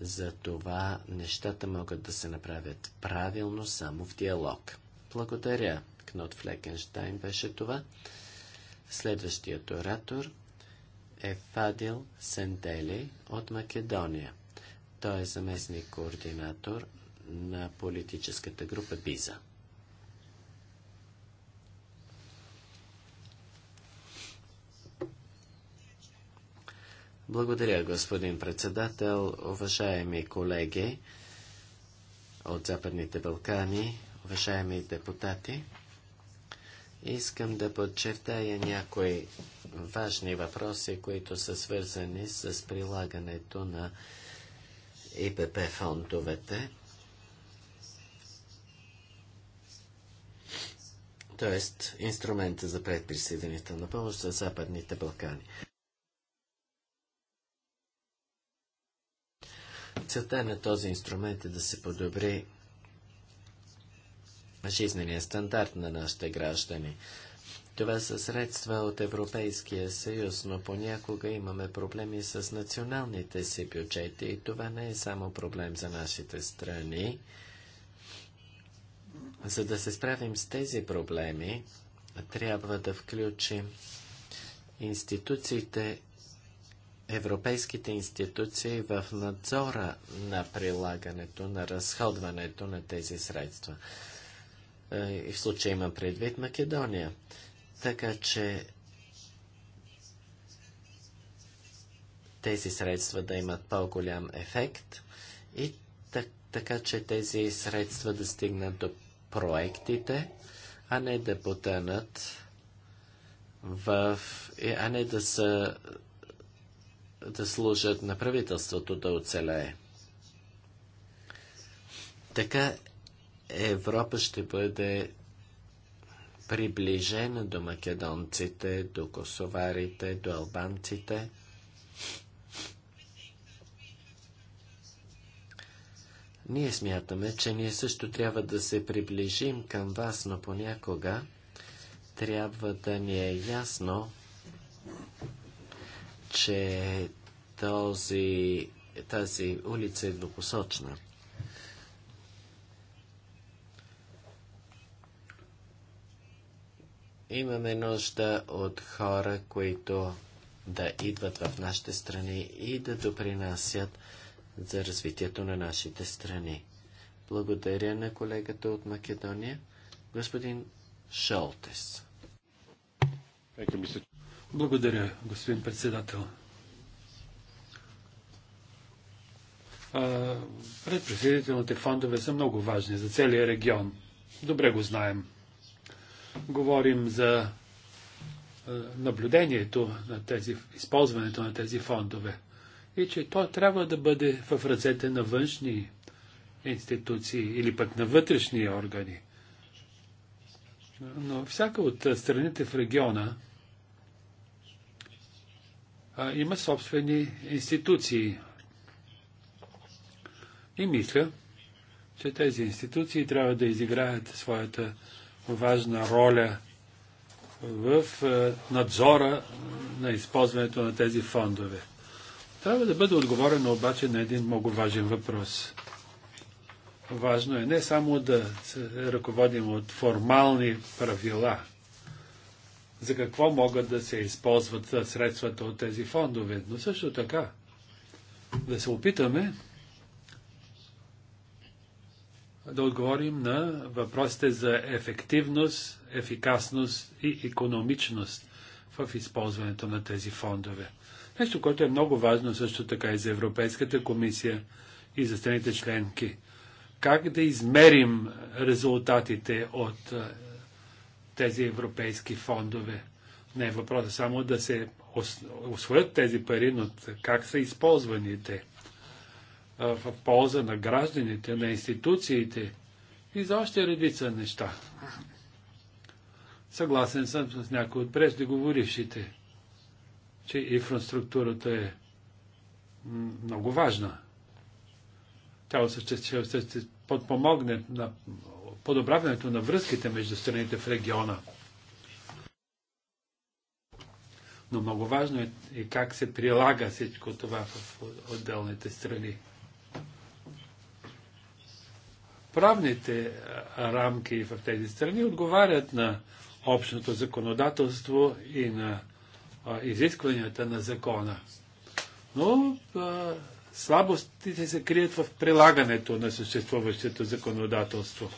Затова нещата могат да се направят правилно само в диалог. Благодаря. Кнот Флекенштайн беше това. Следващият оратор е Фадил Сентели от Македония. Той е заместник координатор на политическата група БИЗА. Благодаря, господин председател, уважаеми колеги от Западните Балкани, уважаеми депутати. Искам да подчертая някои важни въпроси, които са свързани с прилагането на ИПП фондовете. т.е. инструмента за на помощ за Западните Балкани. Целта на този инструмент е да се подобри жизнения стандарт на нашите граждани. Това са средства от Европейския съюз, но понякога имаме проблеми с националните си бюджети и това не е само проблем за нашите страни. За да се справим с тези проблеми, трябва да включим институциите, европейските институции в надзора на прилагането, на разходването на тези средства. Е, и в случая имам предвид Македония. Така че тези средства да имат по-голям ефект и так, така, че тези средства да стигнат до проектите, а не да потънат в... а не да са да служат на правителството да оцелее. Така Европа ще бъде приближена до македонците, до косоварите, до албанците. Ние смятаме, че ние също трябва да се приближим към вас, но понякога трябва да ни е ясно, че този, тази улица е двупосочна. Имаме нужда от хора, които да идват в нашите страни и да допринасят за развитието на нашите страни. Благодаря на колегата от Македония, господин Шолтес. Благодаря, господин председател. Предпредседителните фондове са много важни за целия регион. Добре го знаем. Говорим за е, наблюдението на тези, използването на тези фондове и че то трябва да бъде в ръцете на външни институции или пък на вътрешни органи. Но всяка от страните в региона а, има собствени институции. И мисля, че тези институции трябва да изиграят своята важна роля в е, надзора на използването на тези фондове. Трябва да бъде отговорено обаче на един много важен въпрос. Важно е не само да се ръководим от формални правила, за какво могат да се използват средствата от тези фондове, но също така да се опитаме да отговорим на въпросите за ефективност, ефикасност и економичност в използването на тези фондове. Нещо, което е много важно също така и за Европейската комисия и за страните членки. Как да измерим резултатите от е, тези европейски фондове? Не е въпросът само да се освоят тези пари, но как са използвани те в полза на гражданите, на институциите и за още редица неща. Съгласен съм с някои от преждеговорившите, че инфраструктурата е много важна. Тя ще подпомогне на подобраването на връзките между страните в региона. Но много важно е и как се прилага всичко това в отделните страни правните рамки в тези страни отговарят на общото законодателство и на изискванията на закона. Но а, слабостите се крият в прилагането на съществуващото законодателство.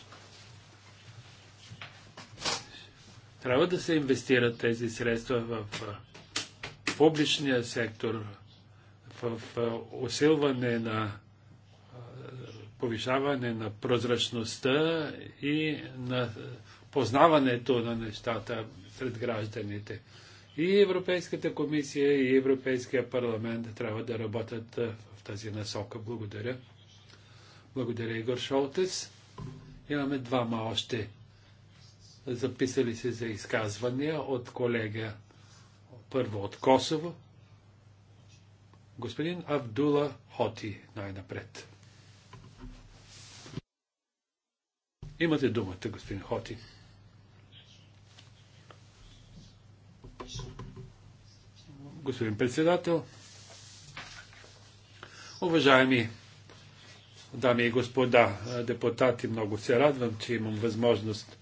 Трябва да се инвестират тези средства в публичния сектор, в усилване на повишаване на прозрачността и на познаването на нещата сред гражданите. И Европейската комисия, и Европейския парламент трябва да работят в тази насока. Благодаря. Благодаря, Игор Шолтес. Имаме двама още записали се за изказвания от колега първо от Косово, господин Авдула Хоти най-напред. Имате думата, господин Хоти. Господин председател, уважаеми дами и господа депутати, много се радвам, че имам възможност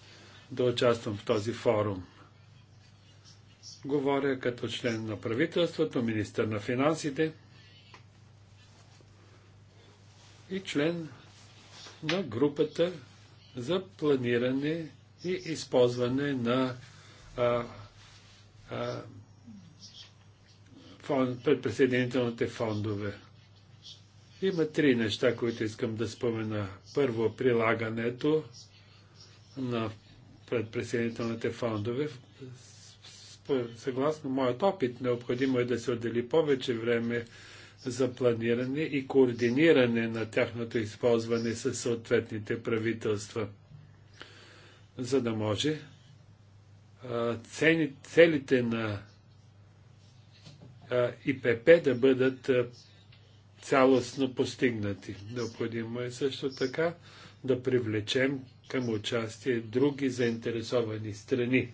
да участвам в този форум. Говоря като член на правителството, министър на финансите и член на групата за планиране и използване на а, а, фон, предприсъединителните фондове. Има три неща, които искам да спомена. Първо, прилагането на предприсъединителните фондове. Съгласно моят опит, необходимо е да се отдели повече време за планиране и координиране на тяхното използване с съответните правителства, за да може цени, целите на ИПП да бъдат цялостно постигнати. Необходимо е също така да привлечем към участие други заинтересовани страни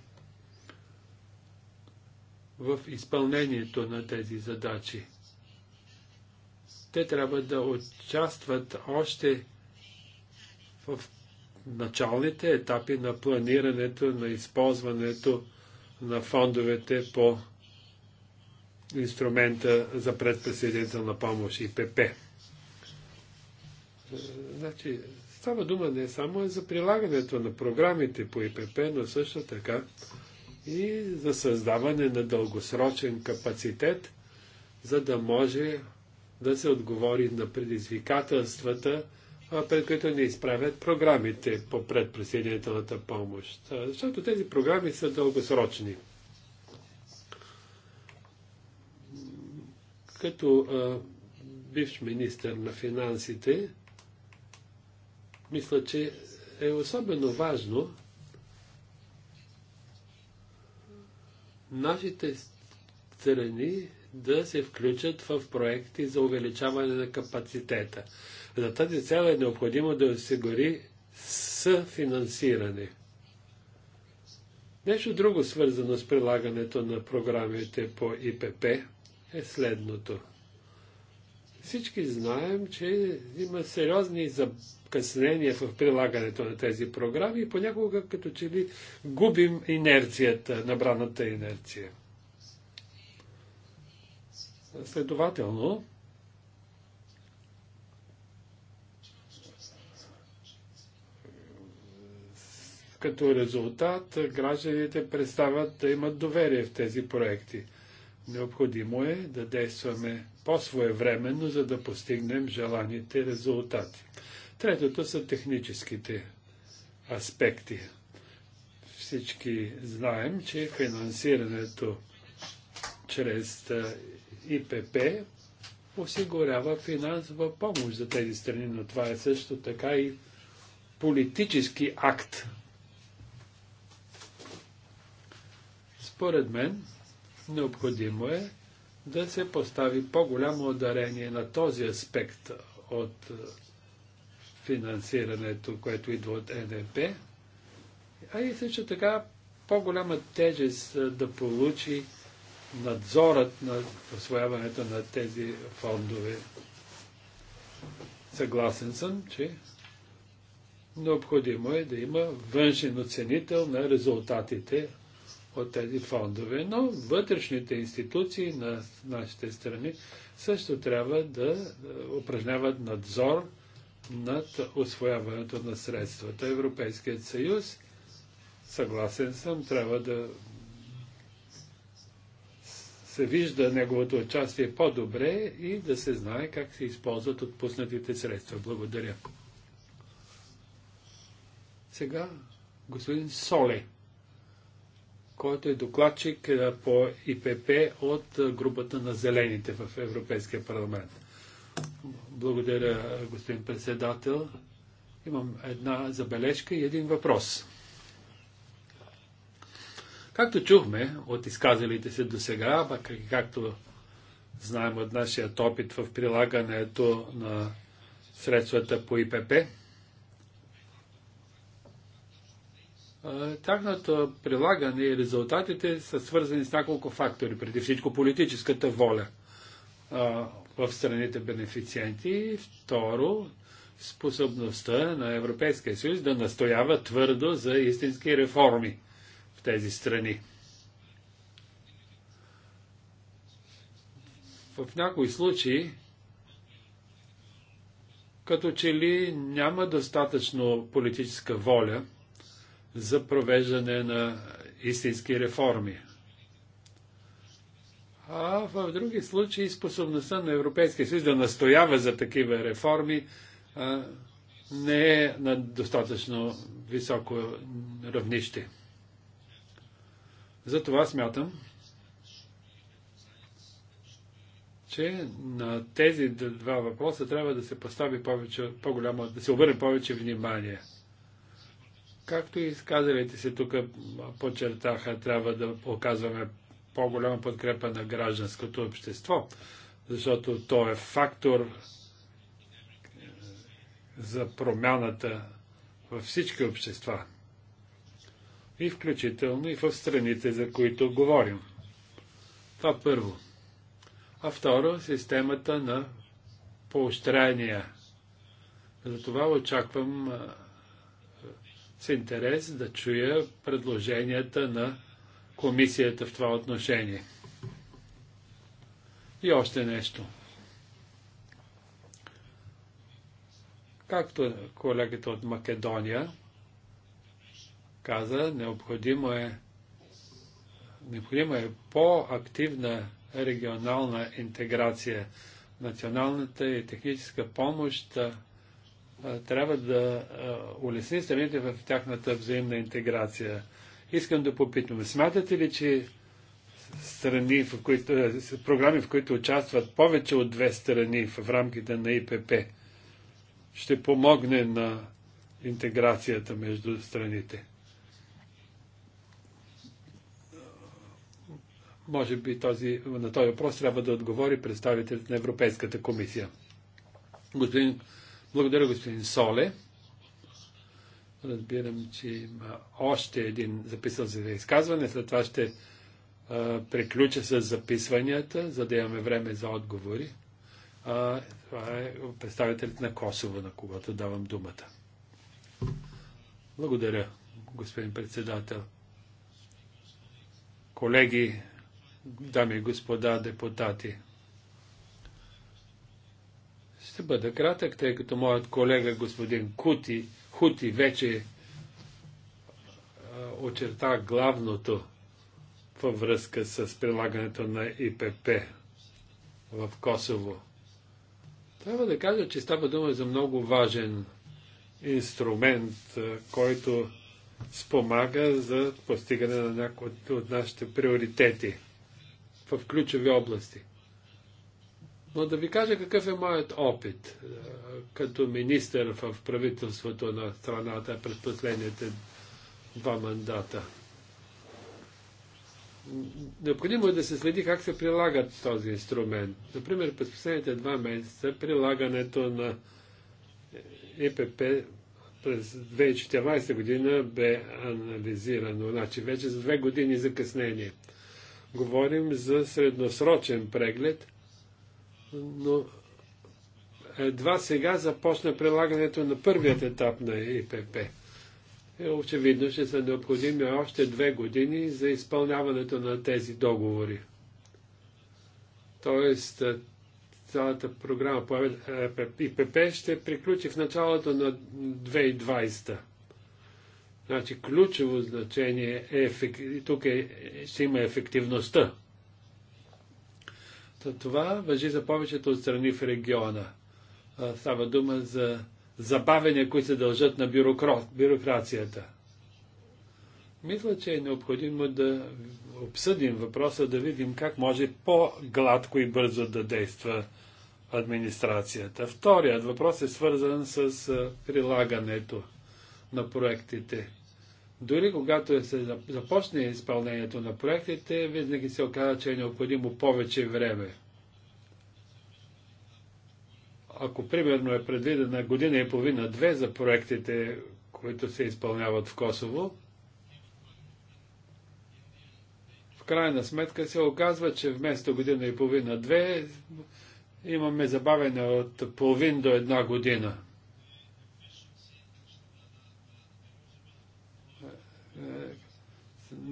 в изпълнението на тези задачи. Те трябва да участват още в началните етапи на планирането, на използването на фондовете по инструмента за предпредседителна помощ и ПП. Е, значи, става дума не само за прилагането на програмите по ИПП, но също така и за създаване на дългосрочен капацитет, за да може да се отговори на предизвикателствата, пред които не изправят програмите по предприсъединителната помощ. Защото тези програми са дългосрочни. Като а, бивш министр на финансите, мисля, че е особено важно нашите страни да се включат в проекти за увеличаване на капацитета. За тази цел е необходимо да осигури съфинансиране. Нещо друго свързано с прилагането на програмите по ИПП е следното. Всички знаем, че има сериозни закъснения в прилагането на тези програми и понякога като че ли губим инерцията, набраната инерция. Следователно, като резултат гражданите представят да имат доверие в тези проекти. Необходимо е да действаме по-своевременно, за да постигнем желаните резултати. Третото са техническите аспекти. Всички знаем, че финансирането чрез ИПП осигурява финансова помощ за тези страни, но това е също така и политически акт. Според мен, необходимо е да се постави по-голямо ударение на този аспект от е, финансирането, което идва от НЕП, а и също така по-голяма тежест е, да получи надзорът на освояването на тези фондове. Съгласен съм, че необходимо е да има външен оценител на резултатите от тези фондове, но вътрешните институции на нашите страни също трябва да упражняват надзор над освояването на средствата. Европейският съюз, съгласен съм, трябва да се вижда неговото участие по-добре и да се знае как се използват отпуснатите средства. Благодаря. Сега господин Соле, който е докладчик по ИПП от групата на зелените в Европейския парламент. Благодаря, господин председател. Имам една забележка и един въпрос. Както чухме от изказалите се до сега, пък и както знаем от нашия опит в прилагането на средствата по ИПП, тяхното прилагане и резултатите са свързани с няколко фактори. Преди всичко политическата воля в страните бенефициенти. Второ, способността на Европейския съюз да настоява твърдо за истински реформи тези страни. В някои случаи, като че ли няма достатъчно политическа воля за провеждане на истински реформи. А в други случаи способността на Европейския съюз да настоява за такива реформи а, не е на достатъчно високо равнище. Затова смятам, че на тези два въпроса трябва да се постави повече, по-голямо, да се обърне повече внимание. Както и изказалите се тук подчертаха, трябва да оказваме по-голяма подкрепа на гражданското общество, защото то е фактор е, за промяната във всички общества и включително и в страните, за които говорим. Това първо. А второ, системата на поощрения. Затова очаквам с интерес да чуя предложенията на комисията в това отношение. И още нещо. Както колегата от Македония, каза, необходимо е, необходимо е по-активна регионална интеграция. Националната и техническа помощ а, трябва да улесни страните в тяхната взаимна интеграция. Искам да попитам, смятате ли, че страни, в които, е, програми, в които участват повече от две страни в рамките на ИПП, ще помогне на интеграцията между страните? може би този, на този въпрос трябва да отговори представителят на Европейската комисия. Господин, благодаря, господин Соле. Разбирам, че има още един записан за изказване. След това ще а, приключа с записванията, за да имаме време за отговори. А, това е представителят на Косово, на когото давам думата. Благодаря, господин председател. Колеги, дами и господа депутати. Ще бъда кратък, тъй като моят колега господин Кути, Хути вече очерта главното във връзка с прилагането на ИПП в Косово. Трябва да кажа, че става дума за много важен инструмент, който спомага за постигане на някои от нашите приоритети – в ключови области. Но да ви кажа какъв е моят опит като министър в правителството на страната през последните два мандата. Необходимо е да се следи как се прилагат този инструмент. Например, през последните два месеца прилагането на ЕПП през 2014 година бе анализирано. Значи вече за две години закъснение говорим за средносрочен преглед, но едва сега започна прилагането на първият етап на ИПП. Е, очевидно че са необходими още две години за изпълняването на тези договори. Тоест, цялата програма по ИПП ще приключи в началото на 2020. Значи ключово значение е, и тук е, ще има ефективността. Това въжи за повечето от страни в региона. Става дума за забавения, които се дължат на бюрокро... бюрокрацията. Мисля, че е необходимо да обсъдим въпроса, да видим как може по-гладко и бързо да действа администрацията. Вторият въпрос е свързан с прилагането на проектите. Дори когато се започне изпълнението на проектите, винаги се оказва, че е необходимо повече време. Ако примерно е предвидена година и половина-две за проектите, които се изпълняват в Косово, в крайна сметка се оказва, че вместо година и половина-две имаме забавене от половин до една година.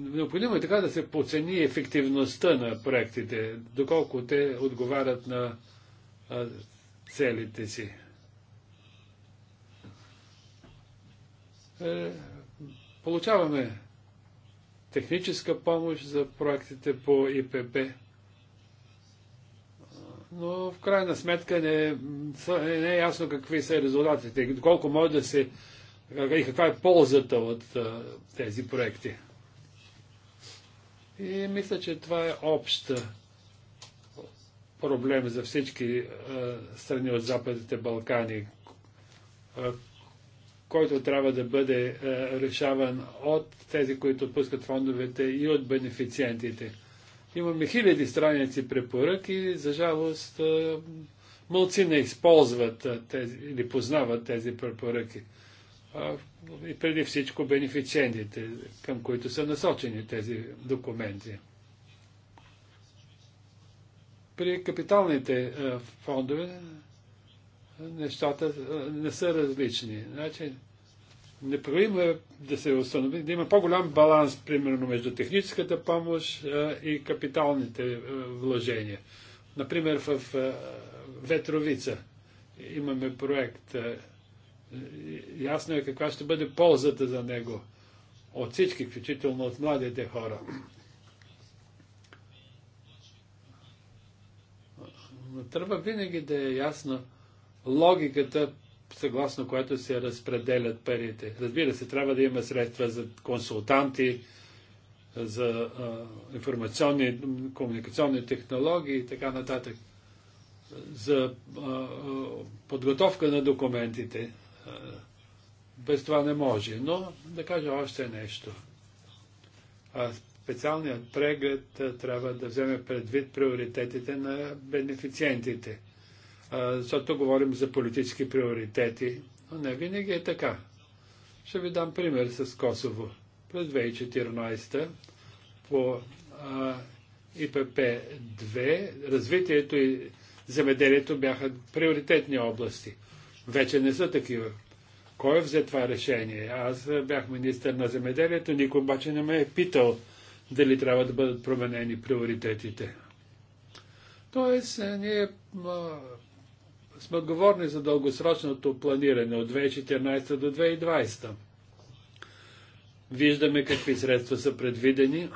необходимо е така да се поцени ефективността на проектите, доколко те отговарят на а, целите си. Е, получаваме техническа помощ за проектите по ИПП, но в крайна сметка не, не е ясно какви са резултатите, колко може да се и каква е ползата от тези проекти. И мисля, че това е общ проблем за всички а, страни от Западните Балкани, а, който трябва да бъде а, решаван от тези, които пускат фондовете и от бенефициентите. Имаме хиляди страници препоръки, за жалост мълци не използват тези, или познават тези препоръки и преди всичко бенефициентите, към които са насочени тези документи. При капиталните фондове нещата не са различни. Значи, необходимо е да се установи, да има по-голям баланс, примерно, между техническата помощ и капиталните вложения. Например, в Ветровица имаме проект е, ясно е каква ще бъде ползата за него от всички, включително от младите хора. Но трябва винаги да е ясна логиката, съгласно която се разпределят парите. Разбира се, трябва да има средства за консултанти, за а, информационни, комуникационни технологии и така нататък, за а, подготовка на документите без това не може. Но да кажа още нещо. Специалният преглед трябва да вземе предвид приоритетите на бенефициентите. Защото говорим за политически приоритети, но не винаги е така. Ще ви дам пример с Косово. През 2014 по а, ИПП 2 развитието и земеделието бяха приоритетни области вече не са такива. Кой е взе това решение? Аз бях министър на земеделието, никой обаче не ме е питал дали трябва да бъдат променени приоритетите. Тоест, ние а, сме отговорни за дългосрочното планиране от 2014 до 2020. Виждаме какви средства са предвидени.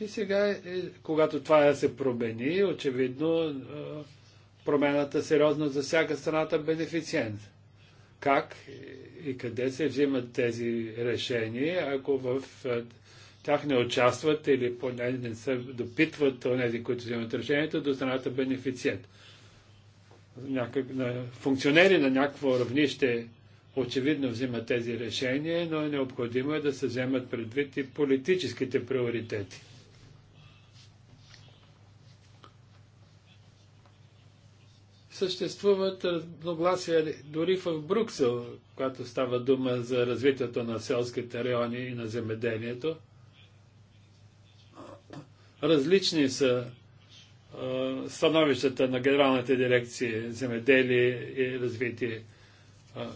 И сега, е, когато това се промени, очевидно, а, промената сериозно засяга страната бенефициент. Как и къде се взимат тези решения, ако в тях не участват или поне не се допитват онези, които взимат решението, до страната бенефициент. Някак, на функционери на някакво равнище очевидно взимат тези решения, но е необходимо е да се вземат предвид и политическите приоритети. съществуват разногласия дори в Бруксел, когато става дума за развитието на селските райони и на земеделието. Различни са а, становищата на Генералната дирекция земеделие и развитие. А,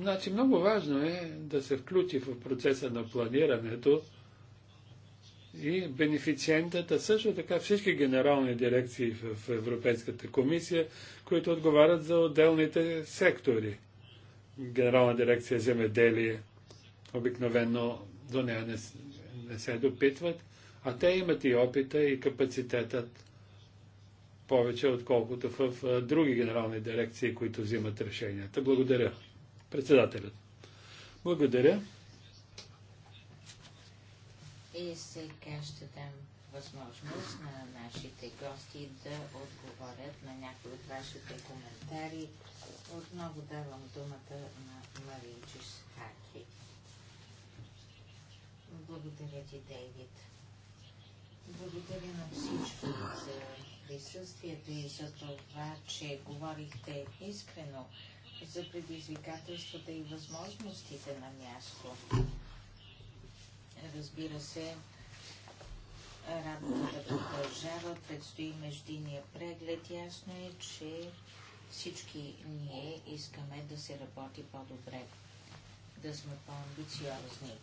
значи много важно е да се включи в процеса на планирането и бенефициентата, също така всички генерални дирекции в Европейската комисия, които отговарят за отделните сектори. Генерална дирекция земеделие обикновено до нея не, не се допитват, а те имат и опита и капацитетът повече, отколкото в други генерални дирекции, които взимат решенията. Благодаря. Председателят. Благодаря. И сега ще дам възможност на нашите гости да отговорят на някои от вашите коментари. Отново давам думата на Маринчиш Хаки. Благодаря ти, Дейвид. Благодаря на всички за присъствието и за това, че говорихте искрено за предизвикателствата и възможностите на място. Разбира се, работата продължава, предстои междинния преглед. Ясно е, че всички ние искаме да се работи по-добре, да сме по-амбициозни.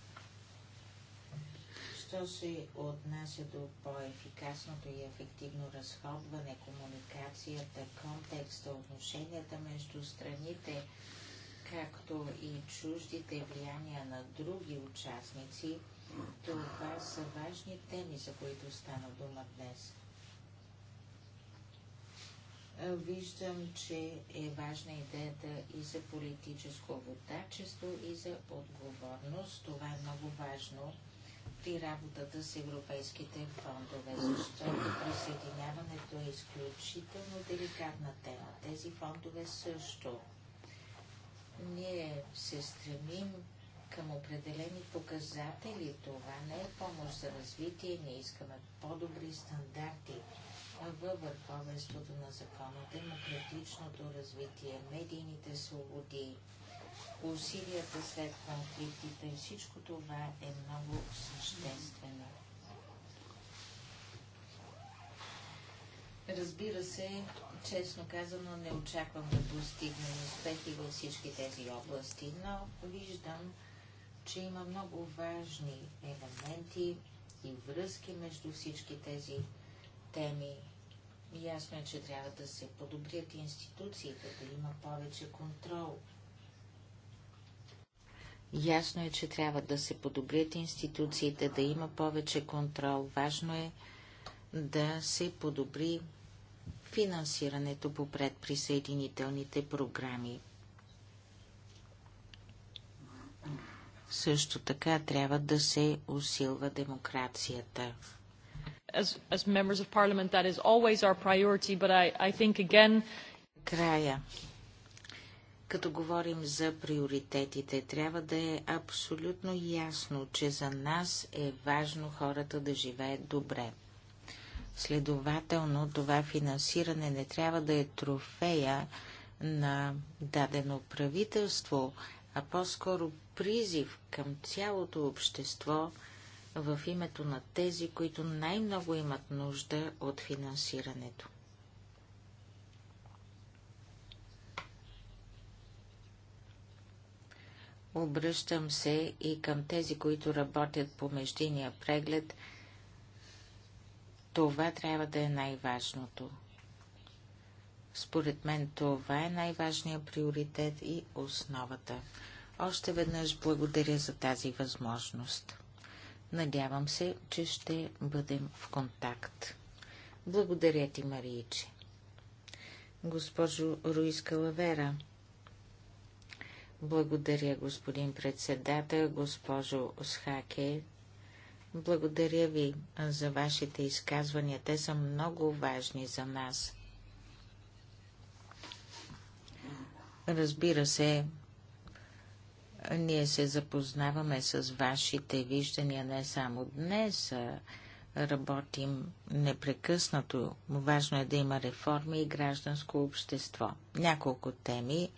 Що се отнася до по-ефикасното и ефективно разходване, комуникацията, контекста, отношенията между страните, както и чуждите влияния на други участници – това са важни теми, за които стана дума днес. Виждам, че е важна идеята и за политическо водачество, и за отговорност. Това е много важно при работата с европейските фондове, защото присъединяването е изключително деликатна тема. Тези фондове също. Ние се стремим към определени показатели. Това не е помощ за развитие, ние искаме по-добри стандарти във върховенството на закона, демократичното развитие, медийните свободи, усилията след конфликтите. Всичко това е много съществено. Разбира се, честно казано, не очаквам да постигнем успехи във всички тези области, но виждам че има много важни елементи и връзки между всички тези теми. Ясно е, че трябва да се подобрят институциите, да има повече контрол. Ясно е, че трябва да се подобрят институциите, да има повече контрол. Важно е да се подобри финансирането по предприсъединителните програми. Също така трябва да се усилва демокрацията. As, as members of parliament, that is always our priority, but I, I think again... Края. Като говорим за приоритетите, трябва да е абсолютно ясно, че за нас е важно хората да живеят добре. Следователно, това финансиране не трябва да е трофея на дадено правителство, а по-скоро призив към цялото общество в името на тези, които най-много имат нужда от финансирането. Обръщам се и към тези, които работят по междиния преглед. Това трябва да е най-важното. Според мен това е най-важният приоритет и основата. Още веднъж благодаря за тази възможност. Надявам се, че ще бъдем в контакт. Благодаря ти, Мариичи. Госпожо Руиска Лавера. Благодаря, господин председател, госпожо Схаке. Благодаря ви за вашите изказвания. Те са много важни за нас. Разбира се, ние се запознаваме с вашите виждания не само днес, а работим непрекъснато. Важно е да има реформи и гражданско общество. Няколко теми.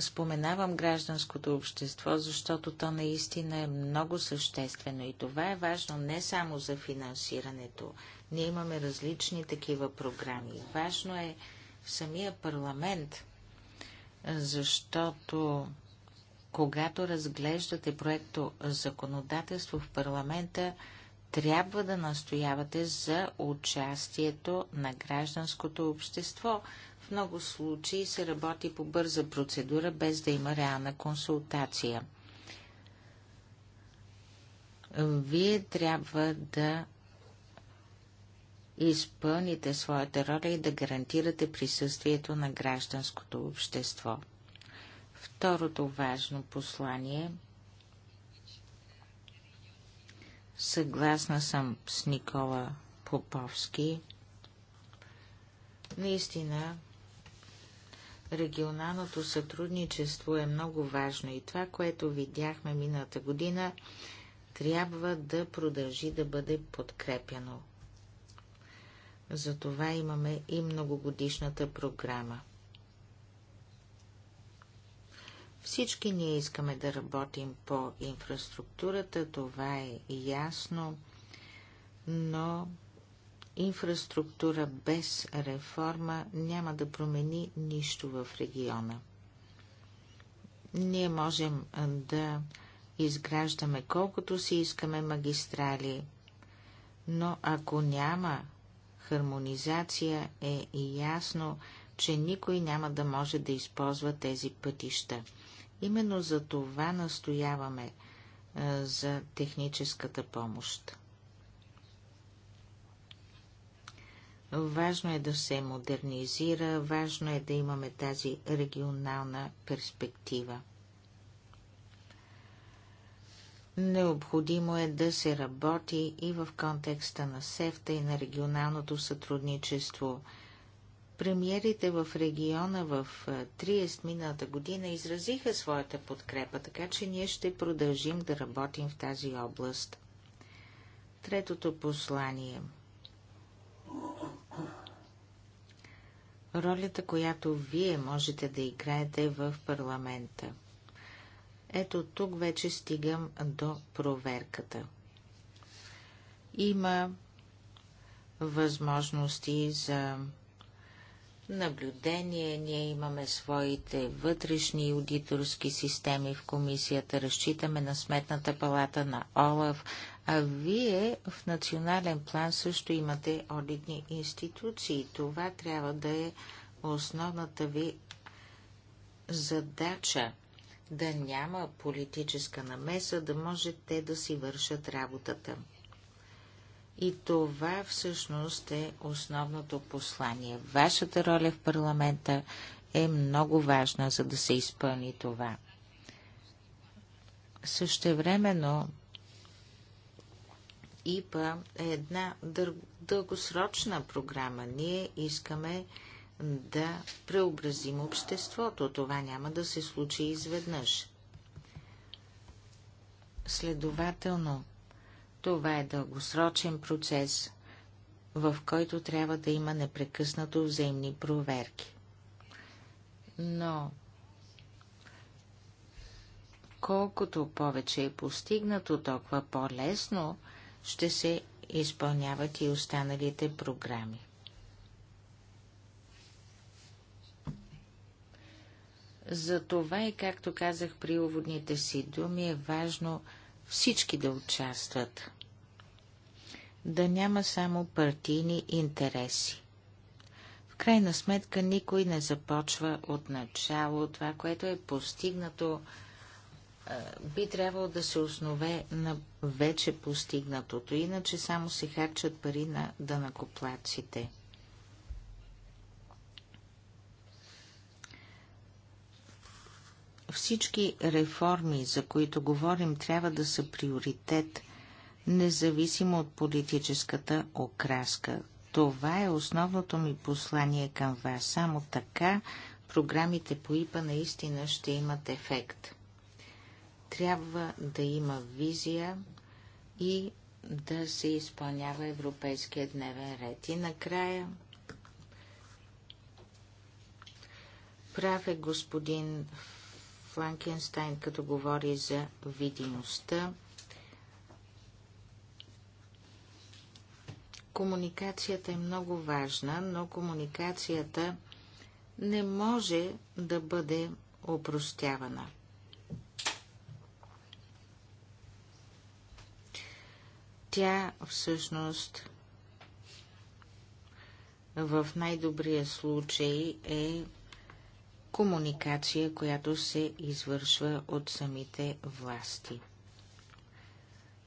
Споменавам гражданското общество, защото то наистина е много съществено и това е важно не само за финансирането. Ние имаме различни такива програми. Важно е самия парламент, защото когато разглеждате проекто законодателство в парламента, трябва да настоявате за участието на гражданското общество. В много случаи се работи по бърза процедура, без да има реална консултация. Вие трябва да изпълните своята роля и да гарантирате присъствието на гражданското общество. Второто важно послание. Съгласна съм с Никола Поповски. Наистина, регионалното сътрудничество е много важно и това, което видяхме миналата година, трябва да продължи да бъде подкрепено. Затова имаме и многогодишната програма. Всички ние искаме да работим по инфраструктурата, това е ясно, но инфраструктура без реформа няма да промени нищо в региона. Ние можем да изграждаме колкото си искаме магистрали, но ако няма хармонизация, е ясно, че никой няма да може да използва тези пътища. Именно за това настояваме е, за техническата помощ. Важно е да се модернизира, важно е да имаме тази регионална перспектива. Необходимо е да се работи и в контекста на СЕФТА и на регионалното сътрудничество – Премиерите в региона в Триест миналата година изразиха своята подкрепа, така че ние ще продължим да работим в тази област. Третото послание. Ролята, която вие можете да играете в парламента. Ето тук вече стигам до проверката. Има възможности за наблюдение, ние имаме своите вътрешни аудиторски системи в комисията, разчитаме на сметната палата на ОЛАВ, а вие в национален план също имате одитни институции. Това трябва да е основната ви задача да няма политическа намеса, да може те да си вършат работата. И това всъщност е основното послание. Вашата роля в парламента е много важна, за да се изпълни това. Същевременно ИПА е една дългосрочна програма. Ние искаме да преобразим обществото. Това няма да се случи изведнъж. Следователно, това е дългосрочен процес, в който трябва да има непрекъснато взаимни проверки. Но колкото повече е постигнато, толкова по-лесно ще се изпълняват и останалите програми. За това, и, както казах при уводните си думи, е важно – всички да участват. Да няма само партийни интереси. В крайна сметка никой не започва от начало. Това, което е постигнато, би трябвало да се основе на вече постигнатото. Иначе само се харчат пари на дънакоплаците. Всички реформи, за които говорим, трябва да са приоритет, независимо от политическата окраска. Това е основното ми послание към вас. Само така програмите по ИПА наистина ще имат ефект. Трябва да има визия и да се изпълнява европейския дневен ред. И накрая прав е господин Фланкенстайн, като говори за видимостта, комуникацията е много важна, но комуникацията не може да бъде опростявана. Тя всъщност в най-добрия случай е комуникация, която се извършва от самите власти.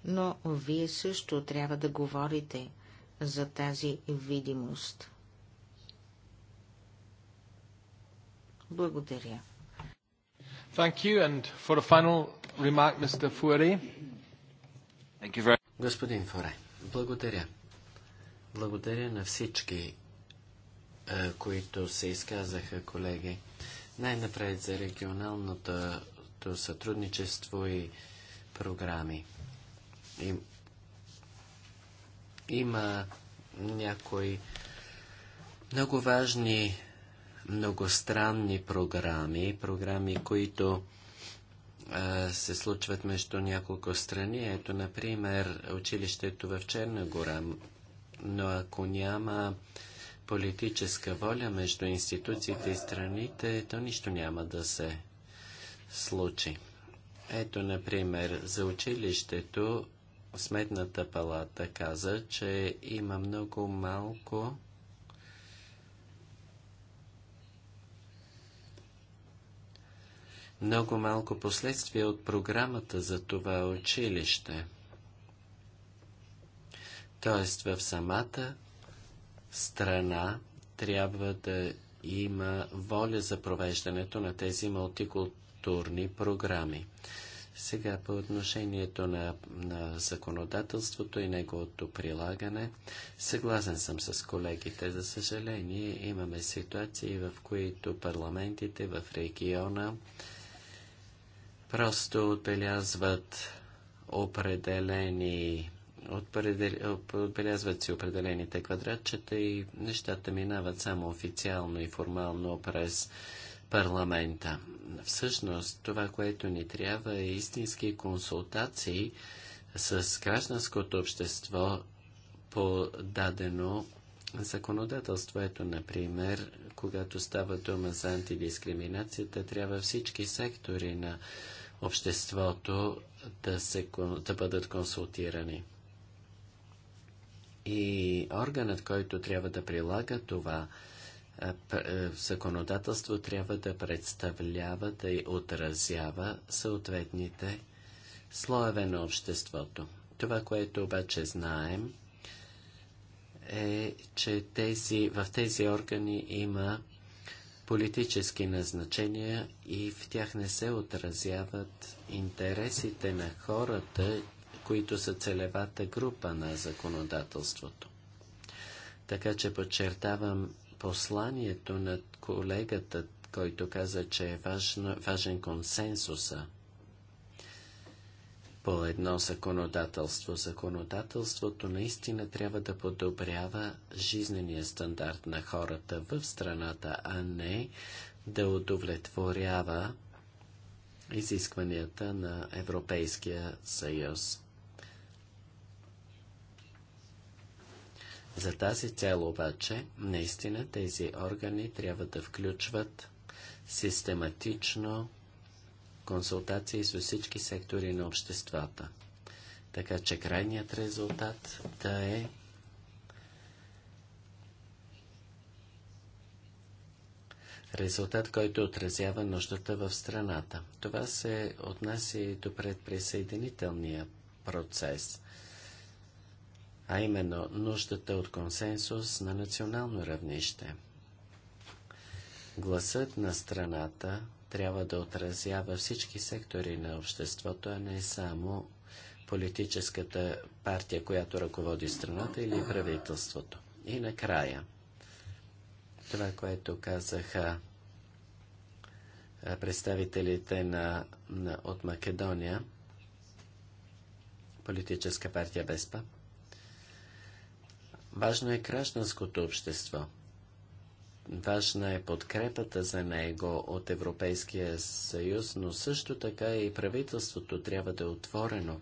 Но вие също трябва да говорите за тази видимост. Благодаря. Thank you. And for a final remark, Mr. Fuere. Thank you very... Господин Фуре, благодаря. Благодаря на всички е, които се изказаха колеги. Най-напред за регионалното сътрудничество и програми. И, има някои много важни многостранни програми, програми, които а, е, се случват между няколко страни. Ето, например, училището в Черна гора. Но ако няма а, политическа воля между институциите и страните, то нищо няма да се случи. Ето, например, за училището Сметната палата каза, че има много малко много малко последствия от програмата за това училище. Тоест в самата страна трябва да има воля за провеждането на тези мултикултурни програми. Сега по отношението на, на законодателството и неговото прилагане, съгласен съм с колегите. За съжаление, имаме ситуации, в които парламентите в региона просто отбелязват определени отбелязват си определените квадратчета и нещата минават само официално и формално през парламента. Всъщност, това, което ни трябва е истински консултации с гражданското общество по дадено законодателство. Ето, например, когато става дума за антидискриминацията, трябва всички сектори на обществото да, се, да бъдат консултирани. И органът, който трябва да прилага това е, законодателство, трябва да представлява, да и отразява съответните слоеве на обществото. Това, което обаче знаем, е, че тези, в тези органи има политически назначения и в тях не се отразяват интересите на хората които са целевата група на законодателството. Така че подчертавам посланието на колегата, който каза, че е важно, важен консенсуса по едно законодателство. Законодателството наистина трябва да подобрява жизнения стандарт на хората в страната, а не да удовлетворява изискванията на Европейския съюз. За тази цел обаче, наистина тези органи трябва да включват систематично консултации с всички сектори на обществата. Така че крайният резултат да е резултат, който отразява нуждата в страната. Това се отнася и до предприсъединителния процес а именно нуждата от консенсус на национално равнище. Гласът на страната трябва да отразява всички сектори на обществото, а не само политическата партия, която ръководи страната или правителството. И накрая, това, което казаха представителите на, на, от Македония, политическа партия Беспа, Важно е гражданското общество. Важна е подкрепата за него от Европейския съюз, но също така и правителството трябва да е отворено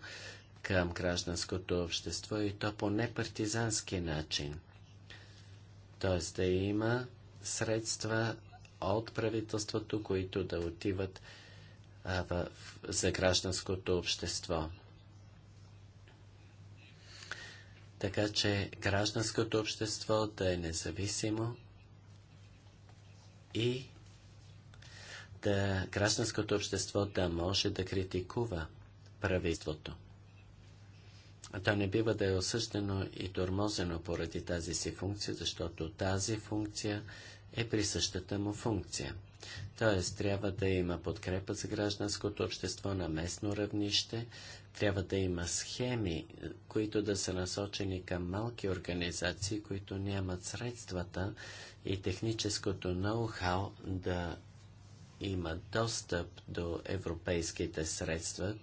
към гражданското общество и то по непартизански начин. Тоест да има средства от правителството, които да отиват а, в, за гражданското общество. така че гражданското общество да е независимо и да гражданското общество да може да критикува правителството. То не бива да е осъждано и тормозено поради тази си функция, защото тази функция е присъщата му функция. Тоест, трябва да има подкрепа за гражданското общество на местно равнище, трябва да има схеми, които да са насочени към малки организации, които нямат средствата и техническото ноу-хау да имат достъп до европейските средства,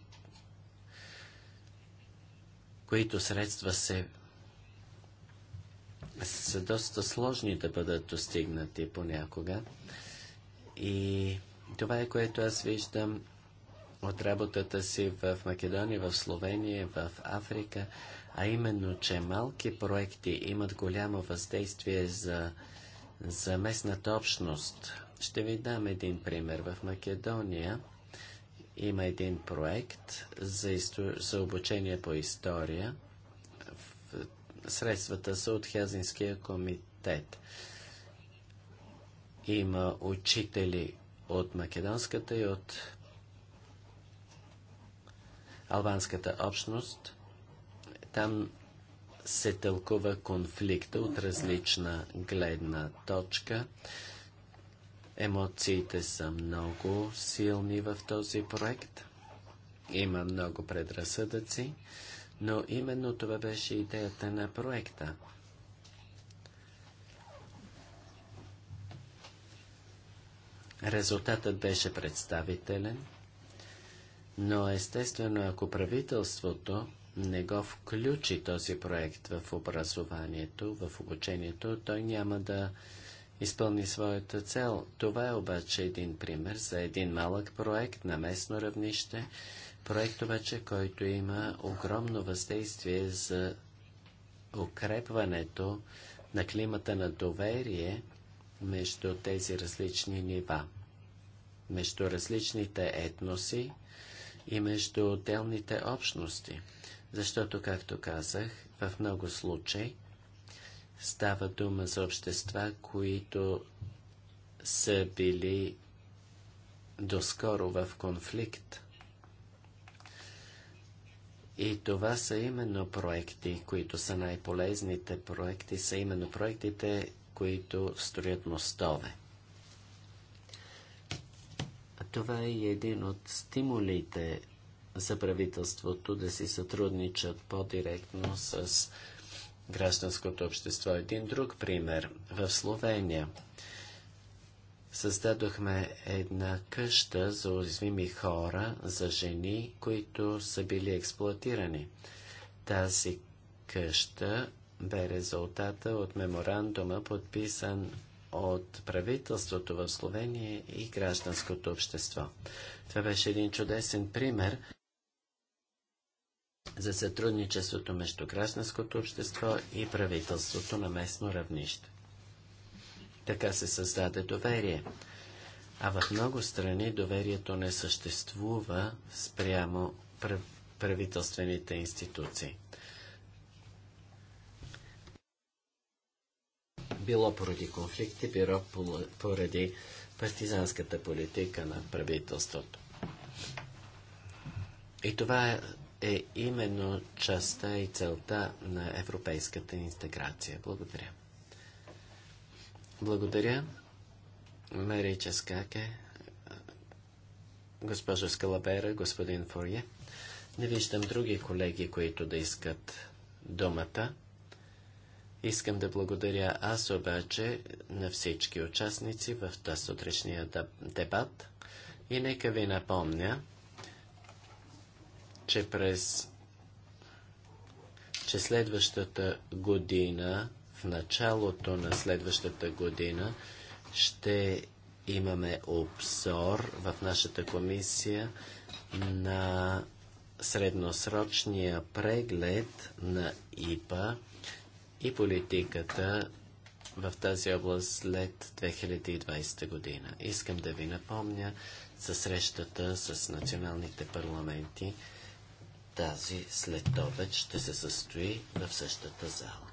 които средства се са доста сложни да бъдат достигнати понякога. И това е което аз виждам от работата си в Македония, в Словения, в Африка, а именно, че малки проекти имат голямо въздействие за, за местната общност. Ще ви дам един пример. В Македония има един проект за, исто... за обучение по история. Средствата са от Хязинския комитет. Има учители от македонската и от албанската общност. Там се тълкува конфликта от различна гледна точка. Емоциите са много силни в този проект. Има много предразсъдъци, но именно това беше идеята на проекта. Резултатът беше представителен – но естествено, ако правителството не го включи този проект в образованието, в обучението, той няма да изпълни своята цел. Това е обаче един пример за един малък проект на местно равнище, проект обаче, който има огромно въздействие за укрепването на климата на доверие между тези различни нива, между различните етноси и между отделните общности. Защото, както казах, в много случаи става дума за общества, които са били доскоро в конфликт. И това са именно проекти, които са най-полезните проекти, са именно проектите, които строят мостове. Това е един от стимулите за правителството да си сътрудничат по-директно с гражданското общество. Един друг пример. В Словения създадохме една къща за уязвими хора, за жени, които са били експлуатирани. Тази къща бе резултата от меморандума, подписан от правителството в Словения и гражданското общество. Това беше един чудесен пример за сътрудничеството между гражданското общество и правителството на местно равнище. Така се създаде доверие. А в много страни доверието не съществува спрямо правителствените институции. било поради конфликти, било поради партизанската политика на правителството. И това е именно частта и целта на европейската интеграция. Благодаря. Благодаря. Марича Скаке, госпожа Скалабера, господин Форие. Не виждам други колеги, които да искат думата. Искам да благодаря аз обаче на всички участници в тази сутрешния дебат и нека ви напомня, че през че следващата година, в началото на следващата година, ще имаме обзор в нашата комисия на средносрочния преглед на ИПА и политиката в тази област след 2020 година. Искам да ви напомня за срещата с националните парламенти. Тази след обед ще се състои в същата зала.